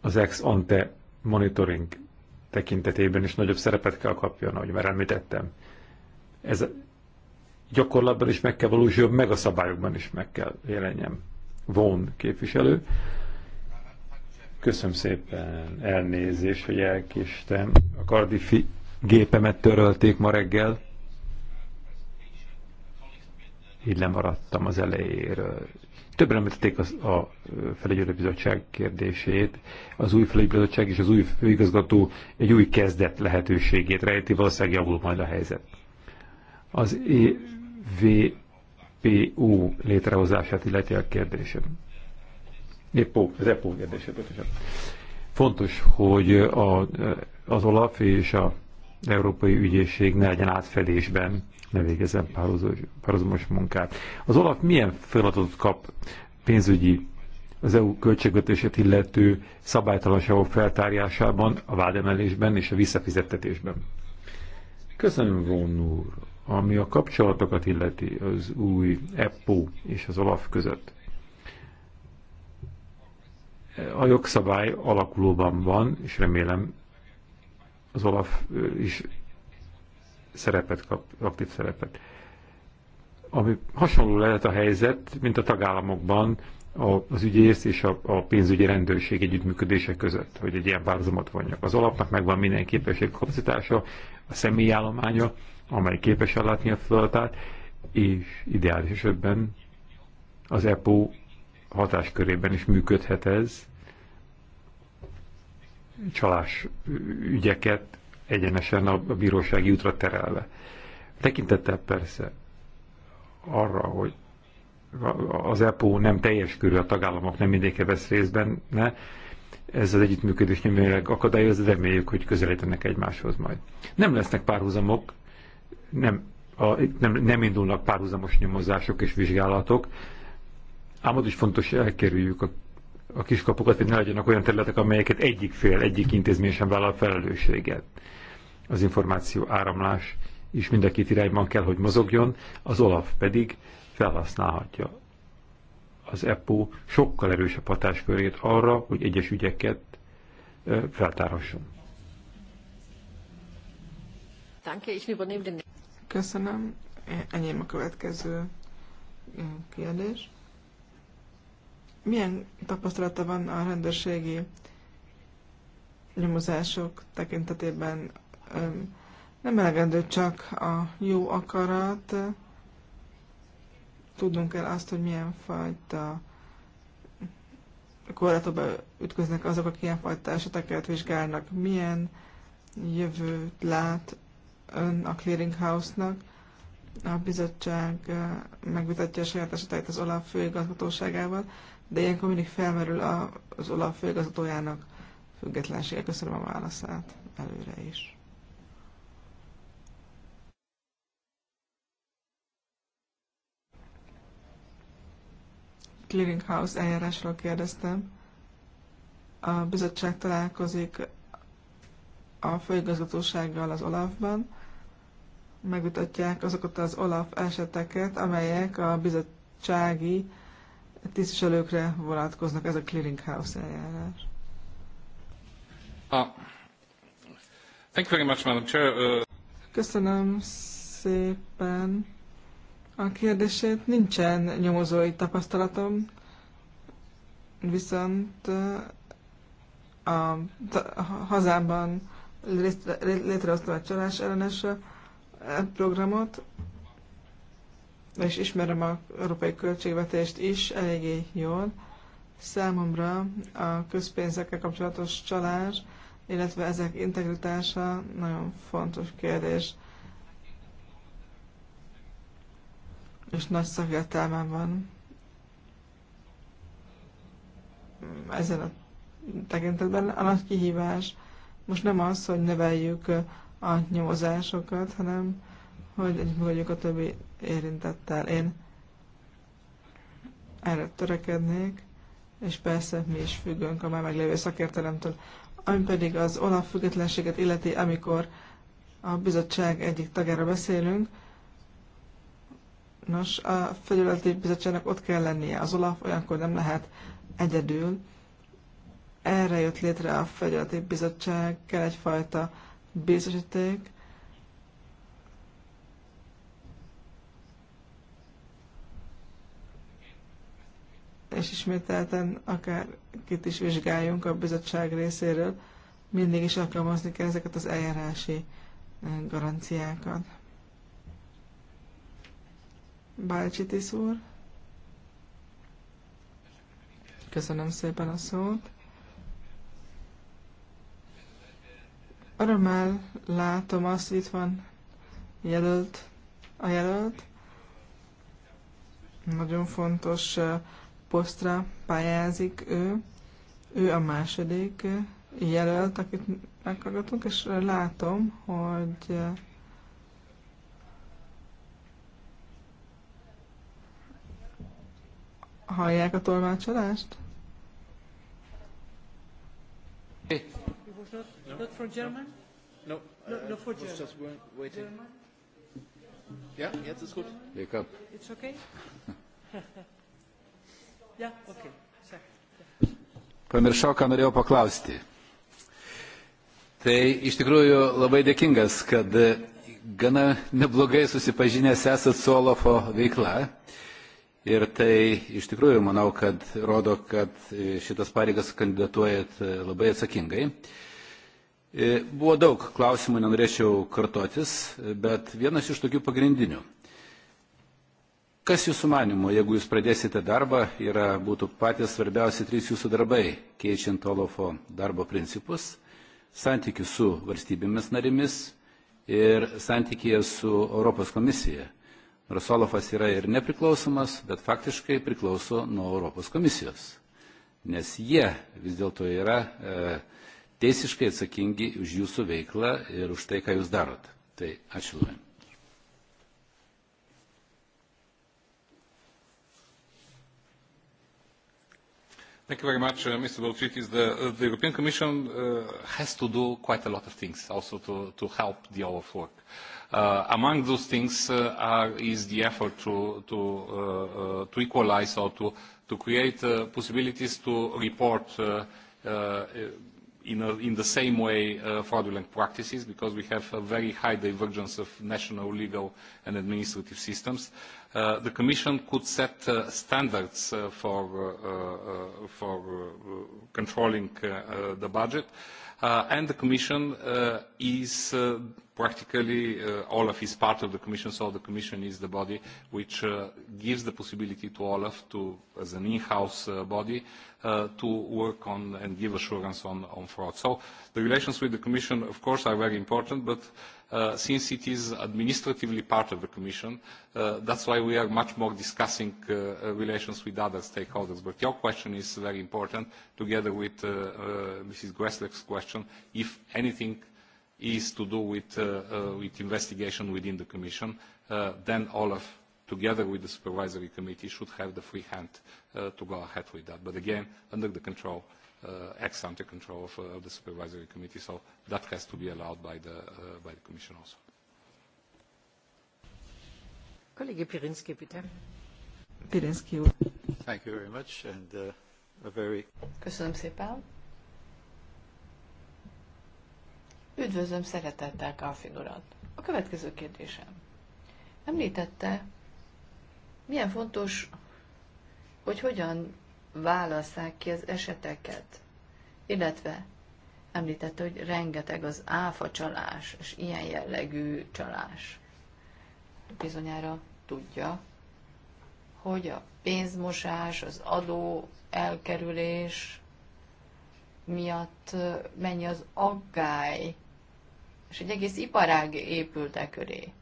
az ex ante monitoring tekintetében is nagyobb szerepet kell kapjon, ahogy már említettem. Ez gyakorlatban is meg kell valósuljon, meg a szabályokban is meg kell jelenjem. Von képviselő. Köszönöm szépen elnézés, hogy elkéstem. A kardifi gépemet törölték ma reggel. Így lemaradtam az elejéről. Többen említették az, a bizottság kérdését. Az új bizottság és az új főigazgató egy új kezdet lehetőségét rejti, valószínűleg javul majd a helyzet. Az EVPO létrehozását illeti a kérdésem. Épp, az EPO kérdése pontosan. Fontos, hogy a, az OLAF és a Európai Ügyészség ne legyen átfedésben ne végezzen párhuzamos munkát. Az Olaf milyen feladatot kap pénzügyi az EU költségvetését illető szabálytalanságok feltárjásában, a vádemelésben és a visszafizettetésben. Köszönöm, Von úr, ami a kapcsolatokat illeti az új EPPO és az OLAF között. A jogszabály alakulóban van, és remélem az OLAF is szerepet kap, aktív szerepet. Ami hasonló lehet a helyzet, mint a tagállamokban az ügyész és a, a pénzügyi rendőrség együttműködése között, hogy egy ilyen párzomat vonjak. Az alapnak megvan minden képesség kapacitása, a személyállománya, amely képes ellátni a feladatát, és ideális esetben az EPO hatáskörében is működhet ez, csalás ügyeket egyenesen a bírósági útra terelve. Tekintettel persze arra, hogy az EPO nem teljes körű a tagállamok, nem mindegyike vesz részben, ne, ez az együttműködés nyomjának akadályoz, reméljük, hogy közelítenek egymáshoz majd. Nem lesznek párhuzamok, nem, a, nem, nem indulnak párhuzamos nyomozások és vizsgálatok, ám ott is fontos elkerüljük a a kiskapukat, hogy ne legyenek olyan területek, amelyeket egyik fél, egyik intézmény sem vállal felelősséget. Az információ áramlás is mind a két irányban kell, hogy mozogjon, az OLAF pedig felhasználhatja az EPO sokkal erősebb hatáskörét arra, hogy egyes ügyeket feltárhasson. Köszönöm. E-, enyém a következő mm, kérdés. Milyen tapasztalata van a rendőrségi nyomozások tekintetében? Nem elegendő csak a jó akarat, tudnunk kell azt, hogy milyen fajta korlátokba ütköznek azok, akik ilyen fajta eseteket vizsgálnak. Milyen jövőt lát ön a house nak A bizottság megvitatja a saját eseteit az OLAF főigazgatóságával de ilyenkor mindig felmerül az Olaf főigazgatójának függetlensége. Köszönöm a válaszát előre is. clearinghouse eljárásról kérdeztem. A bizottság találkozik a főigazgatósággal az Olafban, megmutatják azokat az Olaf eseteket, amelyek a bizottsági tisztviselőkre vonatkoznak, ez a clearinghouse eljárás. Ah. Thank you very much, Madam Chair. Uh, Köszönöm szépen a kérdését. Nincsen nyomozói tapasztalatom, viszont uh, a, a hazámban létrehoztam egy csalás ellenes uh, programot, és ismerem a európai költségvetést is eléggé jól. Számomra a közpénzekkel kapcsolatos csalás, illetve ezek integritása nagyon fontos kérdés. És nagy szakértelmem van ezen a tekintetben. A nagy kihívás most nem az, hogy növeljük a nyomozásokat, hanem hogy vagyok a többi érintettel. Én erre törekednék, és persze mi is függünk a már meglévő szakértelemtől. Ami pedig az olaf függetlenséget illeti, amikor a bizottság egyik tagjára beszélünk, Nos, a fegyületi bizottságnak ott kell lennie. Az Olaf olyankor nem lehet egyedül. Erre jött létre a fegyületi bizottság, kell egyfajta biztosíték, és ismételten akár kit is vizsgáljunk a bizottság részéről, mindig is alkalmazni kell ezeket az eljárási eh, garanciákat. Bálcsitis úr, köszönöm szépen a szót. Örömmel látom azt, hogy itt van jelölt, a jelölt. Nagyon fontos uh, posztra pályázik ő. Ő a második jelölt, akit meghallgatunk, és látom, hogy eh, hallják a tolmácsolást? It was not, good. not for German? No. No, for German. Just waiting. Ja, jetzt ist gut. Wake up. It's okay? [laughs] Pamiršau, ką norėjau paklausti. Tai iš tikrųjų labai dėkingas, kad gana neblogai susipažinęs esat su Olafo veikla. Ir tai iš tikrųjų manau, kad rodo, kad šitas pareigas kandidatuojat labai atsakingai. Buvo daug klausimų, nenorėčiau kartotis, bet vienas iš tokių pagrindinių – Kas jūsų manimo, jeigu jūs pradėsite darbą, yra, būtų patys svarbiausi trys jūsų darbai, keičiant Olofo darbo principus, santykių su valstybėmis narimis ir santykėje su Europos komisija. Nors Olofas yra ir nepriklausomas, bet faktiškai priklauso nuo Europos komisijos. Nes jie vis dėlto yra e, teisiškai atsakingi už jūsų veiklą ir už tai, ką jūs darot. Tai ačiū labai. Thank you very much, uh, Mr. Balchitis. The, uh, the European Commission uh, has to do quite a lot of things also to, to help the OLAF work. Uh, among those things uh, are, is the effort to, to, uh, uh, to equalize or to, to create uh, possibilities to report uh, uh, in, a, in the same way uh, fraudulent practices because we have a very high divergence of national legal and administrative systems. Uh, the Commission could set uh, standards uh, for, uh, uh, for uh, controlling uh, uh, the budget uh, and the Commission uh, is uh, practically uh, Olaf is part of the Commission, so the Commission is the body which uh, gives the possibility to Olaf to, as an in-house uh, body, uh, to work on and give assurance on, on fraud. So the relations with the Commission, of course, are very important, but uh, since it is administratively part of the Commission, uh, that's why we are much more discussing uh, uh relations with other stakeholders. But your question is very important, together with uh, uh, Mrs. Gressler's question, if anything is to do with, uh, uh, with investigation within the Commission, uh, then Olaf together with the supervisory committee, should have the free hand uh, to go ahead with that. But again, under the control, uh, ex ante control of, uh, of the supervisory committee, so that has to be allowed by the, uh, by the commission also. Kollege Pirinski, bitte. Pirinski. Thank you very much and uh, a very... Köszönöm szépen. Üdvözlöm szeretettel Kalfin urat. A következő kérdésem. Említette, milyen fontos, hogy hogyan válasszák ki az eseteket, illetve említette, hogy rengeteg az áfa csalás, és ilyen jellegű csalás. Bizonyára tudja, hogy a pénzmosás, az adó elkerülés miatt mennyi az aggály és egy egész iparág épült e köré.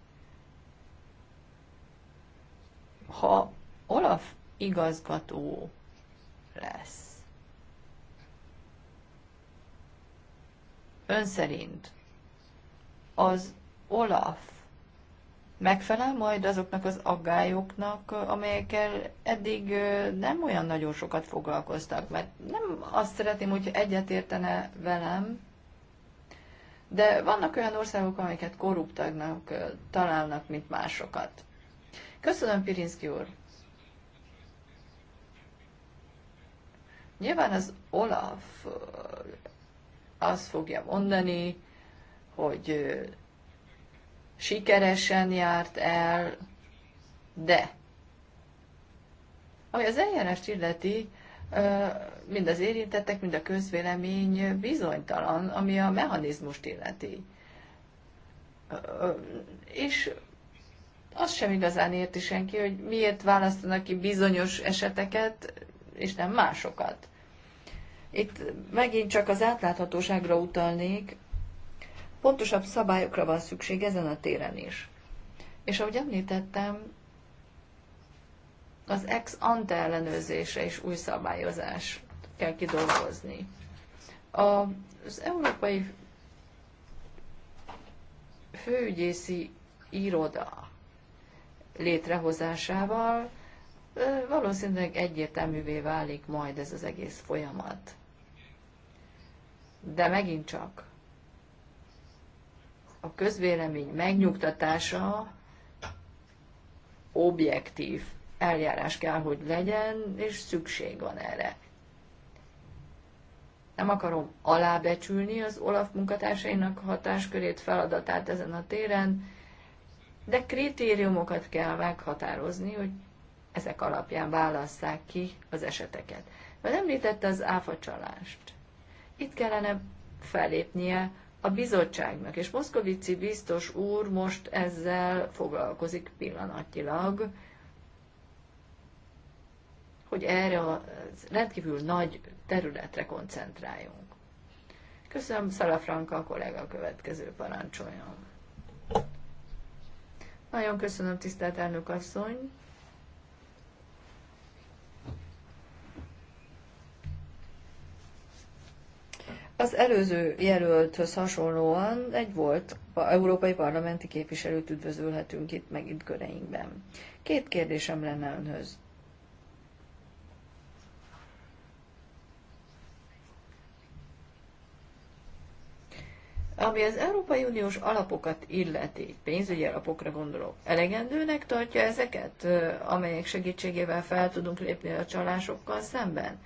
Ha Olaf igazgató lesz, ön szerint az Olaf megfelel majd azoknak az aggályoknak, amelyekkel eddig nem olyan nagyon sokat foglalkoztak, mert nem azt szeretném, hogy egyetértene velem, de vannak olyan országok, amelyeket korruptagnak találnak, mint másokat. Köszönöm, Pirinszki úr! Nyilván az Olaf azt fogja mondani, hogy sikeresen járt el, de ami az eljárást illeti, mind az érintettek, mind a közvélemény bizonytalan, ami a mechanizmust illeti. És azt sem igazán érti senki, hogy miért választanak ki bizonyos eseteket, és nem másokat. Itt megint csak az átláthatóságra utalnék, pontosabb szabályokra van szükség ezen a téren is. És ahogy említettem, az ex ante ellenőrzése és új szabályozás kell kidolgozni. Az Európai Főügyészi Iroda létrehozásával valószínűleg egyértelművé válik majd ez az egész folyamat. De megint csak a közvélemény megnyugtatása objektív eljárás kell, hogy legyen, és szükség van erre. Nem akarom alábecsülni az Olaf munkatársainak hatáskörét, feladatát ezen a téren, de kritériumokat kell meghatározni, hogy ezek alapján válasszák ki az eseteket. Mert említette az áfa csalást. Itt kellene felépnie a bizottságnak, és Moszkovici biztos úr most ezzel foglalkozik pillanatilag, hogy erre a rendkívül nagy területre koncentráljunk. Köszönöm, Szalafranka a kollega a következő parancsoljon. Nagyon köszönöm, tisztelt elnök asszony. Az előző jelölthöz hasonlóan egy volt európai parlamenti képviselőt üdvözölhetünk itt meg itt köreinkben. Két kérdésem lenne önhöz. Ami az Európai Uniós alapokat illeti, pénzügyi alapokra gondolok, elegendőnek tartja ezeket, amelyek segítségével fel tudunk lépni a csalásokkal szemben?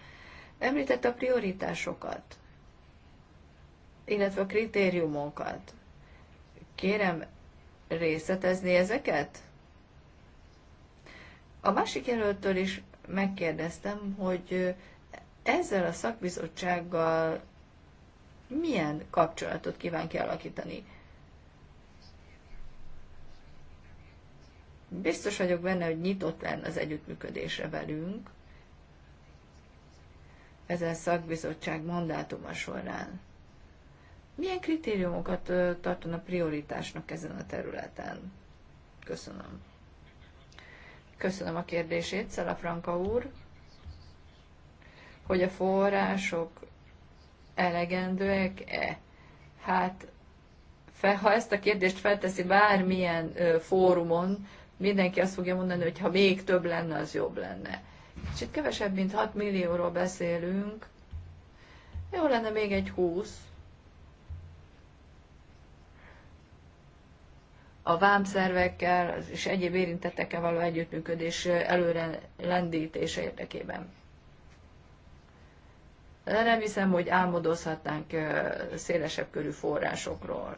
Említett a prioritásokat, illetve a kritériumokat. Kérem, részletezni ezeket? A másik jelöltől is megkérdeztem, hogy ezzel a szakbizottsággal milyen kapcsolatot kíván kialakítani. Biztos vagyok benne, hogy nyitott lenne az együttműködésre velünk ezen szakbizottság mandátuma során. Milyen kritériumokat tartana prioritásnak ezen a területen? Köszönöm. Köszönöm a kérdését, Szala Franka úr, hogy a források elegendőek-e? Hát, fe, ha ezt a kérdést felteszi bármilyen ö, fórumon, mindenki azt fogja mondani, hogy ha még több lenne, az jobb lenne. És itt kevesebb, mint 6 millióról beszélünk. Jó lenne még egy 20. A vámszervekkel és egyéb érintettekkel való együttműködés előre lendítése érdekében nem hiszem, hogy álmodozhatnánk szélesebb körű forrásokról.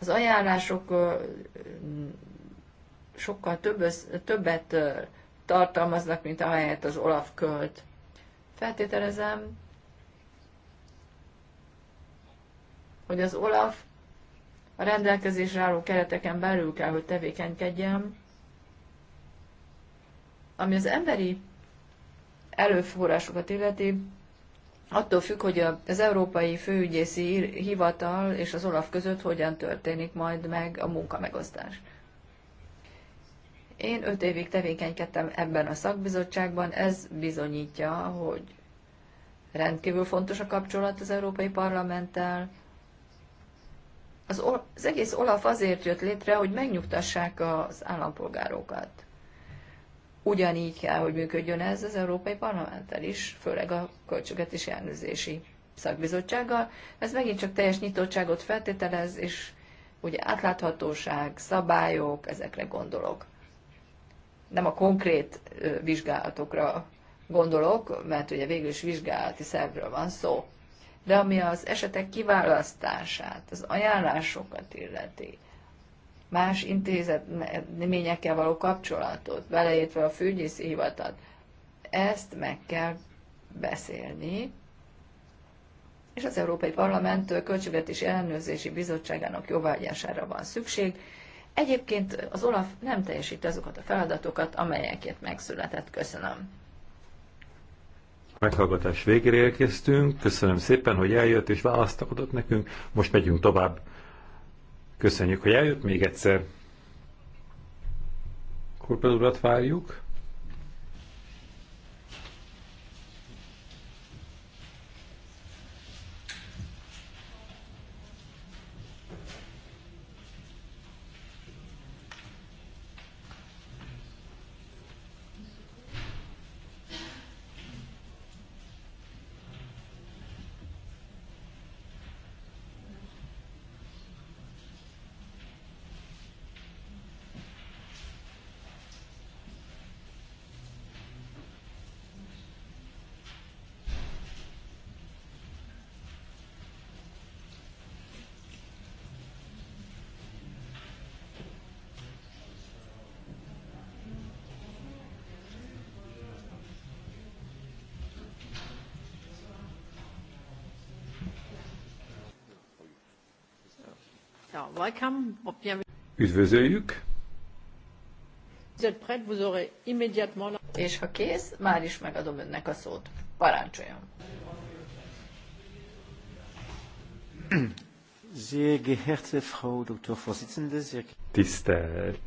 Az ajánlások sokkal több, többet tartalmaznak, mint ahelyett az Olaf költ. Feltételezem, hogy az Olaf a rendelkezésre álló kereteken belül kell, hogy tevékenykedjen, ami az emberi előforrásokat illeti, attól függ, hogy az Európai Főügyészi Hivatal és az OLAF között hogyan történik majd meg a munkamegosztás. Én öt évig tevékenykedtem ebben a szakbizottságban, ez bizonyítja, hogy rendkívül fontos a kapcsolat az Európai Parlamenttel. Az, az egész OLAF azért jött létre, hogy megnyugtassák az állampolgárokat ugyanígy kell, hogy működjön ez az Európai Parlamenttel is, főleg a költségvetési elnőzési szakbizottsággal. Ez megint csak teljes nyitottságot feltételez, és ugye átláthatóság, szabályok, ezekre gondolok. Nem a konkrét vizsgálatokra gondolok, mert ugye végül is vizsgálati szervről van szó, de ami az esetek kiválasztását, az ajánlásokat illeti, más intézményekkel való kapcsolatot, beleértve a főgyészi hivatat. Ezt meg kell beszélni, és az Európai Parlament Költségvetési Ellenőrzési Bizottságának jóvágyására van szükség. Egyébként az OLAF nem teljesíti azokat a feladatokat, amelyeket megszületett. Köszönöm. Meghallgatás végére érkeztünk. Köszönöm szépen, hogy eljött és választakodott nekünk. Most megyünk tovább. Köszönjük, hogy eljött még egyszer. Korpedulat várjuk. Üdvözöljük! És ha kész, már is megadom önnek a szót. Parancsoljon! Tisztelt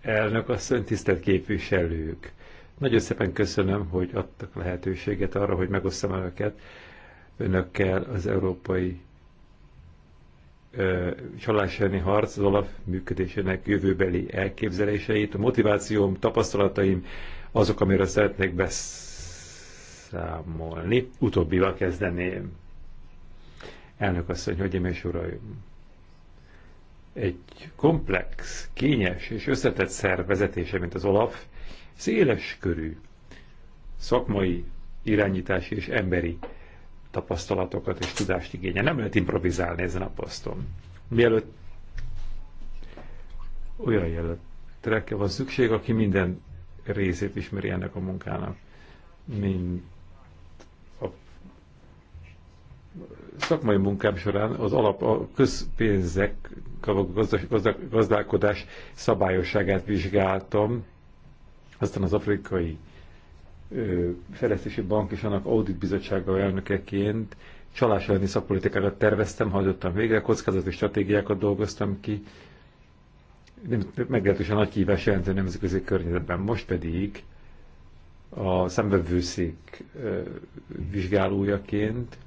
elnök asszony, tisztelt képviselők! Nagyon szépen köszönöm, hogy adtak lehetőséget arra, hogy megosztam önöket, önökkel az európai csalás elleni harc az alap működésének jövőbeli elképzeléseit, a motivációm, tapasztalataim, azok, amiről szeretnék beszámolni. Utóbbival kezdeném. Elnök asszony, hölgyeim és uraim! Egy komplex, kényes és összetett szervezetése, mint az OLAF, széles körű szakmai, irányítási és emberi tapasztalatokat és tudást igénye. Nem lehet improvizálni ezen a poszton. Mielőtt olyan jelöltre van szükség, aki minden részét ismeri ennek a munkának, mint a szakmai munkám során az alap a közpénzek, a gazdálkodás szabályosságát vizsgáltam, aztán az afrikai Fejlesztési Bank és annak Audit Bizottsága elnökeként csalás elleni szakpolitikákat terveztem, hajtottam végre, kockázati stratégiákat dolgoztam ki, Nem meglehetősen nagy kihívás jelentő nemzetközi környezetben. Most pedig a szembevőszék vizsgálójaként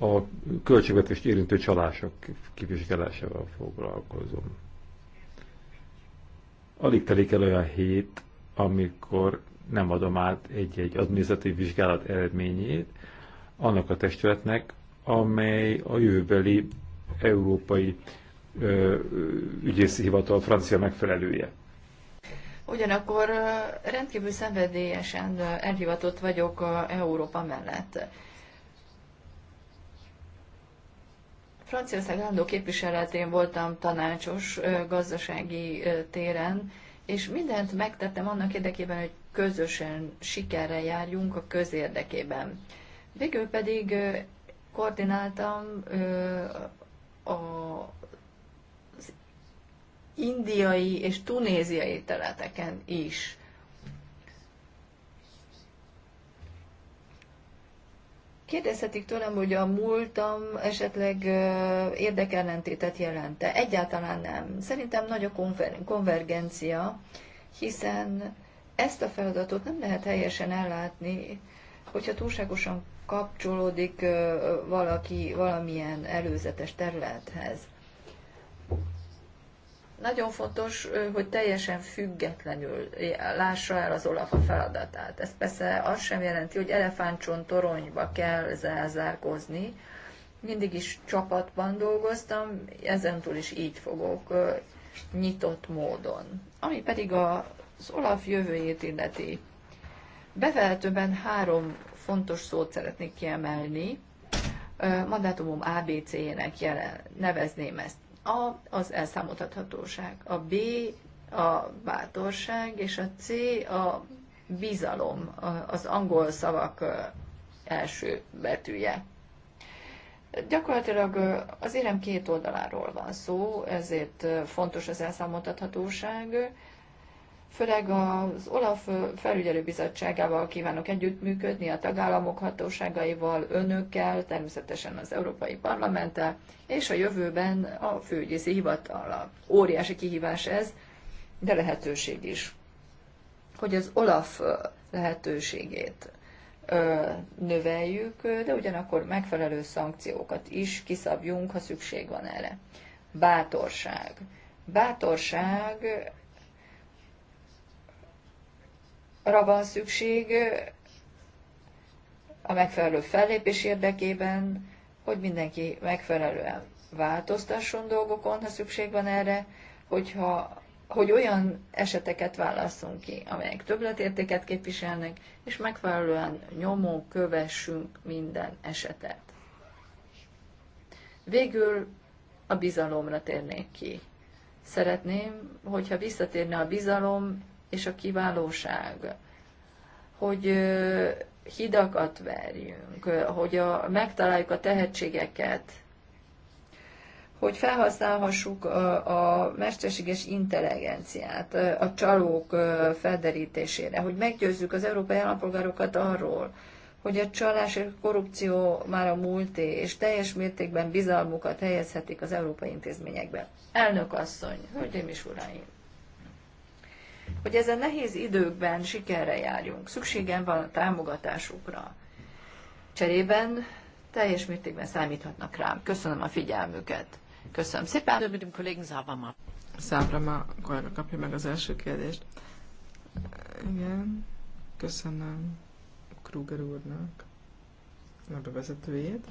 a költségvetést érintő csalások kivizsgálásával foglalkozom. Alig telik el olyan hét, amikor nem adom át egy-egy adminisztratív vizsgálat eredményét annak a testületnek, amely a jövőbeli európai ö, ügyészi hivatal francia megfelelője. Ugyanakkor rendkívül szenvedélyesen elhivatott vagyok Európa mellett. Franciaország állandó képviseletén voltam tanácsos gazdasági téren, és mindent megtettem annak érdekében, hogy közösen sikerre járjunk a közérdekében. Végül pedig koordináltam az indiai és tunéziai területeken is. Kérdezhetik tőlem, hogy a múltam esetleg érdekellentétet jelente. Egyáltalán nem. Szerintem nagy a konver konvergencia, hiszen ezt a feladatot nem lehet helyesen ellátni, hogyha túlságosan kapcsolódik valaki valamilyen előzetes területhez. Nagyon fontos, hogy teljesen függetlenül lássa el az Olaf a feladatát. Ez persze azt sem jelenti, hogy elefántcsont toronyba kell zárkozni. Mindig is csapatban dolgoztam, ezentúl is így fogok nyitott módon. Ami pedig a az Olaf jövőjét illeti. Bevezetőben három fontos szót szeretnék kiemelni. Mandátumom ABC-nek nevezném ezt. A az elszámoltathatóság, a B a bátorság, és a C a bizalom, az angol szavak első betűje. Gyakorlatilag az érem két oldaláról van szó, ezért fontos az elszámoltathatóság, főleg az OLAF felügyelőbizottságával kívánok együttműködni, a tagállamok hatóságaival, önökkel, természetesen az Európai Parlamenttel, és a jövőben a főügyészi hivatallal. Óriási kihívás ez, de lehetőség is. Hogy az OLAF lehetőségét növeljük, de ugyanakkor megfelelő szankciókat is kiszabjunk, ha szükség van erre. Bátorság. Bátorság van szükség a megfelelő fellépés érdekében, hogy mindenki megfelelően változtasson dolgokon, ha szükség van erre, hogyha, hogy olyan eseteket válasszunk ki, amelyek többletértéket képviselnek, és megfelelően nyomó kövessünk minden esetet. Végül a bizalomra térnék ki. Szeretném, hogyha visszatérne a bizalom és a kiválóság, hogy hidakat verjünk, hogy a, megtaláljuk a tehetségeket, hogy felhasználhassuk a, a mesterséges intelligenciát a csalók felderítésére, hogy meggyőzzük az európai állampolgárokat arról, hogy a csalás és a korrupció már a múlté, és teljes mértékben bizalmukat helyezhetik az európai intézményekbe. Elnök asszony, hölgyeim és uraim! hogy ezen nehéz időkben sikerre járjunk. Szükségem van a támogatásukra. Cserében teljes mértékben számíthatnak rám. Köszönöm a figyelmüket. Köszönöm szépen. Köszönöm, kollégám Závama. Závama kollega kapja meg az első kérdést. Igen, köszönöm Kruger úrnak a bevezetőjét.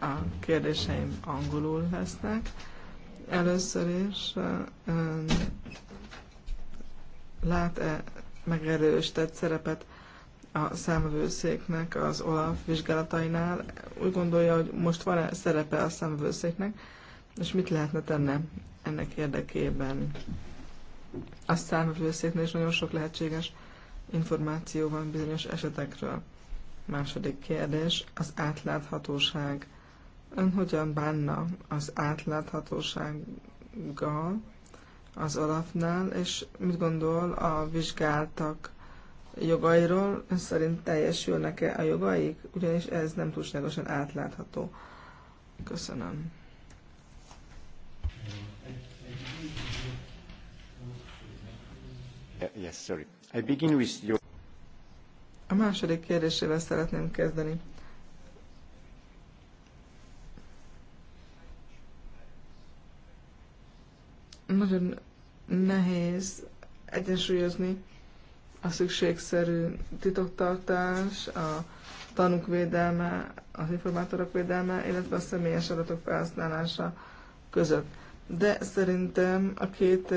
A kérdéseim angolul lesznek Először is lát-e megerősített szerepet a szemvőszéknek az OLAF vizsgálatainál? Úgy gondolja, hogy most van-e szerepe a szemvőszéknek, és mit lehetne tenni ennek érdekében? A számvevőszéknél is nagyon sok lehetséges információ van bizonyos esetekről. Második kérdés, az átláthatóság Ön hogyan bánna az átláthatósággal az alapnál, és mit gondol a vizsgáltak jogairól? Ön szerint teljesülnek-e a jogaik? Ugyanis ez nem túlságosan átlátható. Köszönöm. Yes, sorry. I begin with your... A második kérdésével szeretném kezdeni. nagyon nehéz egyensúlyozni a szükségszerű titoktartás, a tanúk védelme, az informátorok védelme, illetve a személyes adatok felhasználása között. De szerintem a két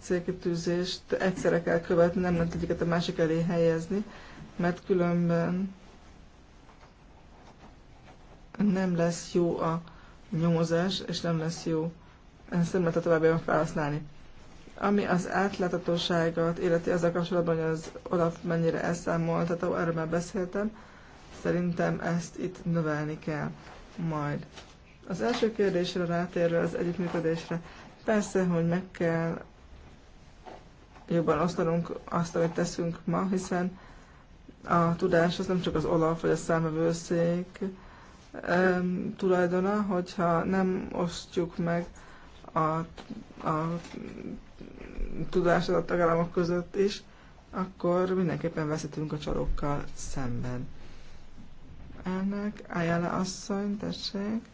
célkitűzést egyszerre kell követni, nem lehet egyiket a másik elé helyezni, mert különben nem lesz jó a nyomozás, és nem lesz jó ezt nem lehet felhasználni. Ami az átláthatóságot illeti a kapcsolatban, hogy az Olaf mennyire tehát erről már beszéltem, szerintem ezt itt növelni kell majd. Az első kérdésre rátérve az együttműködésre, persze, hogy meg kell jobban osztanunk azt, amit teszünk ma, hiszen a tudás az nem csak az olaf vagy a számövőszék tulajdona, hogyha nem osztjuk meg a, a tudásodat a tagállamok között is, akkor mindenképpen veszítünk a csalókkal szemben. Ennek Ayala asszony, tessék.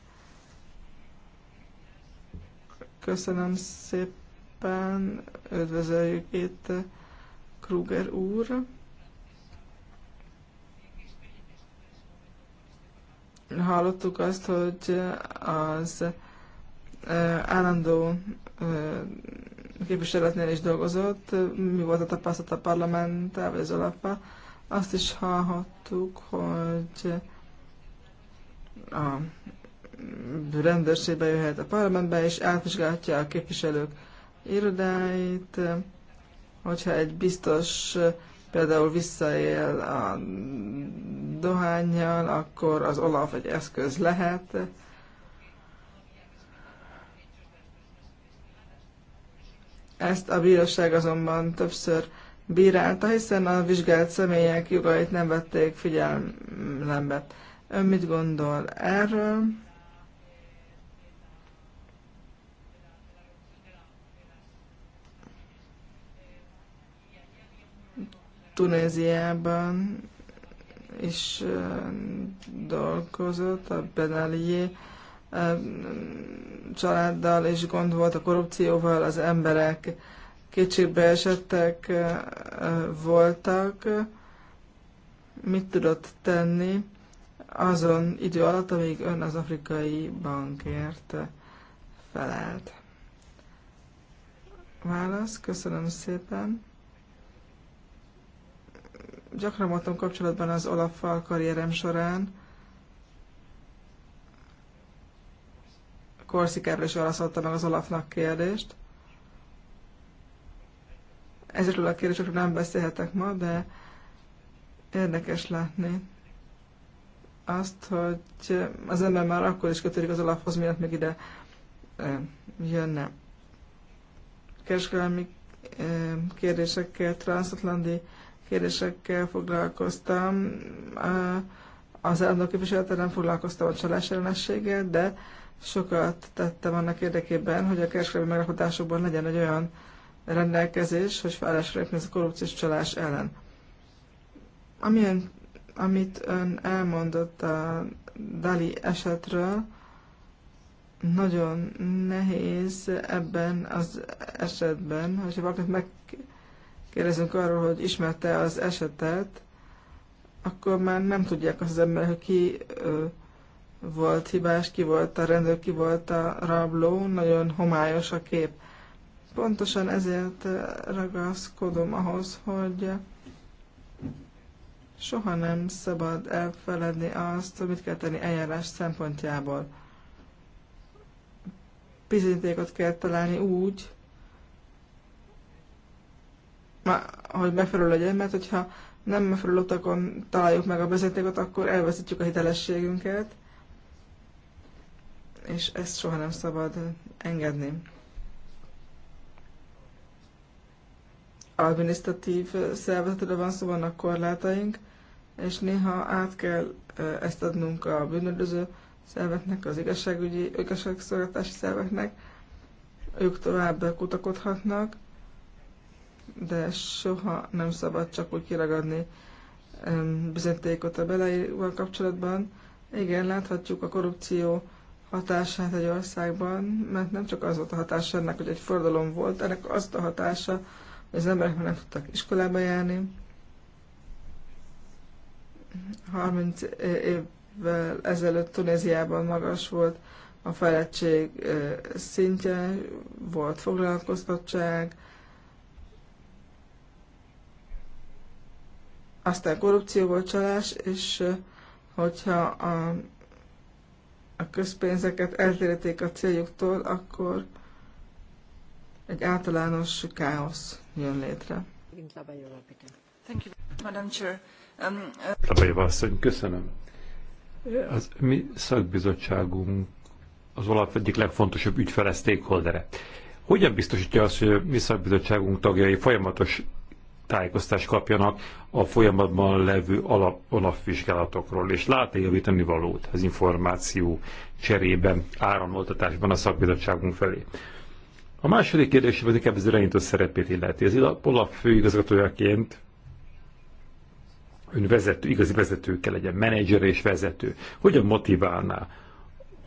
Köszönöm szépen, üdvözöljük itt Kruger úr. Hallottuk azt, hogy az állandó képviseletnél is dolgozott, mi volt a tapasztalat a parlamenttel, vagy az alapba. Azt is hallhattuk, hogy a rendőrségbe jöhet a parlamentbe, és átvizsgálhatja a képviselők irodáit, hogyha egy biztos például visszaél a dohányjal, akkor az olaf egy eszköz lehet, Ezt a bíróság azonban többször bírálta, hiszen a vizsgált személyek jogait nem vették figyelembe. Ön mit gondol erről? Tunéziában is dolgozott, a Benalié családdal és gond volt a korrupcióval, az emberek kétségbe esettek voltak. Mit tudott tenni azon idő alatt, amíg ön az afrikai bankért felelt? Válasz, köszönöm szépen gyakran voltam kapcsolatban az Olaffal karrierem során, Korszikáról is válaszolta meg az Olafnak kérdést. Ezekről a kérdésekről nem beszélhetek ma, de érdekes látni azt, hogy az ember már akkor is kötődik az Olafhoz, miatt még ide jönne. Kereskedelmi kérdésekkel, transatlanti kérdésekkel foglalkoztam. Az állandó képviseleten nem foglalkoztam a csalás de sokat tettem annak érdekében, hogy a kereskedelmi megállapodásokban legyen egy olyan rendelkezés, hogy felállásra lépni a korrupciós csalás ellen. Amilyen, amit ön elmondott a Dali esetről, nagyon nehéz ebben az esetben, hogyha valakit megkérdezünk arról, hogy ismerte az esetet, akkor már nem tudják az ember, hogy ki volt hibás, ki volt a rendőr, ki volt a rabló, nagyon homályos a kép. Pontosan ezért eh, ragaszkodom ahhoz, hogy soha nem szabad elfeledni azt, hogy mit kell tenni eljárás szempontjából. Bizonyítékot kell találni úgy, hogy megfelelő legyen, mert hogyha nem megfelelő utakon találjuk meg a bizonyítékot, akkor elveszítjük a hitelességünket és ezt soha nem szabad engedni. Administratív szervezetre van szó, vannak korlátaink, és néha át kell ezt adnunk a bűnöldöző szerveknek, az igazságügyi, igazságszolgáltási szerveknek. Ők tovább kutakodhatnak, de soha nem szabad csak úgy kiragadni bizonyítékot a beleival kapcsolatban. Igen, láthatjuk a korrupció hatását egy országban, mert nem csak az volt a hatása ennek, hogy egy forradalom volt, ennek az a hatása, hogy az emberek már nem tudtak iskolába járni. 30 évvel ezelőtt Tunéziában magas volt a fejlettség szintje, volt foglalkoztatság, aztán korrupció volt csalás, és hogyha a a közpénzeket eltérték a céljuktól, akkor egy általános káosz jön létre. Thank um, uh, asszony, köszönöm. Az mi szakbizottságunk az olaf egyik legfontosabb ügyfele stakeholdere. Hogyan biztosítja azt, hogy a mi szakbizottságunk tagjai folyamatos tájékoztást kapjanak a folyamatban levő alap, alapvizsgálatokról, és lát-e javítani valót az információ cserében, áramoltatásban a szakbizottságunk felé. A második kérdés pedig inkább az irányító szerepét illeti. Az Olaf főigazgatójaként ön vezető, igazi vezető kell legyen, menedzser és vezető. Hogyan motiválná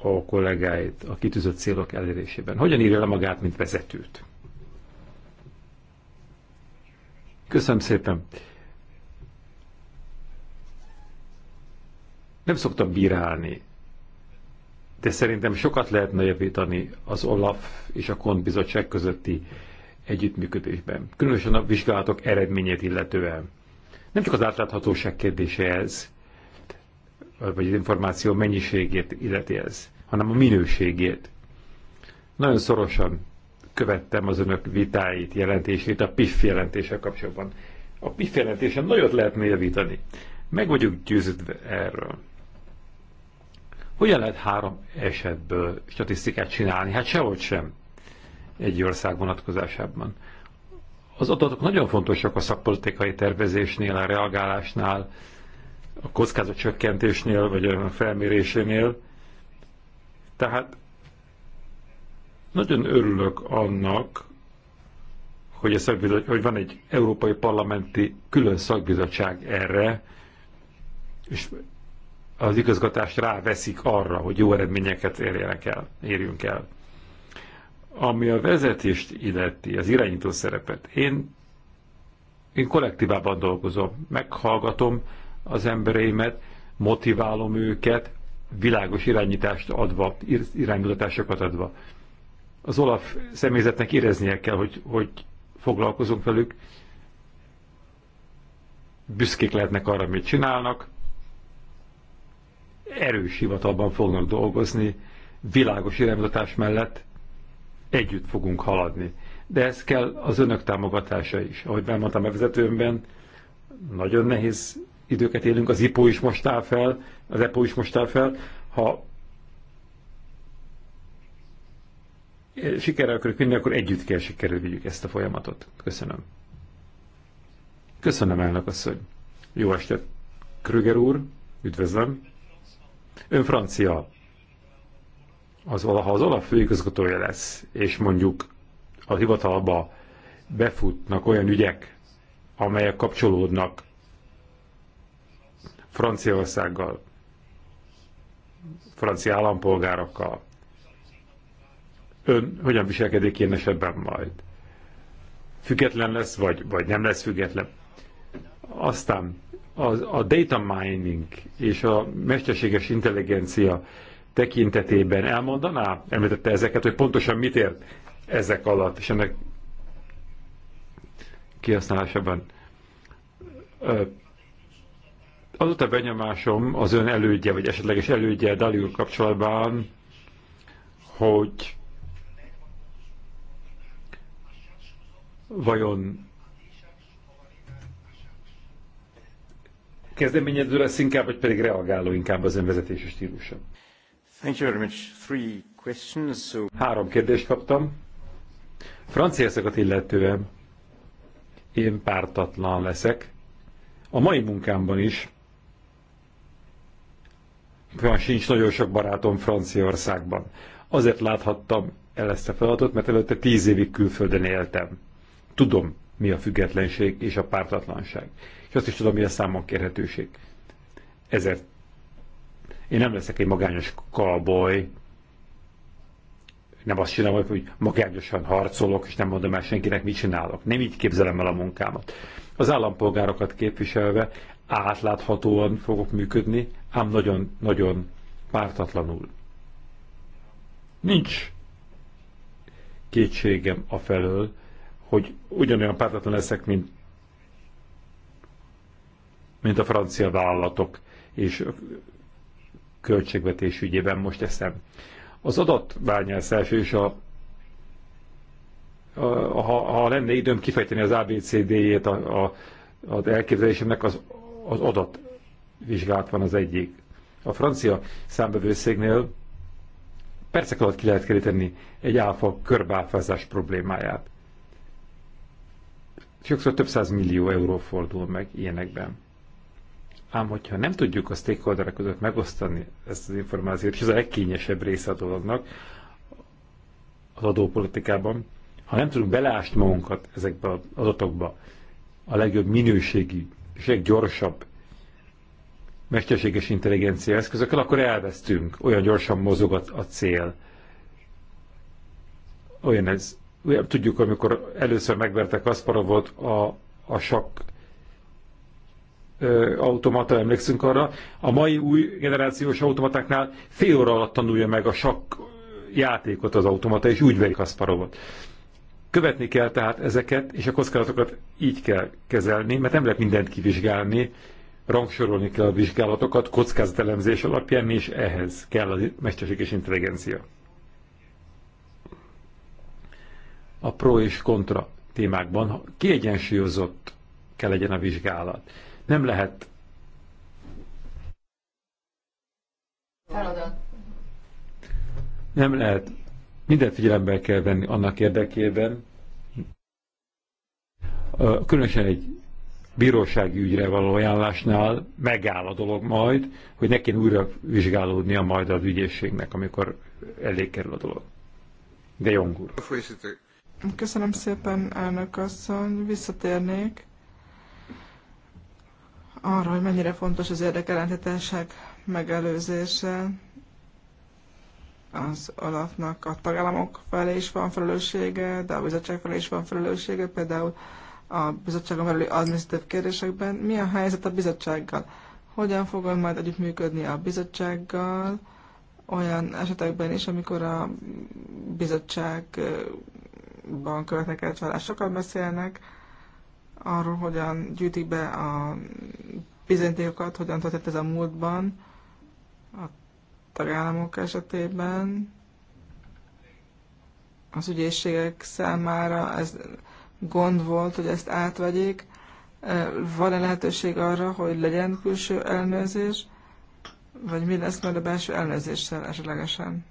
a kollégáit a kitűzött célok elérésében? Hogyan írja le magát, mint vezetőt? Köszönöm szépen. Nem szoktam bírálni, de szerintem sokat lehetne javítani az OLAF és a KONT bizottság közötti együttműködésben, különösen a vizsgálatok eredményét illetően. Nem csak az átláthatóság kérdése ez, vagy az információ mennyiségét illeti ez, hanem a minőségét. Nagyon szorosan követtem az önök vitáit, jelentését a PIF jelentése kapcsolatban. A PIF jelentésen nagyot lehetne javítani. Meg vagyunk győződve erről. Hogyan lehet három esetből statisztikát csinálni? Hát sehogy sem egy ország vonatkozásában. Az adatok nagyon fontosak a szakpolitikai tervezésnél, a reagálásnál, a csökkentésnél, vagy a felmérésénél. Tehát nagyon örülök annak, hogy, a hogy van egy európai parlamenti külön szakbizottság erre, és az igazgatást ráveszik arra, hogy jó eredményeket érjenek el, érjünk el. Ami a vezetést illeti, az irányító szerepet, én, én kollektívában dolgozom, meghallgatom az embereimet, motiválom őket, világos irányítást adva, iránymutatásokat adva az Olaf személyzetnek éreznie kell, hogy, hogy foglalkozunk velük, büszkék lehetnek arra, amit csinálnak, erős hivatalban fognak dolgozni, világos iránymutatás mellett együtt fogunk haladni. De ez kell az önök támogatása is. Ahogy bemondtam vezetőmben, nagyon nehéz időket élünk, az IPO is most áll fel, az EPO is most áll fel. Ha sikerrel akarok vinni, akkor együtt kell sikerül vigyük ezt a folyamatot. Köszönöm. Köszönöm, elnök asszony. Jó estét, Krüger úr. Üdvözlöm. Ön francia. Az, ha az Olaf főigazgatója lesz, és mondjuk a hivatalba befutnak olyan ügyek, amelyek kapcsolódnak Franciaországgal, francia állampolgárokkal, ön hogyan viselkedik én esetben majd? Független lesz, vagy, vagy nem lesz független? Aztán az, a data mining és a mesterséges intelligencia tekintetében elmondaná, említette ezeket, hogy pontosan mit ért ezek alatt, és ennek kihasználásában. Az a benyomásom az ön elődje, vagy esetleges elődje Dalil kapcsolatban, hogy vajon kezdeményező lesz inkább, vagy pedig reagáló inkább az önvezetési stílusa? Thank you very much. Three questions, so... Három kérdést kaptam. Franciászokat illetően én pártatlan leszek. A mai munkámban is van sincs nagyon sok barátom Franciaországban. Azért láthattam el ezt a feladatot, mert előtte tíz évig külföldön éltem. Tudom, mi a függetlenség és a pártatlanság. És azt is tudom, mi a számon kérhetőség. Ezért én nem leszek egy magányos kalboly, nem azt csinálom, hogy magányosan harcolok, és nem mondom el senkinek, mit csinálok. Nem így képzelem el a munkámat. Az állampolgárokat képviselve átláthatóan fogok működni, ám nagyon-nagyon pártatlanul. Nincs kétségem a felől hogy ugyanolyan pártatlan leszek, mint, mint a francia vállalatok és költségvetés ügyében most eszem. Az adatbányászás és a, a ha, ha lenne időm kifejteni az ABCD-jét a, a, az elképzelésemnek, az, az adat vizsgálat van az egyik. A francia számbevőszégnél percek alatt ki lehet keríteni egy áfa körbáfázás problémáját sokszor több száz millió euró fordul meg ilyenekben. Ám hogyha nem tudjuk a stakeholderek között megosztani ezt az információt, és ez a legkényesebb része a dolognak az adópolitikában, ha nem tudunk beleást magunkat ezekbe az adatokba, a legjobb minőségi és leggyorsabb mesterséges intelligencia eszközökkel, akkor elvesztünk. Olyan gyorsan mozog a, a cél. Olyan ez Ugye, tudjuk, amikor először megverte Kasparovot a, a sak automata, emlékszünk arra, a mai új generációs automatáknál fél óra alatt tanulja meg a sakk játékot az automata, és úgy veri Kasparovot. Követni kell tehát ezeket, és a kockázatokat így kell kezelni, mert nem lehet mindent kivizsgálni, rangsorolni kell a vizsgálatokat kockázatelemzés alapján, és ehhez kell a mesterséges intelligencia. a pro és kontra témákban kiegyensúlyozott kell legyen a vizsgálat. Nem lehet Nem lehet. Minden figyelembe kell venni annak érdekében, különösen egy bírósági ügyre való ajánlásnál megáll a dolog majd, hogy kéne újra vizsgálódnia majd az ügyészségnek, amikor elég kerül a dolog. De Jong úr. Köszönöm szépen, elnök asszony. Visszatérnék arra, hogy mennyire fontos az érdekelentetések megelőzése. Az alapnak a tagállamok felé is van felelőssége, de a bizottság felé is van felelőssége, például a bizottságon belüli adminisztratív kérdésekben. Mi a helyzet a bizottsággal? Hogyan fogom majd együttműködni a bizottsággal olyan esetekben is, amikor a bizottság Kínában követnek el csalás. Sokan beszélnek arról, hogyan gyűjtik be a bizonyítékokat, hogyan történt ez a múltban a tagállamok esetében. Az ügyészségek számára ez gond volt, hogy ezt átvegyék. Van-e lehetőség arra, hogy legyen külső elnőzés, vagy mi lesz majd a belső elnőzéssel esetlegesen?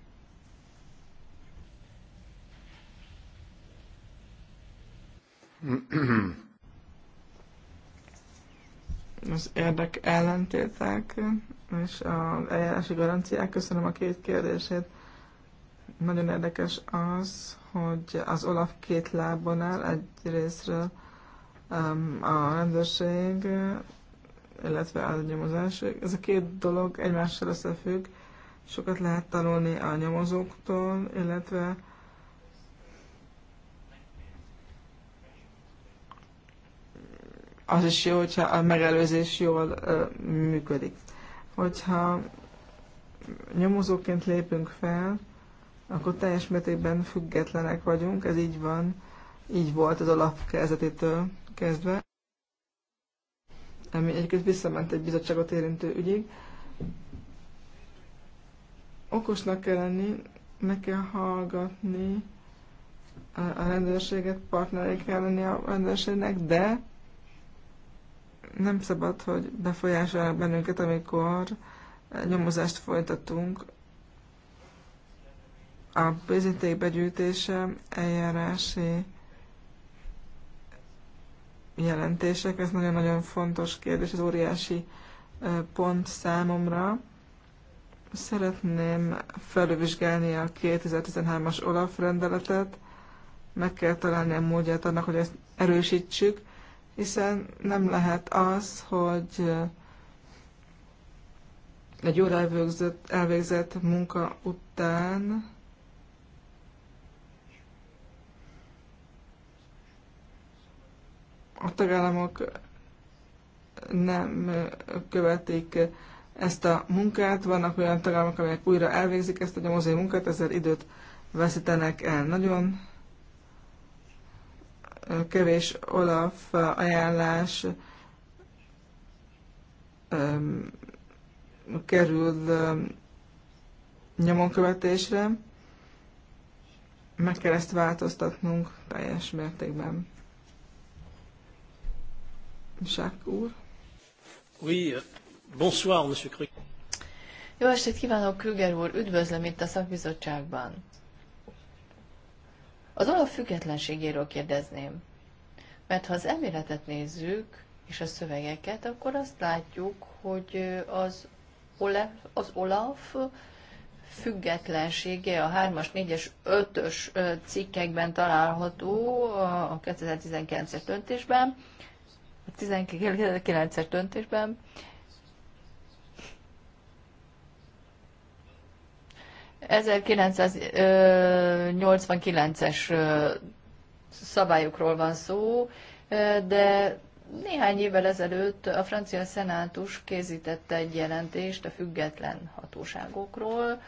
az érdek ellentétek és az eljárási garanciák. Köszönöm a két kérdését. Nagyon érdekes az, hogy az Olaf két lábon áll, egy részről a rendőrség, illetve a nyomozás. Ez a két dolog egymással összefügg. Sokat lehet tanulni a nyomozóktól, illetve az is jó, hogyha a megelőzés jól működik. Hogyha nyomozóként lépünk fel, akkor teljes mértékben függetlenek vagyunk, ez így van, így volt az alap kezdetétől kezdve, ami egyébként visszament egy bizottságot érintő ügyig. Okosnak kell lenni, meg kell hallgatni a rendőrséget, partnerek kell lenni a rendőrségnek, de nem szabad, hogy befolyásoljanak bennünket, amikor nyomozást folytatunk a bizonyíték begyűjtése, eljárási jelentések, ez nagyon-nagyon fontos kérdés, az óriási pont számomra. Szeretném felvizsgálni a 2013-as Olaf rendeletet, meg kell találni a módját annak, hogy ezt erősítsük, hiszen nem lehet az, hogy egy jól elvégzett, elvégzett munka után a tagállamok nem követik ezt a munkát, vannak olyan tagállamok, amelyek újra elvégzik ezt a nyomozói munkát, ezzel időt veszítenek el. Nagyon kevés Olaf ajánlás kerül nyomonkövetésre, meg kell ezt változtatnunk teljes mértékben. Sák úr. Oui, euh, bonsoir, monsieur Krüger. Jó estét kívánok, Krüger úr, üdvözlöm itt a szakbizottságban. Az olaf függetlenségéről kérdezném. Mert ha az elméletet nézzük, és a szövegeket, akkor azt látjuk, hogy az Olaf, az Olaf függetlensége a 3-as, 4-es, 5-ös cikkekben található a 2019-es döntésben, a 19-es döntésben, 1989-es szabályokról van szó, de néhány évvel ezelőtt a francia szenátus készítette egy jelentést a független hatóságokról.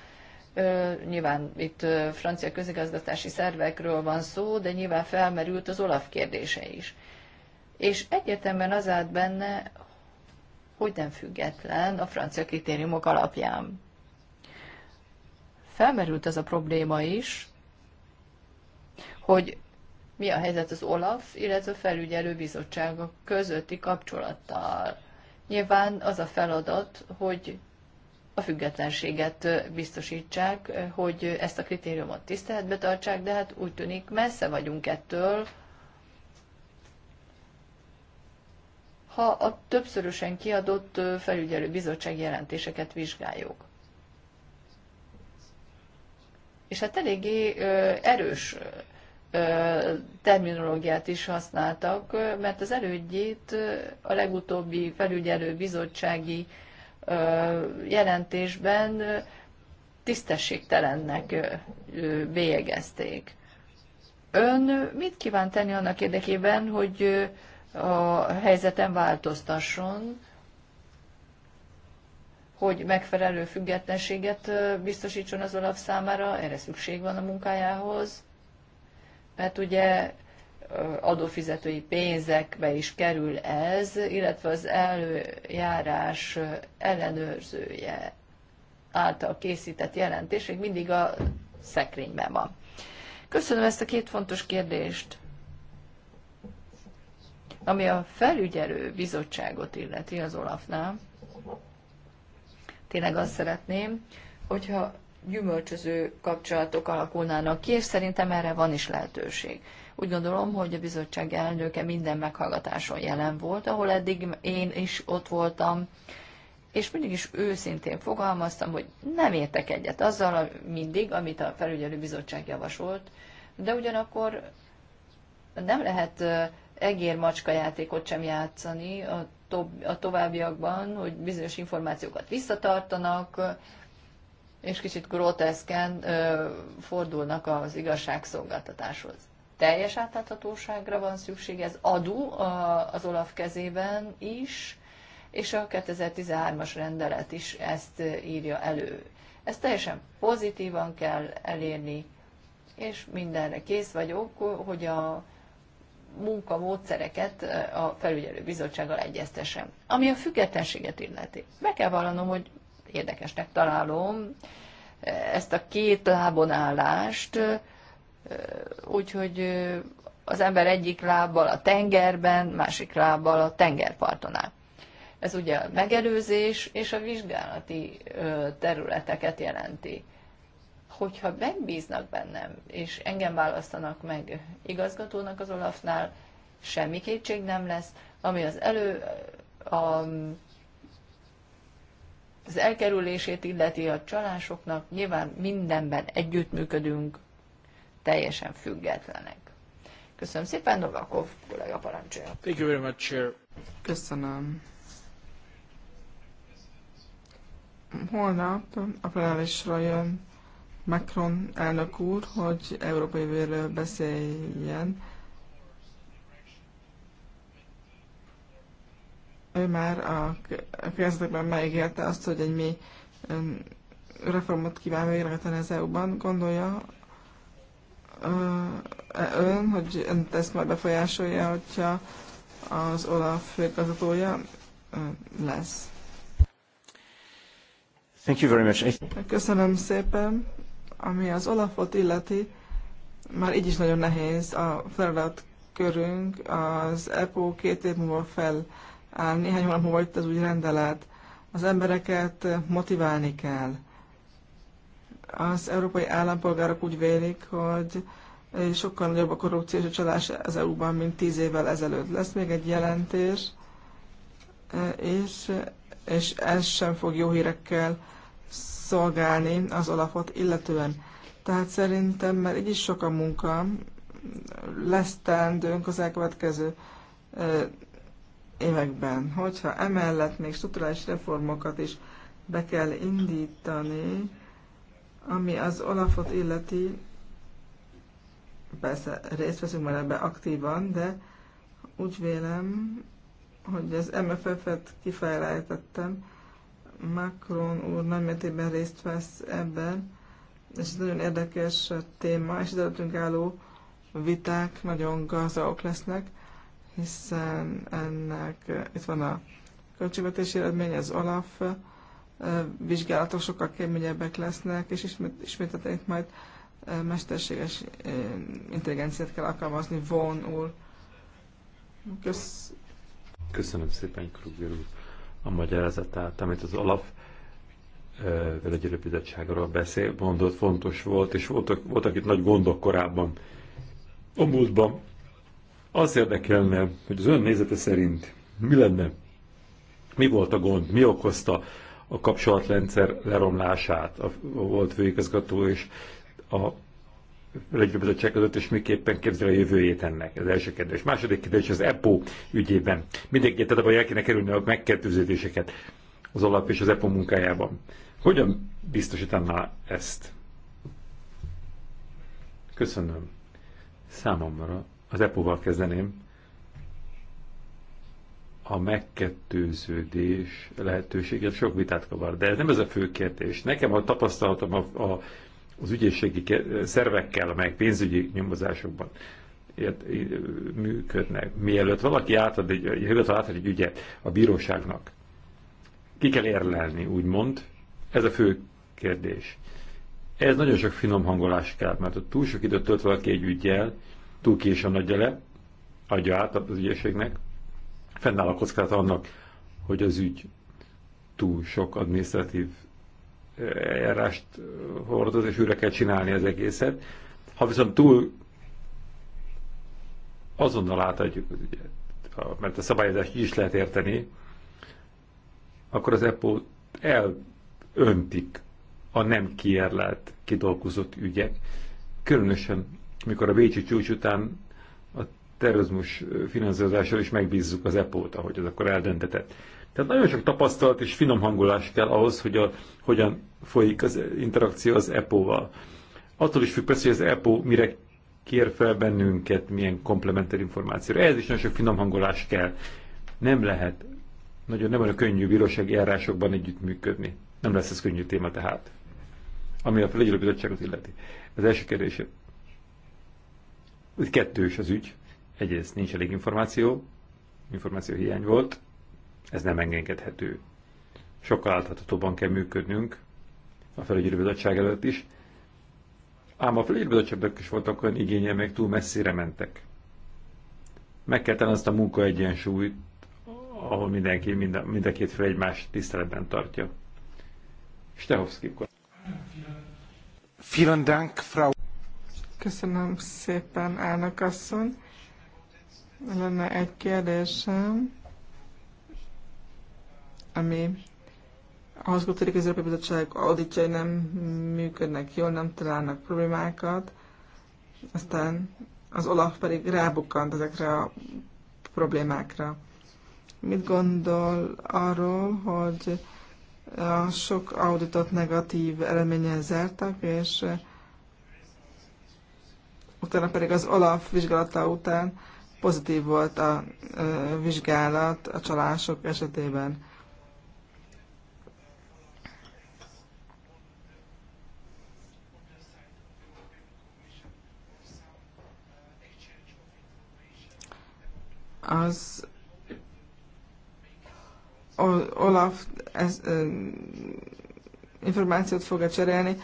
Nyilván itt francia közigazgatási szervekről van szó, de nyilván felmerült az Olaf kérdése is. És egyetemben az állt benne, hogy nem független a francia kritériumok alapján felmerült ez a probléma is, hogy mi a helyzet az OLAF, illetve a felügyelő bizottságok közötti kapcsolattal. Nyilván az a feladat, hogy a függetlenséget biztosítsák, hogy ezt a kritériumot tiszteletbe tartsák, de hát úgy tűnik messze vagyunk ettől. Ha a többszörösen kiadott felügyelő bizottság jelentéseket vizsgáljuk és hát eléggé erős terminológiát is használtak, mert az elődjét a legutóbbi felügyelő bizottsági jelentésben tisztességtelennek bélyegezték. Ön mit kíván tenni annak érdekében, hogy a helyzeten változtasson, hogy megfelelő függetlenséget biztosítson az Olaf számára, erre szükség van a munkájához, mert ugye adófizetői pénzekbe is kerül ez, illetve az előjárás ellenőrzője által készített jelentés még mindig a szekrényben van. Köszönöm ezt a két fontos kérdést. Ami a felügyelő bizottságot illeti az Olafnál, tényleg azt szeretném, hogyha gyümölcsöző kapcsolatok alakulnának ki, és szerintem erre van is lehetőség. Úgy gondolom, hogy a bizottság elnöke minden meghallgatáson jelen volt, ahol eddig én is ott voltam, és mindig is őszintén fogalmaztam, hogy nem értek egyet azzal mindig, amit a felügyelő bizottság javasolt, de ugyanakkor nem lehet egér-macska játékot sem játszani a, to- a továbbiakban, hogy bizonyos információkat visszatartanak, és kicsit groteszken ö, fordulnak az igazságszolgáltatáshoz. Teljes átláthatóságra van szükség, ez adó az Olaf kezében is, és a 2013-as rendelet is ezt írja elő. Ezt teljesen pozitívan kell elérni, és mindenre kész vagyok, hogy a munkamódszereket eh, a felügyelőbizottsággal egyeztesen. Ami a függetlenséget illeti. Be kell vallanom, hogy érdekesnek találom eh, ezt a két lábon állást, eh, úgyhogy az ember egyik lábbal a tengerben, másik lábbal a tengerparton áll. Ez ugye a megelőzés és a vizsgálati területeket jelenti hogyha megbíznak bennem, és engem választanak meg igazgatónak az Olafnál, semmi kétség nem lesz, ami az elő, a, az elkerülését illeti a csalásoknak, nyilván mindenben együttműködünk, teljesen függetlenek. Köszönöm szépen, Novakov kollega parancsolja. Thank you very much, Chair. Köszönöm. Holnap a plenárisra jön Macron elnök úr, hogy európai jövőről beszéljen. Ő már a kezdetekben megígérte azt, hogy egy mi reformot kíván végrehajtani az EU-ban. Gondolja e ön, hogy ön ezt majd befolyásolja, hogyha az Olaf főigazgatója lesz. Thank you very much. Köszönöm szépen. Ami az Olafot illeti, már így is nagyon nehéz a feladat körünk. az EPO két év múlva áll, néhány hónap múlva itt az úgy rendelet. Az embereket motiválni kell. Az európai állampolgárok úgy vélik, hogy sokkal nagyobb a korrupció és a csalás az EU-ban, mint tíz évvel ezelőtt. Lesz még egy jelentés, és, és ez sem fog jó hírekkel szolgálni az alapot illetően. Tehát szerintem mert így is sok a munka, lesz teendőnk az elkövetkező években. Hogyha emellett még strukturális reformokat is be kell indítani, ami az Olafot illeti, persze részt veszünk már ebbe aktívan, de úgy vélem, hogy az MFF-et kifejlejtettem, Macron úr nagymértékben részt vesz ebben, és ez nagyon érdekes téma, és az előttünk álló viták nagyon gazdagok lesznek, hiszen ennek itt van a költségvetési eredmény, az Olaf vizsgálatok sokkal keményebbek lesznek, és ismét, ismételték majd mesterséges intelligenciát kell alkalmazni, von úr. Kösz... Köszönöm szépen, Kruger úr a magyarázatát, amit az alap völgyelőbizottságról beszél, mondott, fontos volt, és voltak, voltak itt nagy gondok korábban. a múltban. az érdekelne, hogy az ön nézete szerint mi lenne, mi volt a gond, mi okozta a kapcsolatrendszer leromlását, a volt főigazgató és a az a között, és miképpen képzel a jövőjét ennek. Ez első kérdés. Második kérdés az EPO ügyében. Mindenki tehát el kéne kerülni a megkettőződéseket az alap és az EPO munkájában. Hogyan biztosítaná ezt? Köszönöm. Számomra az EPO-val kezdeném. A megkettőződés lehetőséget sok vitát kavar, de ez nem ez a fő kérdés. Nekem a tapasztalatom a, a az ügyészségi szervekkel, amelyek pénzügyi nyomozásokban működnek. Mielőtt valaki átad egy, egy, átad egy ügyet a bíróságnak, ki kell érlelni, úgymond. Ez a fő kérdés. Ez nagyon sok finom hangolás kell, mert ott túl sok időt tölt valaki egy ügyjel, túl későn adja le, adja át az ügyészségnek, fennáll a kockázat annak, hogy az ügy túl sok administratív eljárást hordoz, és újra kell csinálni az egészet. Ha viszont túl azonnal átadjuk mert a szabályozást így is lehet érteni, akkor az EPO elöntik a nem kiérlelt, kidolgozott ügyek. Különösen, mikor a Bécsi csúcs után a terrorizmus finanszírozással is megbízzuk az EPO-t, ahogy az akkor eldöntetett. Tehát nagyon sok tapasztalat és finom hangolás kell ahhoz, hogy a, hogyan folyik az interakció az EPO-val. Attól is függ persze, hogy az EPO mire kér fel bennünket, milyen komplementer információra. Ehhez is nagyon sok finom hangolás kell. Nem lehet, nagyon nem olyan könnyű bírósági járásokban együttműködni. Nem lesz ez könnyű téma tehát. Ami a felügyelő bizottságot illeti. Az első kérdése. Kettős az ügy. Egyrészt nincs elég információ, információ hiány volt, ez nem engedhető. Sokkal áthatatóban kell működnünk a felügyelőbizottság előtt is. Ám a felügyelőbizottságok is voltak olyan igénye, meg túl messzire mentek. Meg kell tenni azt a munka egyensúlyt, ahol mindenki mind a, mind a két fel egymást tiszteletben tartja. Stehovszki Vielen Dank, Frau. Köszönöm szépen, elnök asszony. Lenne egy kérdésem ami ahhoz kötődik, hogy az Európai Bizottság auditjai nem működnek jól, nem találnak problémákat, aztán az Olaf pedig rábukkant ezekre a problémákra. Mit gondol arról, hogy a sok auditot negatív eredménnyel zártak, és utána pedig az Olaf vizsgálata után pozitív volt a vizsgálat a csalások esetében. az Olaf ez, információt fog -e cserélni,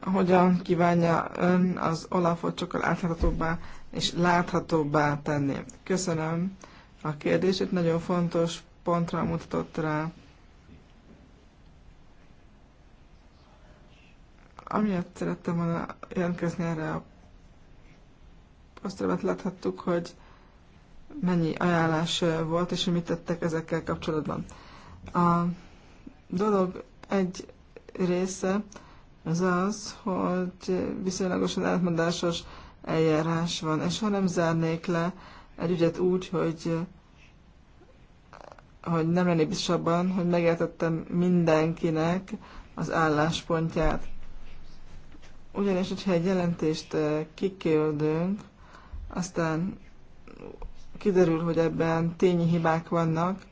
hogyan kívánja ön az Olafot sokkal láthatóbbá és láthatóbbá tenni. Köszönöm a kérdését, nagyon fontos pontra mutatott rá. Amiatt szerettem volna jelentkezni erre a posztra, láthattuk, hogy mennyi ajánlás volt, és mit tettek ezekkel kapcsolatban. A dolog egy része az az, hogy viszonylagosan átmondásos eljárás van, és ha nem zárnék le egy ügyet úgy, hogy, hogy nem lenni biztosabban, hogy megértettem mindenkinek az álláspontját. Ugyanis, hogyha egy jelentést kiküldünk, aztán kiderül, hogy ebben tényi hibák vannak,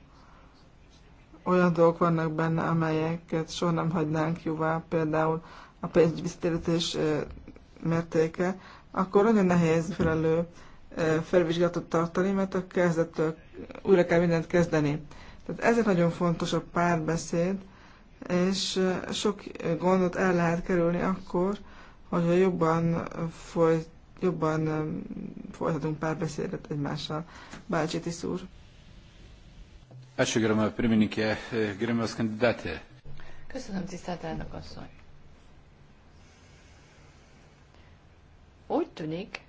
olyan dolgok vannak benne, amelyeket soha nem hagynánk jóvá, például a pénzvisszatérítés mértéke, akkor nagyon nehéz felelő felvizsgálatot tartani, mert a kezdettől újra kell mindent kezdeni. Tehát ezért nagyon fontos a párbeszéd, és sok gondot el lehet kerülni akkor, hogyha jobban folyt jobban folytatunk párbeszédet egymással. Bácsi Tisz úr. Első geremel pirmininke, geremel kandidáte. Köszönöm, tisztelt elnök asszony. Úgy tűnik,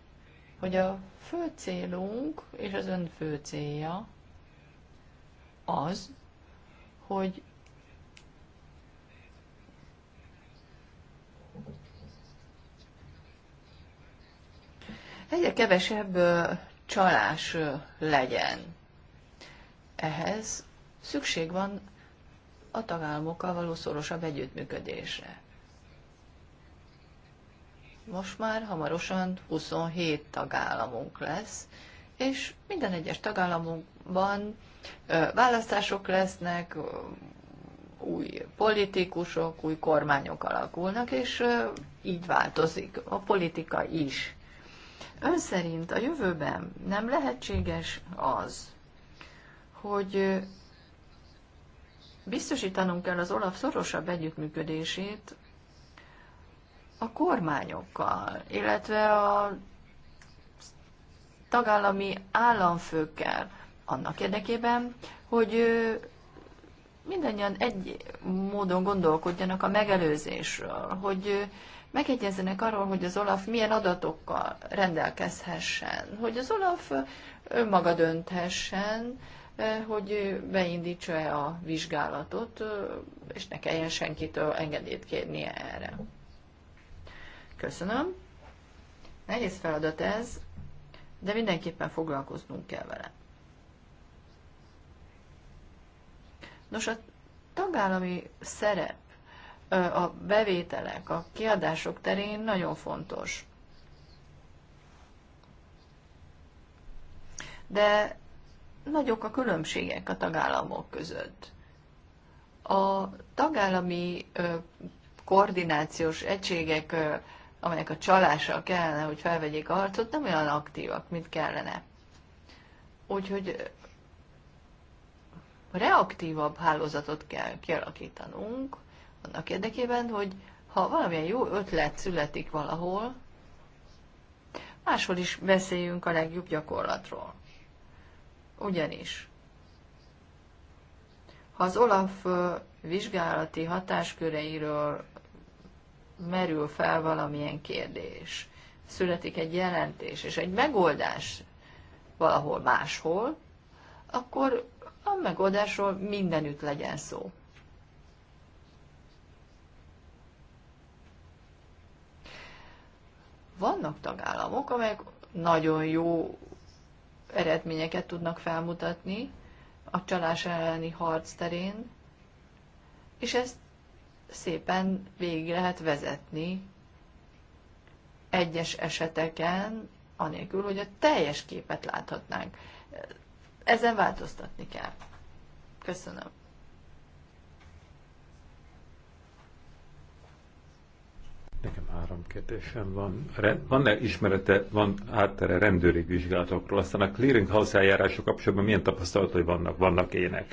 hogy a fő célunk és az ön fő célja az, hogy egyre kevesebb csalás legyen. Ehhez szükség van a tagállamokkal való szorosabb együttműködésre. Most már hamarosan 27 tagállamunk lesz, és minden egyes tagállamunkban választások lesznek, új politikusok, új kormányok alakulnak, és így változik a politika is. Ön szerint a jövőben nem lehetséges az, hogy biztosítanunk kell az Olaf szorosabb együttműködését a kormányokkal, illetve a tagállami államfőkkel annak érdekében, hogy mindannyian egy módon gondolkodjanak a megelőzésről, hogy megegyezzenek arról, hogy az Olaf milyen adatokkal rendelkezhessen, hogy az Olaf önmaga dönthessen, hogy beindítsa-e a vizsgálatot, és ne kelljen senkitől engedélyt kérnie erre. Köszönöm. Nehéz feladat ez, de mindenképpen foglalkoznunk kell vele. Nos, a tagállami szerep a bevételek, a kiadások terén nagyon fontos. De nagyok a különbségek a tagállamok között. A tagállami koordinációs egységek, amelyek a csalással kellene, hogy felvegyék a harcot, nem olyan aktívak, mint kellene. Úgyhogy reaktívabb hálózatot kell kialakítanunk, annak érdekében, hogy ha valamilyen jó ötlet születik valahol, máshol is beszéljünk a legjobb gyakorlatról. Ugyanis, ha az Olaf vizsgálati hatásköreiről merül fel valamilyen kérdés, születik egy jelentés és egy megoldás valahol máshol, akkor a megoldásról mindenütt legyen szó. Vannak tagállamok, amelyek nagyon jó eredményeket tudnak felmutatni a csalás elleni harc terén, és ezt szépen végig lehet vezetni egyes eseteken, anélkül, hogy a teljes képet láthatnánk. Ezen változtatni kell. Köszönöm. Nekem három kérdésem van. Van-e ismerete, van áttere rendőri vizsgálatokról? Aztán a clearinghouse eljárások kapcsolatban milyen tapasztalatai vannak? Vannak ének.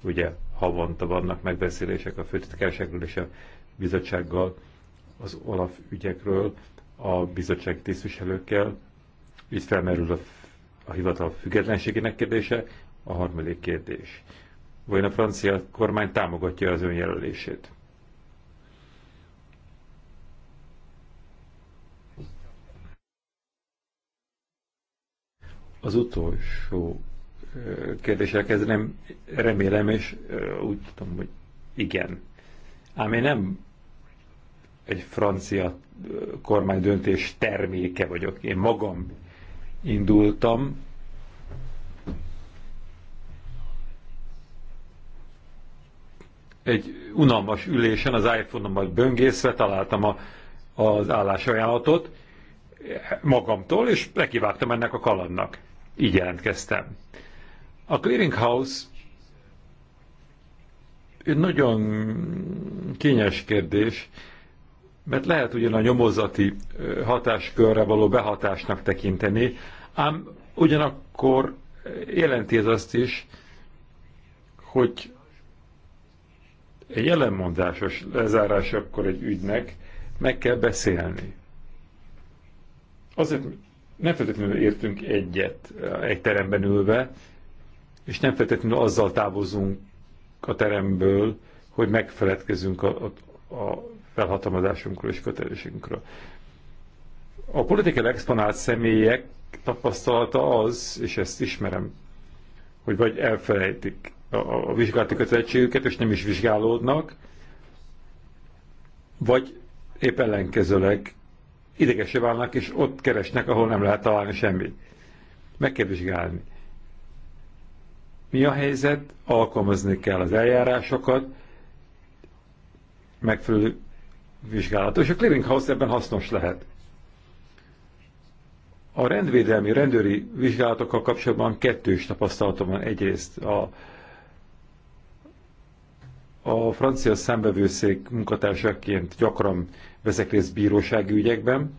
Ugye havonta vannak megbeszélések a főtitkárságról és a bizottsággal, az Olaf ügyekről, a bizottság tisztviselőkkel. Így felmerül a, a hivatal függetlenségének kérdése, a harmadik kérdés. Vajon a francia kormány támogatja az önjelölését? Az utolsó kérdéssel nem remélem, és úgy tudom, hogy igen. Ám én nem egy francia kormány döntés terméke vagyok. Én magam indultam. Egy unalmas ülésen az iPhone-omat böngészve találtam a, az állásajánlatot magamtól, és nekivágtam ennek a kalannak így jelentkeztem. A Clearinghouse egy nagyon kényes kérdés, mert lehet ugyan a nyomozati hatáskörre való behatásnak tekinteni, ám ugyanakkor jelenti ez azt is, hogy egy jelenmondásos lezárás akkor egy ügynek meg kell beszélni. Azért nem feltétlenül értünk egyet eh, egy teremben ülve, és nem feltétlenül azzal távozunk a teremből, hogy megfeledkezünk a, a, a felhatalmazásunkról és kötelességünkről. A politikai exponált személyek tapasztalata az, és ezt ismerem, hogy vagy elfelejtik a, a vizsgálati kötelezettségüket, és nem is vizsgálódnak, vagy épp ellenkezőleg idegesé válnak, és ott keresnek, ahol nem lehet találni semmit. Meg kell vizsgálni. Mi a helyzet? Alkalmazni kell az eljárásokat, megfelelő vizsgálatot, és a house ebben hasznos lehet. A rendvédelmi, rendőri vizsgálatokkal kapcsolatban kettős tapasztalatom van egyrészt a a francia szembevőszék munkatársaként gyakran veszek részt bírósági ügyekben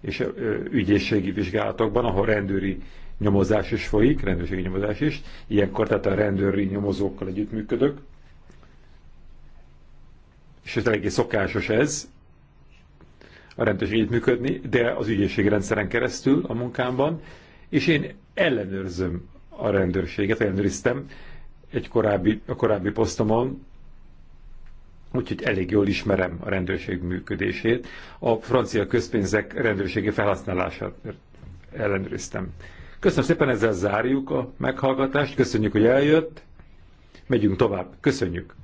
és ügyészségi vizsgálatokban, ahol rendőri nyomozás is folyik, rendőrségi nyomozás is. Ilyenkor tehát a rendőri nyomozókkal együttműködök. És ez eléggé szokásos ez, a rendőrség együttműködni, de az ügyészségi rendszeren keresztül a munkámban, és én ellenőrzöm a rendőrséget, ellenőriztem egy korábbi, a korábbi posztomon, úgyhogy elég jól ismerem a rendőrség működését. A francia közpénzek rendőrségi felhasználását ellenőriztem. Köszönöm szépen, ezzel zárjuk a meghallgatást. Köszönjük, hogy eljött. Megyünk tovább. Köszönjük.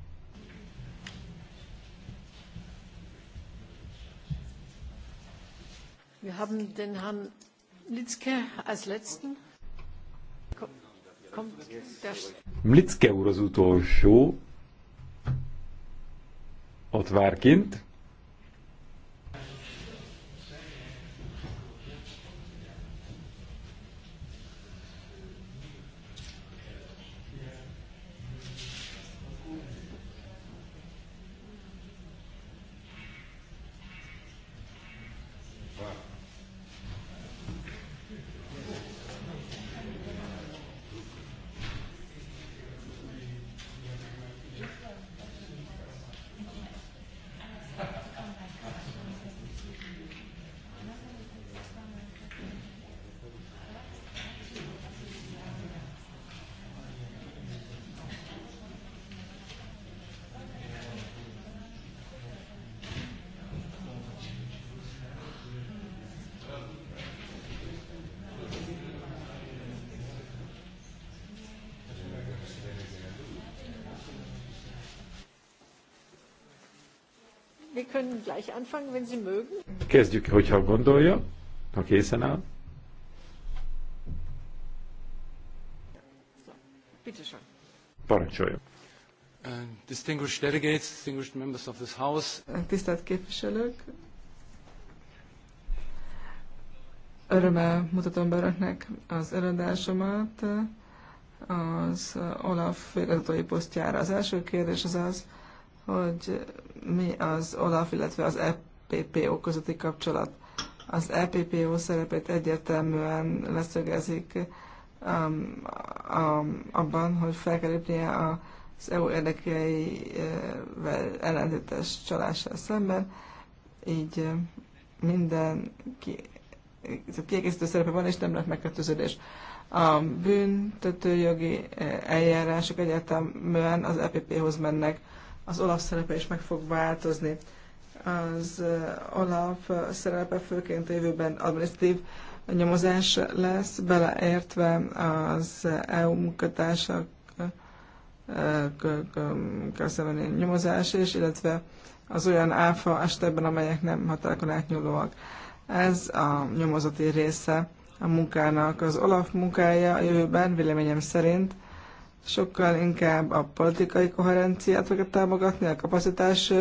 Wir haben den Herrn Mlitzke als letzten. Kommt der... Mlitzke úr az utolsó, ott vár kint, können gleich anfangen, wenn Sie mögen. Kezdjük, hogyha gondolja, ha készen áll. Bitte schön. Parancsoljon. Uh, distinguished delegates, distinguished members of this house. Uh, tisztelt képviselők, örömmel mutatom be önöknek az előadásomat az uh, Olaf igazgatói posztjára. Az első kérdés az az, hogy mi az OLAF, illetve az EPPO közötti kapcsolat. Az EPPO szerepét egyértelműen leszögezik um, a, abban, hogy fel kell lépnie az EU érdekeivel ellentétes csalással szemben, így minden ki, kiegészítő szerepe van, és nem lehet megkötöződés. A büntetőjogi eljárások egyáltalán az EPP-hoz mennek az Olaf szerepe is meg fog változni. Az Olaf szerepe főként jövőben administratív nyomozás lesz, beleértve az EU munkatársak közlemeni nyomozás is, illetve az olyan áfa esetben, amelyek nem határokon átnyúlóak. Ez a nyomozati része a munkának. Az Olaf munkája a jövőben véleményem szerint sokkal inkább a politikai koherenciát fogja támogatni, a kapacitás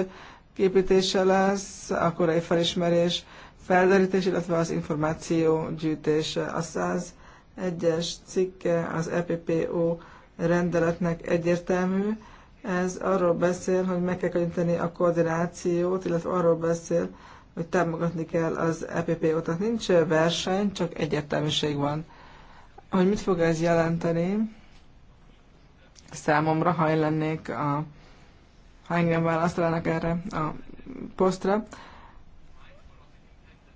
képítése lesz, a korai felismerés, felderítés, illetve az információ gyűjtése. A 101-es cikke az EPPO rendeletnek egyértelmű. Ez arról beszél, hogy meg kell könnyíteni a koordinációt, illetve arról beszél, hogy támogatni kell az EPPO. Tehát nincs verseny, csak egyértelműség van. Hogy mit fog ez jelenteni? számomra, ha én lennék a, ha engem választanának erre a posztra.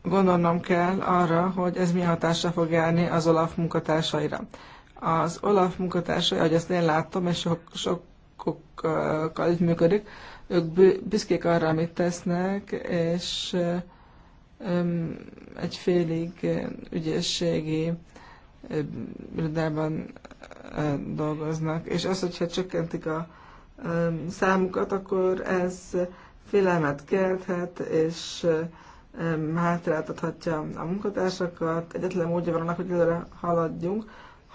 Gondolnom kell arra, hogy ez milyen hatással fog járni az Olaf munkatársaira. Az Olaf munkatársai, ahogy ezt én látom, és sok, sokkal így működik, ők büszkék arra, amit tesznek, és egy félig ügyességi irodában dolgoznak. És az, hogyha csökkentik a számukat, akkor ez félelmet kelthet, és hátráltathatja a munkatársakat. Egyetlen módja van annak, hogy előre haladjunk.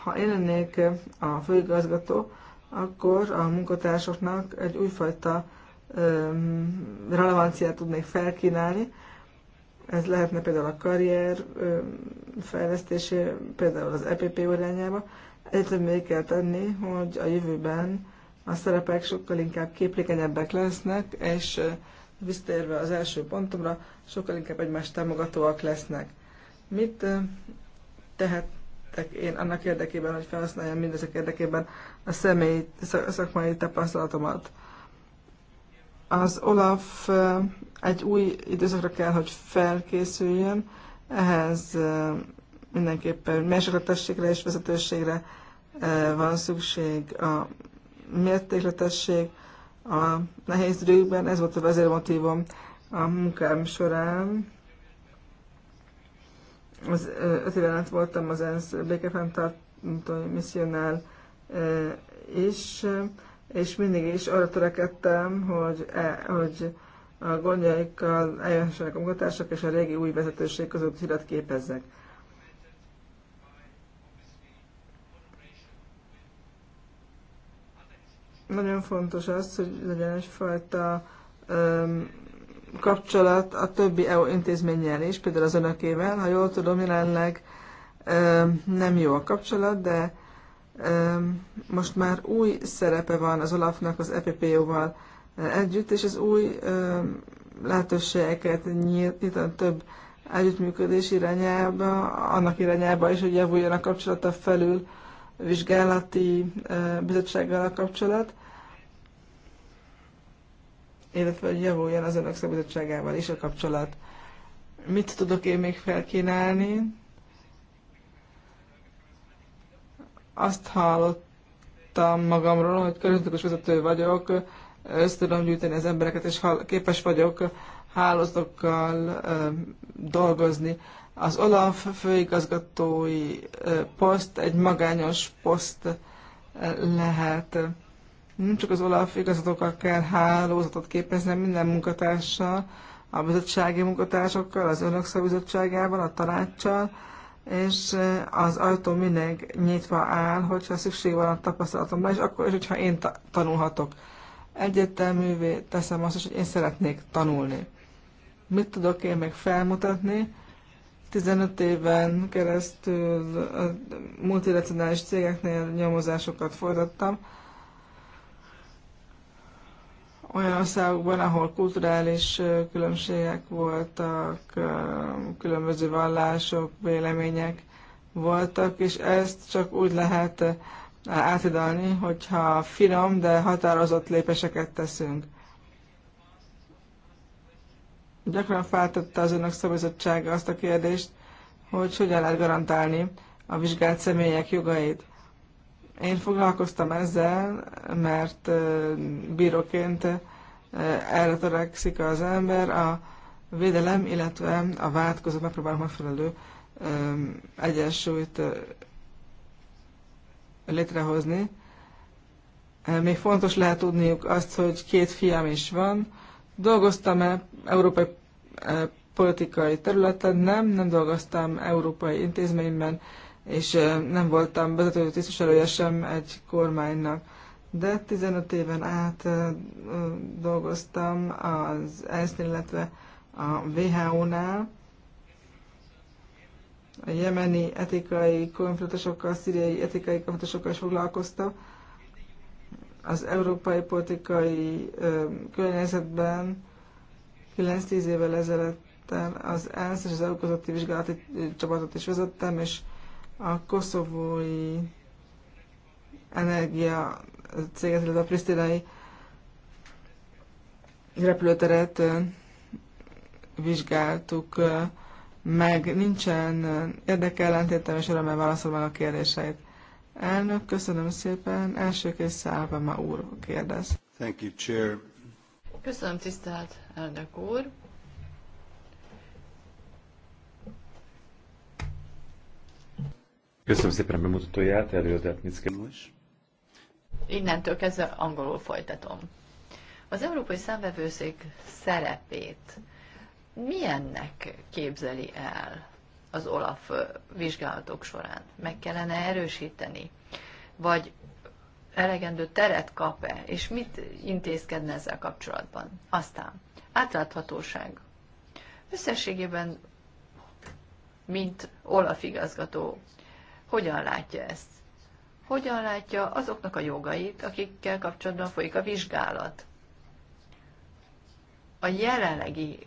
Ha én lennék a főigazgató, akkor a munkatársoknak egy újfajta relevanciát tudnék felkínálni. Ez lehetne például a karrier fejlesztésé, például az EPP irányába, még kell tenni, hogy a jövőben a szerepek sokkal inkább képlékenyebbek lesznek, és visszatérve az első pontomra, sokkal inkább egymást támogatóak lesznek. Mit tehettek én annak érdekében, hogy felhasználjam mindezek érdekében a személyi szakmai tapasztalatomat? Az Olaf egy új időszakra kell, hogy felkészüljön, ehhez mindenképpen mérsékletességre és vezetőségre e, van szükség. A mértékletesség a nehéz időkben, ez volt a vezérmotívom a munkám során. Az, öt éven át voltam az ENSZ békefenntartó misszionál e, is, és mindig is arra törekedtem, hogy, e, hogy a gondjaikkal eljönsenek a munkatársak, és a régi új vezetőség között hidat képezzek Nagyon fontos az, hogy legyen egyfajta um, kapcsolat a többi EU intézménnyel is, például az önökével. Ha jól tudom, jelenleg um, nem jó a kapcsolat, de um, most már új szerepe van az Olafnak az EPPO-val együtt, és ez új um, lehetőségeket nyit, nyit a több együttműködés irányába, annak irányába is, hogy javuljon a kapcsolata felül vizsgálati bizottsággal a kapcsolat illetve hogy javuljon az önök szabadságával is a kapcsolat. Mit tudok én még felkínálni? Azt hallottam magamról, hogy környezetokos vezető vagyok, össze tudom gyűjteni az embereket, és képes vagyok hálózatokkal dolgozni. Az Olaf főigazgatói poszt egy magányos poszt lehet nem csak az OLAF igazatokkal kell hálózatot képezni, minden munkatársal, a bizottsági munkatársokkal, az önök szabizottságában, a tanácssal, és eh, az ajtó mindig nyitva áll, hogyha szükség van a tapasztalatomra, és akkor is, hogyha én ta- tanulhatok. Egyértelművé teszem azt is, hogy én szeretnék tanulni. Mit tudok én még felmutatni? 15 éven keresztül a multinacionális cégeknél nyomozásokat folytattam, olyan országokban, ahol kulturális különbségek voltak, különböző vallások, vélemények voltak, és ezt csak úgy lehet átidalni, hogyha finom, de határozott lépéseket teszünk. Gyakran feltette az önök szabadsága azt a kérdést, hogy hogyan lehet garantálni a vizsgált személyek jogait. Én foglalkoztam ezzel, mert bíróként erre törekszik az ember, a védelem, illetve a vádkozó között megpróbál megfelelő egyensúlyt létrehozni. Még fontos lehet tudniuk azt, hogy két fiam is van. Dolgoztam-e európai e, politikai területen? Nem, nem dolgoztam európai intézményben, és nem voltam vezető tisztviselője sem egy kormánynak. De 15 éven át dolgoztam az ENSZ, illetve a WHO-nál, a jemeni etikai konfliktusokkal, a szíriai etikai konfliktusokkal is foglalkoztam. Az európai politikai környezetben 9-10 évvel ezelőtt az ENSZ és az EU közötti vizsgálati csapatot is vezettem, és a koszovói energia céget, illetve a prisztinai repülőteret vizsgáltuk meg. Nincsen érdekellentétem, és örömmel válaszol meg a kérdéseit. Elnök, köszönöm szépen. Első Elsőként ma úr kérdez. Thank you, Chair. Köszönöm, tisztelt elnök úr. Köszönöm szépen bemutatóját, Innentől kezdve angolul folytatom. Az Európai Számvevőszék szerepét milyennek képzeli el az OLAF vizsgálatok során? Meg kellene erősíteni? Vagy elegendő teret kap-e, és mit intézkedne ezzel kapcsolatban? Aztán átláthatóság. Összességében, mint Olaf igazgató hogyan látja ezt? Hogyan látja azoknak a jogait, akikkel kapcsolatban folyik a vizsgálat? A jelenlegi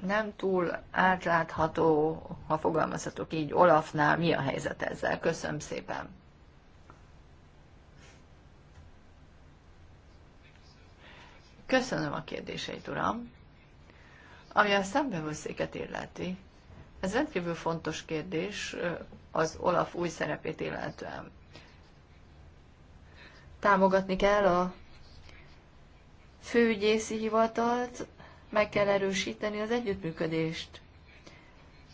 nem túl átlátható, ha fogalmazhatok így, Olafnál mi a helyzet ezzel? Köszönöm szépen. Köszönöm a kérdéseit, uram. Ami a szembevőszéket illeti, ez rendkívül fontos kérdés az Olaf új szerepét illetően. Támogatni kell a főügyészi hivatalt, meg kell erősíteni az együttműködést.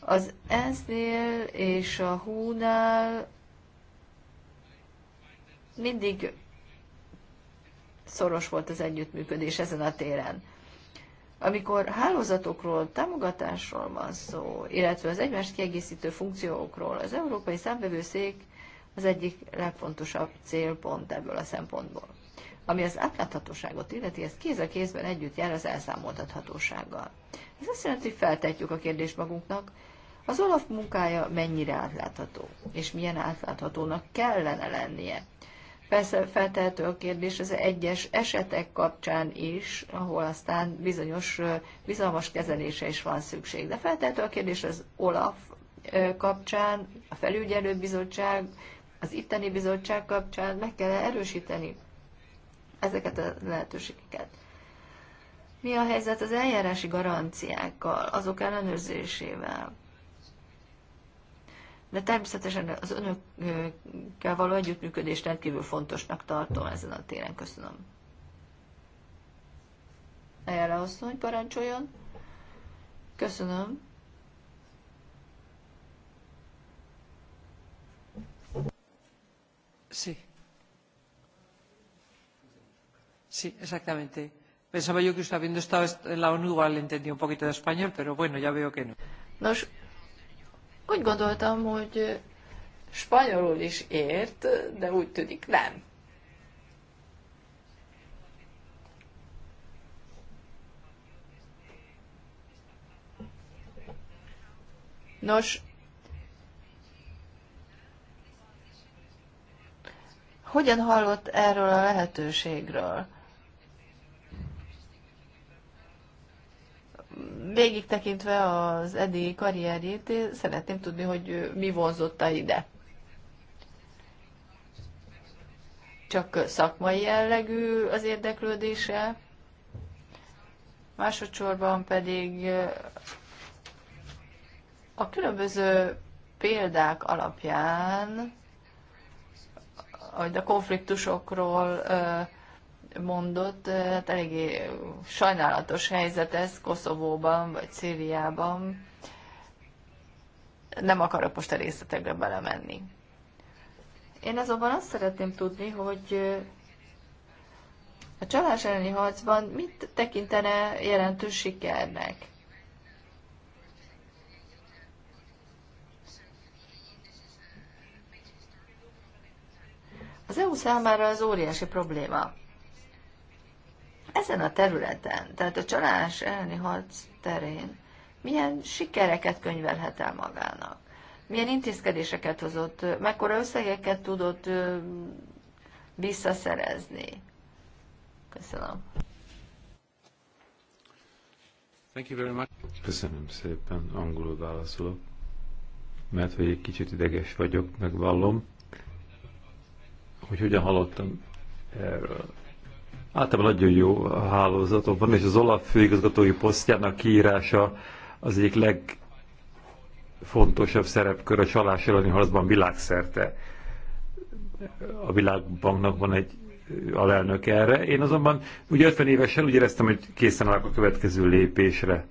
Az ENSZ-nél és a Hún-nál mindig szoros volt az együttműködés ezen a téren amikor hálózatokról, támogatásról van szó, illetve az egymást kiegészítő funkciókról, az Európai Számbevőszék az egyik legfontosabb célpont ebből a szempontból. Ami az átláthatóságot illeti, ez kéz a kézben együtt jár az elszámoltathatósággal. Ez azt jelenti, hogy feltetjük a kérdést magunknak, az Olaf munkája mennyire átlátható, és milyen átláthatónak kellene lennie. Persze feltehető a kérdés az egyes esetek kapcsán is, ahol aztán bizonyos bizalmas kezelése is van szükség. De feltehető a kérdés az OLAF kapcsán, a felügyelőbizottság, az itteni bizottság kapcsán meg kell -e erősíteni ezeket a lehetőségeket. Mi a helyzet az eljárási garanciákkal, azok ellenőrzésével? de természetesen az önökkel való együttműködést rendkívül fontosnak tartom ezen a téren. Köszönöm. azt hogy parancsoljon. Köszönöm. Sí. Sí, exactamente. Pensaba yo que usted habiendo estado en la ONU igual entendía un poquito de español, pero bueno, ya veo que no. Nos, úgy gondoltam, hogy spanyolul is ért, de úgy tűnik nem. Nos, hogyan hallott erről a lehetőségről? végig tekintve az eddigi karrierjét, én szeretném tudni, hogy mi vonzotta ide. Csak szakmai jellegű az érdeklődése, másodszorban pedig a különböző példák alapján, hogy a konfliktusokról mondott, hát eléggé sajnálatos helyzet ez Koszovóban vagy Szíriában. Nem akarok most a részletekbe belemenni. Én azonban azt szeretném tudni, hogy a csalás elleni harcban mit tekintene jelentős sikernek? Az EU számára az óriási probléma ezen a területen, tehát a csalás elleni harc terén milyen sikereket könyvelhet el magának, milyen intézkedéseket hozott, mekkora összegeket tudott visszaszerezni. Köszönöm. Thank you very much. Köszönöm szépen, angolul válaszolok, mert hogy egy kicsit ideges vagyok, megvallom, hogy hogyan hallottam erről általában nagyon jó a hálózatok van, és az Olaf főigazgatói posztjának kiírása az egyik legfontosabb szerepkör a csalás elleni harcban világszerte. A világbanknak van egy alelnök erre. Én azonban ugye 50 évesen úgy éreztem, hogy készen állok a következő lépésre.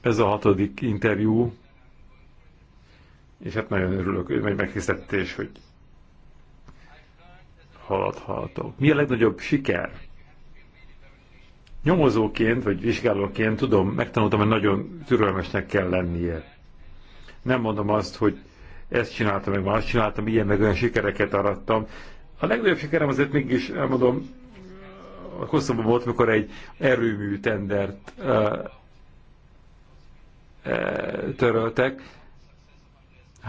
Ez a hatodik interjú, és hát nagyon örülök, hogy megkészítettél, hogy haladhatok. Mi a legnagyobb siker? Nyomozóként, vagy vizsgálóként tudom, megtanultam, hogy nagyon türelmesnek kell lennie. Nem mondom azt, hogy ezt csináltam, meg azt csináltam, ilyen meg olyan sikereket arattam. A legnagyobb sikerem azért mégis, elmondom, Koszovban volt, mikor egy erőmű tendert uh, uh, töröltek,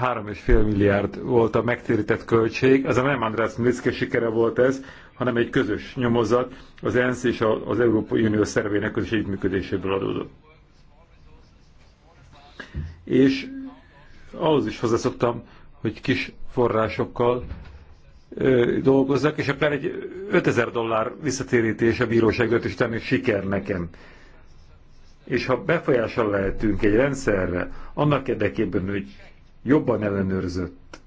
3,5 milliárd volt a megtérített költség, az a nem András Mlicke sikere volt ez, hanem egy közös nyomozat az ENSZ és az Európai Unió szervének közös együttműködéséből adódott. És ahhoz is hozzászoktam, hogy kis forrásokkal ö, dolgozzak, és akár egy 5000 dollár visszatérítés a bíróság is tenni siker nekem. És ha befolyással lehetünk egy rendszerre, annak érdekében, hogy jobban ellenőrzött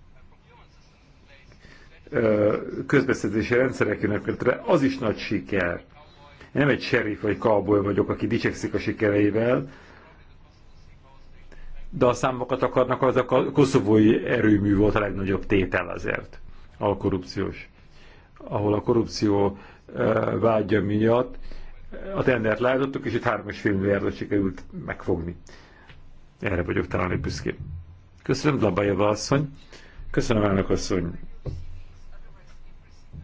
közbeszerzési rendszerek jönnek létre, az is nagy siker. Én nem egy sheriff vagy cowboy vagyok, aki dicsekszik a sikereivel, de a számokat akarnak, az a koszovói erőmű volt a legnagyobb tétel azért, a korrupciós. Ahol a korrupció vágya miatt a tendert leállítottuk, és itt 3,5 milliárdot sikerült megfogni. Erre vagyok talán egy büszkén. Köszönöm, Labajeva asszony. Köszönöm, elnök asszony.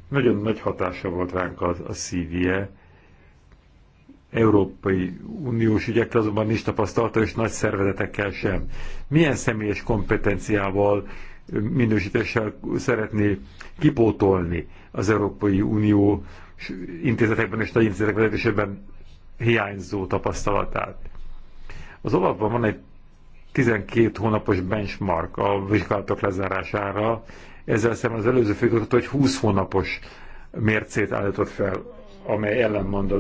Nagyon nagy hatása volt ránk az, a szívje. Európai Uniós ügyekre azonban nincs tapasztalata, és nagy szervezetekkel sem. Milyen személyes kompetenciával, minősítéssel szeretné kipótolni az Európai Unió intézetekben és nagy intézetek vezetésében hiányzó tapasztalatát? Az olapban van egy 12 hónapos benchmark a vizsgálatok lezárására, ezzel szemben az előző főkutató egy 20 hónapos mércét állított fel, amely ellenmond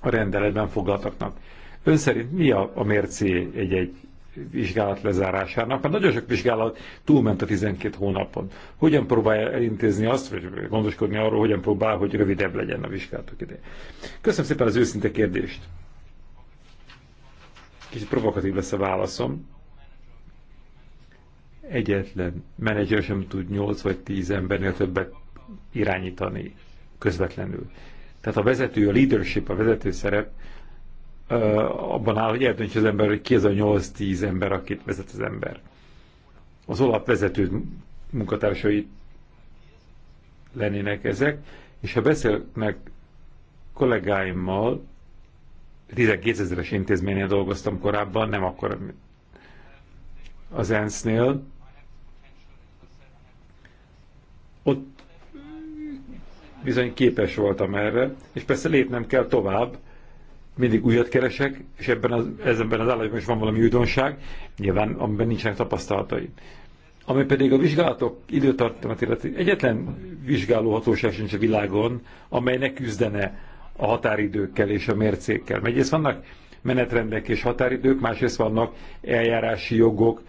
a rendeletben foglaltaknak. Ön szerint mi a, a mércé egy-egy vizsgálat lezárásának, mert nagyon sok vizsgálat túlment a 12 hónapon. Hogyan próbálja elintézni azt, vagy gondoskodni arról, hogyan próbál, hogy rövidebb legyen a vizsgálatok ide? Köszönöm szépen az őszinte kérdést. Kicsit provokatív lesz a válaszom. Egyetlen menedzser sem tud 8 vagy 10 embernél többet irányítani közvetlenül. Tehát a vezető, a leadership, a vezető szerep abban áll, hogy eldöntse az ember, hogy ki az a 8-10 ember, akit vezet az ember. Az olap vezető munkatársai lennének ezek, és ha beszélnek kollégáimmal, 12 ezeres intézménél dolgoztam korábban, nem akkor az ENSZ-nél. Ott bizony képes voltam erre, és persze lépnem kell tovább, mindig újat keresek, és ebben az, ezenben az állapotban is van valami újdonság, nyilván amiben nincsenek tapasztalatai. Ami pedig a vizsgálatok időtartamát illeti, egyetlen vizsgálóhatóság sincs a világon, amely ne küzdene a határidőkkel és a mércékkel. Egyrészt vannak menetrendek és határidők, másrészt vannak eljárási jogok,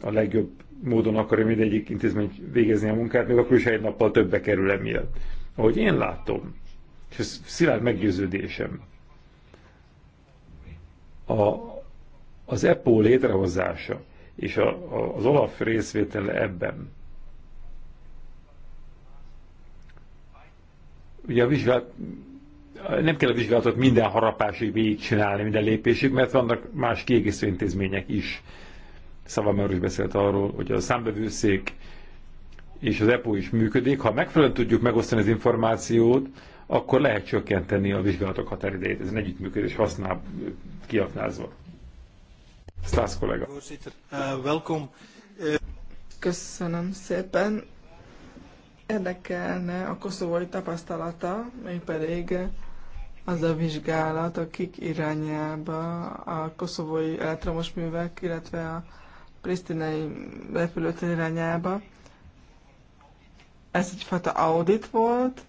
a legjobb módon akarja mindegyik intézmény végezni a munkát, még akkor is egy nappal többe kerül emiatt. Ahogy én látom, és ez szilárd meggyőződésem, a, az EPO létrehozása és a, a, az Olaf részvétele ebben, ugye a vizsgálat nem kell a vizsgálatot minden harapásig végigcsinálni, minden lépésig, mert vannak más kiegészítő intézmények is. Szavamár is beszélt arról, hogy a számbevőszék és az EPO is működik. Ha megfelelően tudjuk megosztani az információt, akkor lehet csökkenteni a vizsgálatok határidejét. Ez egy együttműködés használ kiaknázva. Stász kollega. Köszönöm szépen. Érdekelne a koszovói tapasztalata, mégpedig pedig az a vizsgálat, a kik irányába a koszovói elektromos művek, illetve a prisztinai repülőtér irányába. Ez egyfajta audit volt,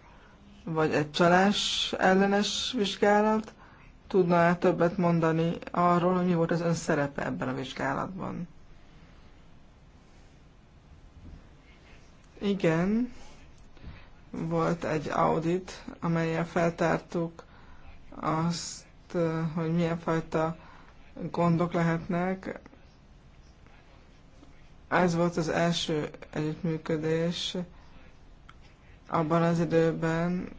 vagy egy csalás ellenes vizsgálat. Tudna-e többet mondani arról, hogy mi volt az ön szerepe ebben a vizsgálatban? Igen, volt egy audit, amelyen feltártuk azt, hogy milyen fajta gondok lehetnek. Ez volt az első együttműködés abban az időben,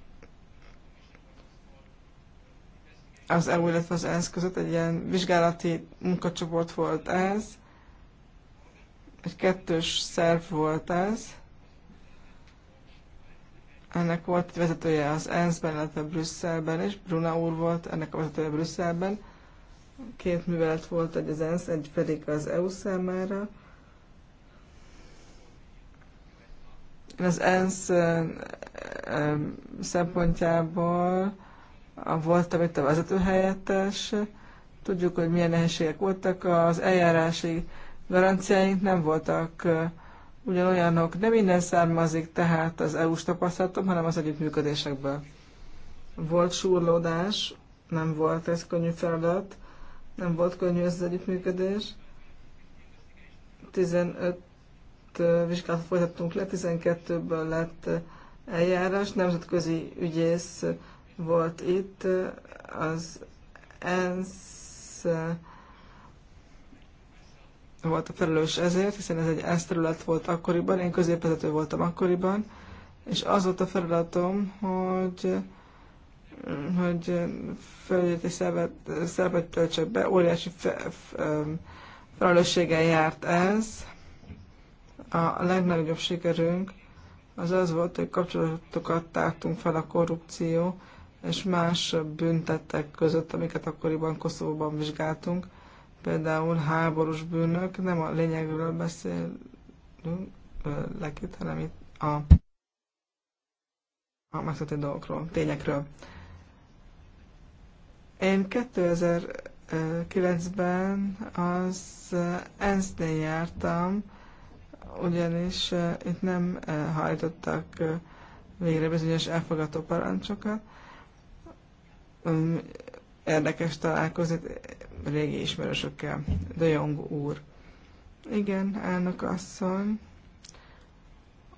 az EU, illetve az ENSZ között egy ilyen vizsgálati munkacsoport volt ez, egy kettős szerv volt ez, ennek volt egy vezetője az ENSZ-ben, illetve Brüsszelben is. Bruna úr volt ennek a vezetője Brüsszelben. Két művelet volt, egy az ENSZ, egy pedig az EU számára. Az ENSZ szempontjából voltam itt a vezetőhelyettes. Tudjuk, hogy milyen nehézségek voltak. Az eljárási garanciáink nem voltak ugyanolyanok. Nem minden származik tehát az EU-s tapasztalatom, hanem az együttműködésekből. Volt súrlódás, nem volt ez könnyű feladat, nem volt könnyű ez az együttműködés. 15 vizsgát folytattunk le, 12-ből lett eljárás, nemzetközi ügyész volt itt, az ENSZ volt a felelős ezért, hiszen ez egy ESZ terület volt akkoriban, én középvezető voltam akkoriban, és az volt a feladatom, hogy hogy felügyeleti és szerepet töltsek be, óriási fe, fe, felelősséggel járt ez. A legnagyobb sikerünk az az volt, hogy kapcsolatokat tártunk fel a korrupció és más büntettek között, amiket akkoriban Koszovóban vizsgáltunk például háborús bűnök, nem a lényegről beszélünk itt, hanem itt a, a megtörtént dolgokról, tényekről. Én 2009-ben az ENSZ-nél jártam, ugyanis itt nem hajtottak végre bizonyos elfogadó parancsokat érdekes találkozni régi ismerősökkel. De Jong úr. Igen, elnök asszony.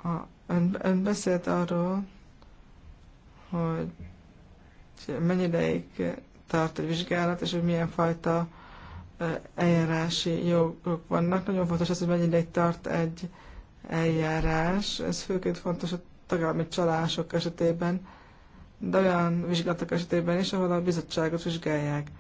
A, ön, ön beszélt arról, hogy mennyi ideig tart a vizsgálat, és hogy milyen fajta eljárási jogok vannak. Nagyon fontos az, hogy mennyi ideig tart egy eljárás. Ez főként fontos a tagállami csalások esetében, de olyan vizsgálatok esetében is, ahol a bizottságot vizsgálják.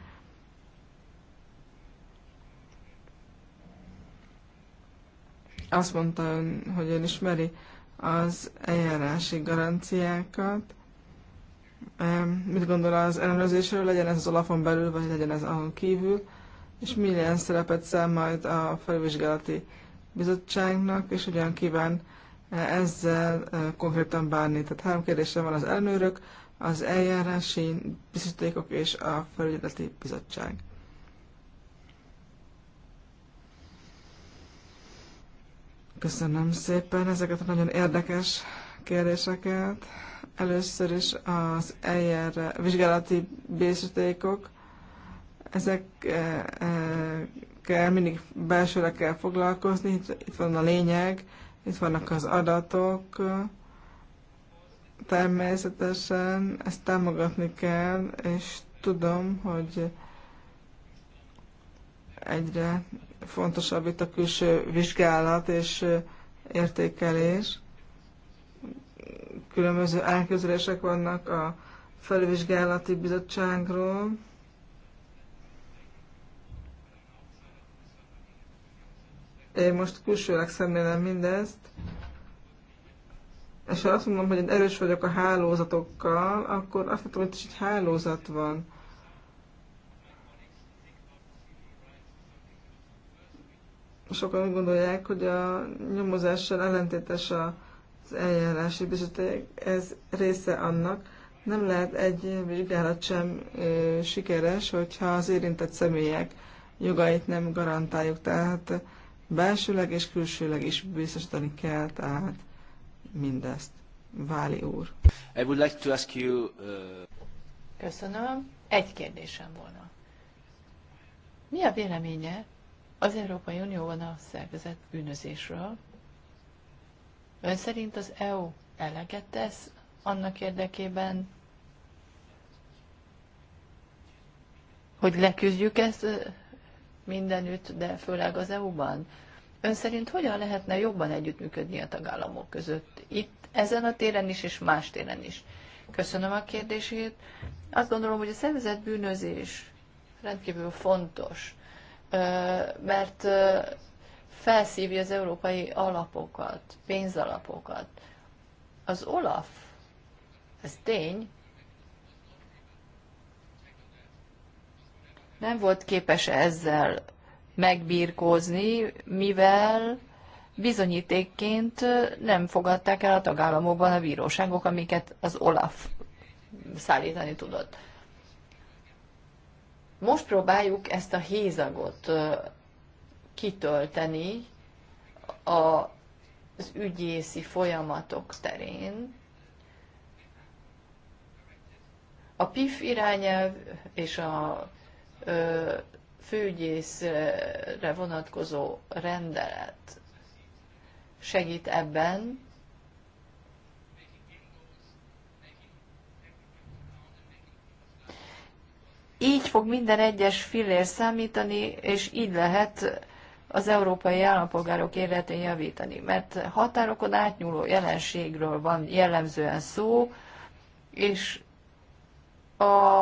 Azt mondta ön, hogy ön ismeri az eljárási garanciákat. Mit gondol az ellenőrzésről, legyen ez az olafon belül, vagy legyen ez ahol kívül, és milyen szerepet száll majd a felvizsgálati bizottságnak, és hogyan kíván eh, ezzel eh, konkrétan bánni. Tehát három kérdésem van az elnőrök, az eljárási biztosítékok és a felügyeleti bizottság. Köszönöm szépen ezeket a nagyon érdekes kérdéseket. Először is az eljár vizsgálati biztosítékok. kell eh, eh, mindig belsőre kell foglalkozni, itt van a lényeg, itt vannak az adatok, természetesen ezt támogatni kell, és tudom, hogy egyre fontosabb itt a külső vizsgálat és értékelés. Különböző elképzelések vannak a felvizsgálati bizottságról. Én most külsőleg szemlélem mindezt, és ha azt mondom, hogy én erős vagyok a hálózatokkal, akkor azt mondom, hogy itt is egy hálózat van. Sokan úgy gondolják, hogy a nyomozással ellentétes az eljárási bizottság, ez része annak. Nem lehet egy vizsgálat sem ö, sikeres, hogyha az érintett személyek jogait nem garantáljuk, tehát belsőleg és külsőleg is biztosítani kell, tehát mindezt. Váli úr. I would like to ask you, uh... Köszönöm. Egy kérdésem volna. Mi a véleménye az Európai Unióban a szervezett bűnözésről? Ön szerint az EU eleget tesz annak érdekében, hogy leküzdjük ezt mindenütt, de főleg az EU-ban? Ön szerint hogyan lehetne jobban együttműködni a tagállamok között? Itt, ezen a téren is, és más téren is. Köszönöm a kérdését. Azt gondolom, hogy a szervezett bűnözés rendkívül fontos, mert felszívja az európai alapokat, pénzalapokat. Az OLAF, ez tény, nem volt képes ezzel megbírkózni, mivel bizonyítékként nem fogadták el a tagállamokban a bíróságok, amiket az Olaf szállítani tudott. Most próbáljuk ezt a hézagot kitölteni az ügyészi folyamatok terén. A PIF irányelv és a főgyészre vonatkozó rendelet segít ebben, Így fog minden egyes fillér számítani, és így lehet az európai állampolgárok életén javítani, mert határokon átnyúló jelenségről van jellemzően szó, és a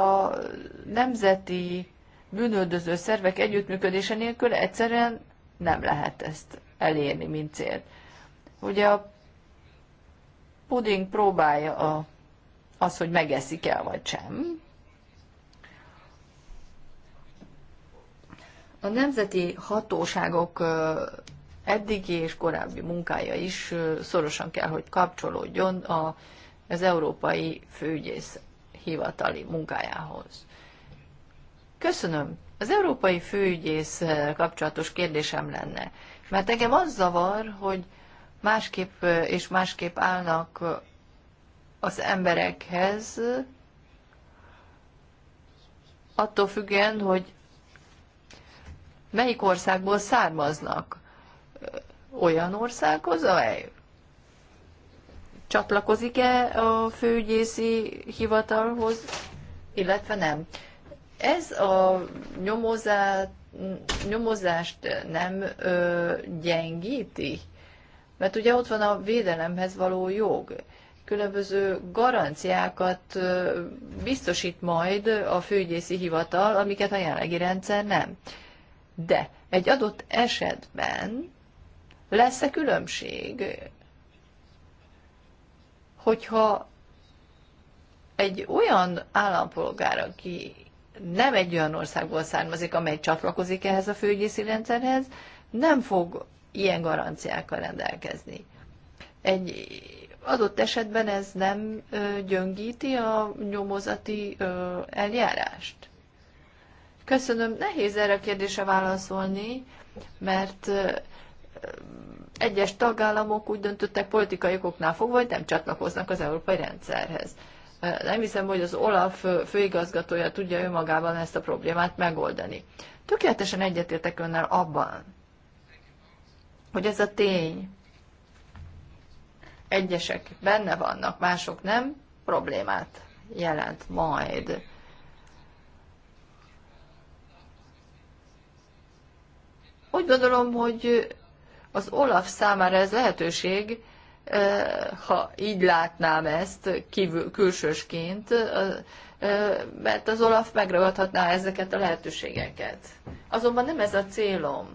nemzeti bűnöldöző szervek együttműködése nélkül egyszerűen nem lehet ezt elérni, mint célt. Ugye a puding próbálja a, az, hogy megeszik el, vagy sem. A nemzeti hatóságok eddigi és korábbi munkája is szorosan kell, hogy kapcsolódjon a, az Európai Főügyész hivatali munkájához. Köszönöm. Az európai főügyész eh, kapcsolatos kérdésem lenne. Mert engem az zavar, hogy másképp eh, és másképp állnak eh, az emberekhez, attól függően, hogy melyik országból származnak. Olyan országhoz, amely csatlakozik-e a főügyészi hivatalhoz, illetve nem. Ez a nyomozát, nyomozást nem ö, gyengíti? Mert ugye ott van a védelemhez való jog. Különböző garanciákat ö, biztosít majd a főügyészi hivatal, amiket a jelenlegi rendszer nem. De egy adott esetben lesz-e különbség, hogyha egy olyan állampolgár, aki nem egy olyan országból származik, amely csatlakozik ehhez a főügyészi rendszerhez, nem fog ilyen garanciákkal rendelkezni. Egy adott esetben ez nem gyöngíti a nyomozati eljárást? Köszönöm, nehéz erre a kérdésre válaszolni, mert egyes tagállamok úgy döntöttek politikai okoknál fogva, hogy nem csatlakoznak az európai rendszerhez. Nem hiszem, hogy az Olaf főigazgatója tudja önmagában ezt a problémát megoldani. Tökéletesen egyetértek önnel abban, hogy ez a tény, egyesek benne vannak, mások nem, problémát jelent majd. Úgy gondolom, hogy az Olaf számára ez lehetőség, ha így látnám ezt kívül, külsősként, mert az Olaf megragadhatná ezeket a lehetőségeket. Azonban nem ez a célom.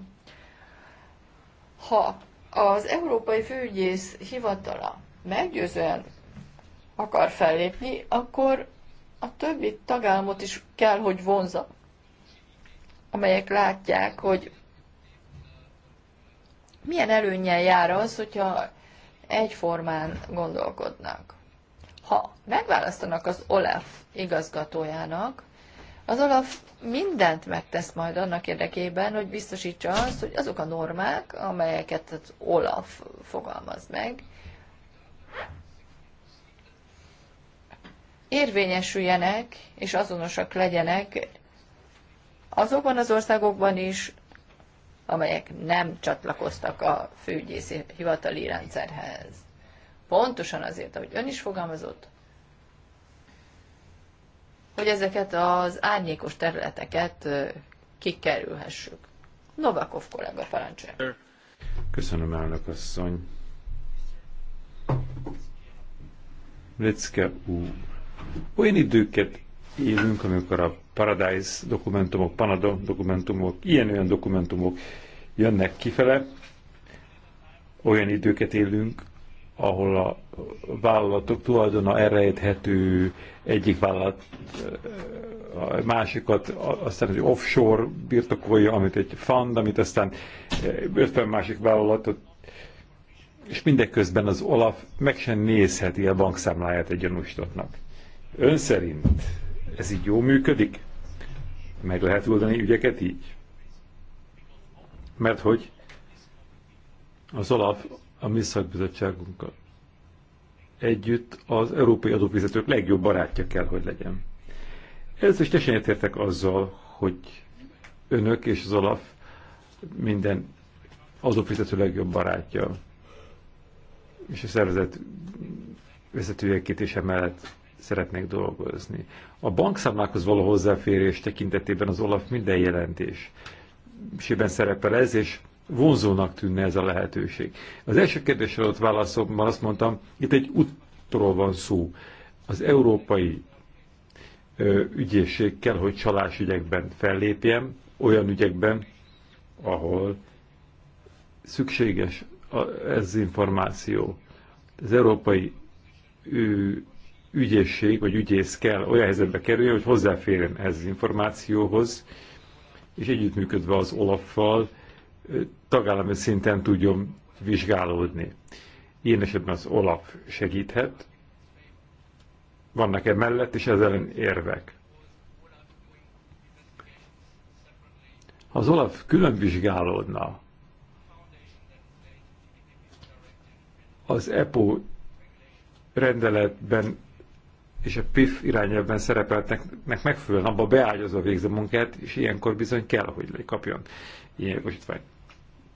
Ha az Európai Főügyész hivatala meggyőzően akar fellépni, akkor a többi tagállamot is kell, hogy vonza, amelyek látják, hogy milyen előnyel jár az, hogyha egyformán gondolkodnak. Ha megválasztanak az OLAF igazgatójának, az OLAF mindent megtesz majd annak érdekében, hogy biztosítsa azt, hogy azok a normák, amelyeket az OLAF fogalmaz meg, érvényesüljenek és azonosak legyenek azokban az országokban is, amelyek nem csatlakoztak a főügyészi hivatali rendszerhez. Pontosan azért, ahogy ön is fogalmazott, hogy ezeket az árnyékos területeket kikerülhessük. Novakov kollega parancsolja. Köszönöm, elnök asszony. Lecke úr. Olyan időket élünk, amikor a Paradise dokumentumok, Panada dokumentumok, ilyen-olyan dokumentumok jönnek kifele. Olyan időket élünk, ahol a vállalatok tulajdona elrejthető egyik vállalat a másikat, aztán egy offshore birtokolja, amit egy fund, amit aztán 50 másik vállalatot, és mindeközben az Olaf meg sem nézheti a bankszámláját egy gyanúsítottnak. Ön szerint ez így jó működik? Meg lehet oldani ügyeket így? Mert hogy az alap a mi szakbizottságunkkal együtt az európai adófizetők legjobb barátja kell, hogy legyen. Ez is teljesen értek azzal, hogy önök és az alap minden adófizető legjobb barátja és a szervezet vezetőjeként is emellett szeretnek dolgozni. A bankszámlákhoz való hozzáférés tekintetében az Olaf minden jelentés sében szerepel ez, és vonzónak tűnne ez a lehetőség. Az első kérdésre ott válaszomban azt mondtam, itt egy útról van szó. Az európai ö, ügyészség kell, hogy csalásügyekben fellépjen, olyan ügyekben, ahol szükséges ez az információ. Az európai ügyészség vagy ügyész kell olyan helyzetbe kerüljön, hogy hozzáférjen ez az információhoz, és együttműködve az Olaffal tagállami szinten tudjon vizsgálódni. Ilyen esetben az Olaf segíthet, vannak mellett és ezzel érvek. Ha az Olaf külön vizsgálódna, az EPO rendeletben és a PIF irányelven szerepeltnek megfelelően abba beágyazva végzi munkát, és ilyenkor bizony kell, hogy kapjon ilyen jogosítványt.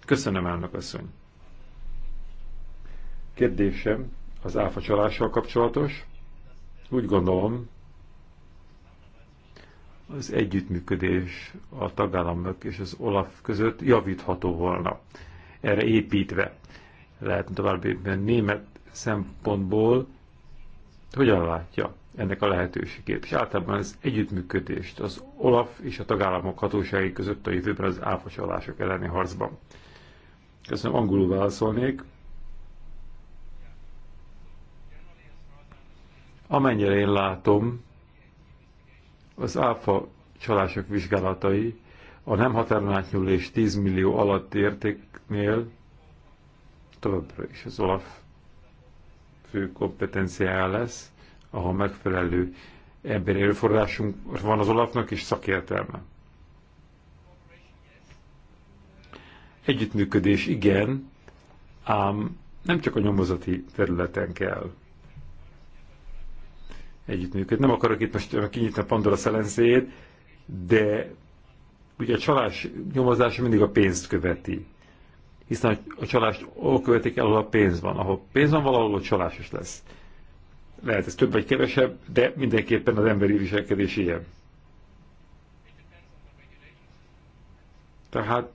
Köszönöm, elnök asszony. Kérdésem az áfa csalással kapcsolatos. Úgy gondolom, az együttműködés a tagállamok és az OLAF között javítható volna. Erre építve lehet tovább német szempontból hogyan látja ennek a lehetőségét, és általában az együttműködést az OLAF és a tagállamok hatóságai között a jövőben az áfacsalások elleni harcban. Köszönöm, angolul válaszolnék. Amennyire én látom, az áfa csalások vizsgálatai a nem határon és 10 millió alatti értéknél továbbra is az OLAF fő kompetenciája lesz, ahol megfelelő ebben erőforrásunk van az olapnak és szakértelme. Együttműködés igen, ám nem csak a nyomozati területen kell együttműködni. Nem akarok itt most kinyitni a Pandora szelencéjét, de ugye a csalás nyomozása mindig a pénzt követi hiszen a csalást ahol követik el, ahol a pénz van. Ahol pénz van valahol, ott csalás is lesz. Lehet ez több vagy kevesebb, de mindenképpen az emberi viselkedés ilyen. Tehát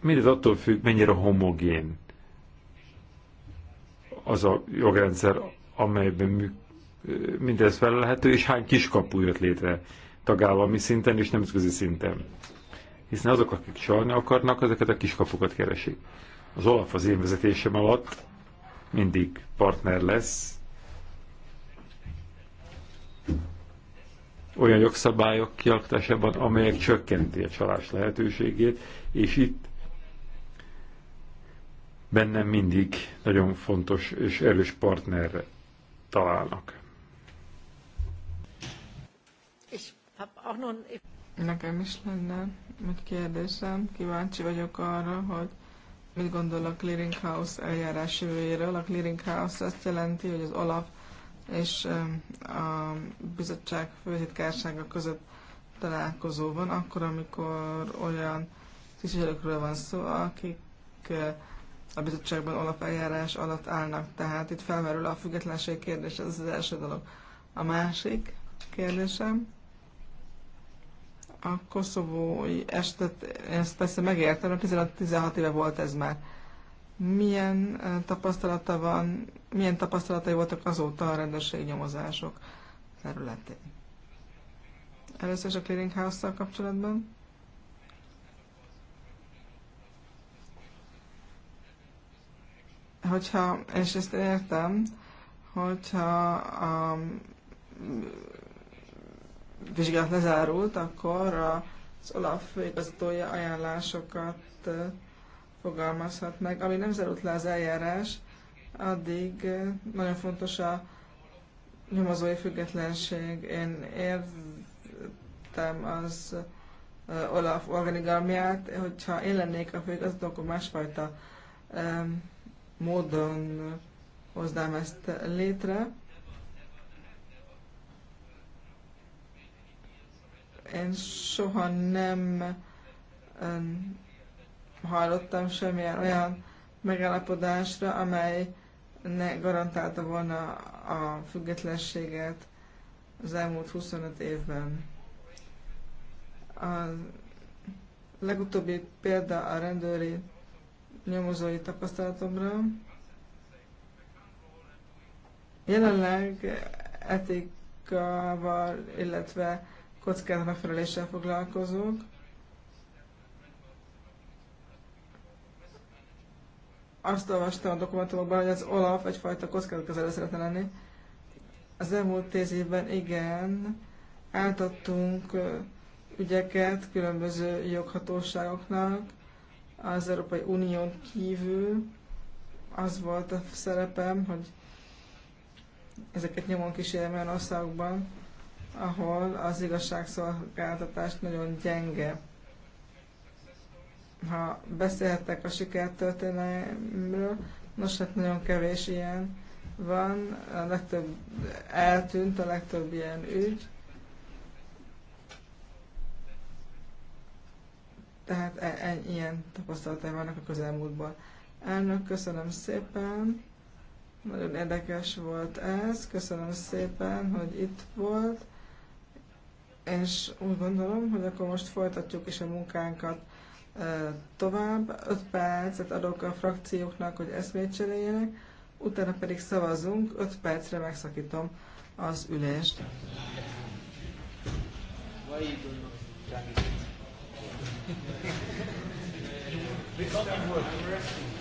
mindez attól függ, mennyire homogén az a jogrendszer, amelyben mindez felelhető, és hány kiskapu jött létre tagállami szinten és nemzetközi szinten hiszen azok, akik csalni akarnak, ezeket a kiskapukat keresik. Az Olaf az én vezetésem alatt mindig partner lesz, olyan jogszabályok kialakításában, amelyek csökkenti a csalás lehetőségét, és itt bennem mindig nagyon fontos és erős partnerre találnak. Nekem is lenne egy kérdésem. Kíváncsi vagyok arra, hogy mit gondol a Clearing House eljárás jövőjéről. A Clearing House azt jelenti, hogy az Olaf és a bizottság főtitkársága között találkozó van, akkor, amikor olyan tisztviselőkről van szó, akik a bizottságban Olaf eljárás alatt állnak. Tehát itt felmerül a függetlenség kérdés, ez az első dolog. A másik kérdésem, a koszovói estet, ezt persze megértem, 15-16 éve volt ez már. Milyen tapasztalata van, milyen tapasztalatai voltak azóta a rendőrségnyomozások területén? Először is a house szal kapcsolatban. Hogyha, és ezt értem, hogyha a vizsgálat lezárult, akkor az Olaf igazgatója ajánlásokat fogalmazhat meg. Ami nem zárult le az eljárás, addig nagyon fontos a nyomozói függetlenség. Én értem az Olaf organigalmiát, hogyha én lennék a főigazgató, akkor másfajta módon hoznám ezt létre. én soha nem hallottam semmilyen olyan megállapodásra, amely ne garantálta volna a függetlenséget az elmúlt 25 évben. A legutóbbi példa a rendőri nyomozói tapasztalatomra. Jelenleg etikával, illetve kockázat megfeleléssel foglalkozunk. Azt olvastam a dokumentumokban, hogy az Olaf egyfajta kockázatkezelő szeretne lenni. Az elmúlt tíz évben igen, átadtunk ügyeket különböző joghatóságoknak az Európai Unión kívül. Az volt a szerepem, hogy ezeket nyomon kísérjem olyan országokban, ahol az igazságszolgáltatást nagyon gyenge. Ha beszélhetek a sikertörténelmről, nos hát nagyon kevés ilyen van, a legtöbb eltűnt, a legtöbb ilyen ügy. Tehát e-, e ilyen tapasztalatai vannak a közelmúltban. Elnök, köszönöm szépen. Nagyon érdekes volt ez. Köszönöm szépen, hogy itt volt és úgy gondolom, hogy akkor most folytatjuk is a munkánkat tovább. 5 percet adok a frakcióknak, hogy eszmét cseréljenek, utána pedig szavazunk, 5 percre megszakítom az ülést. Becoming work.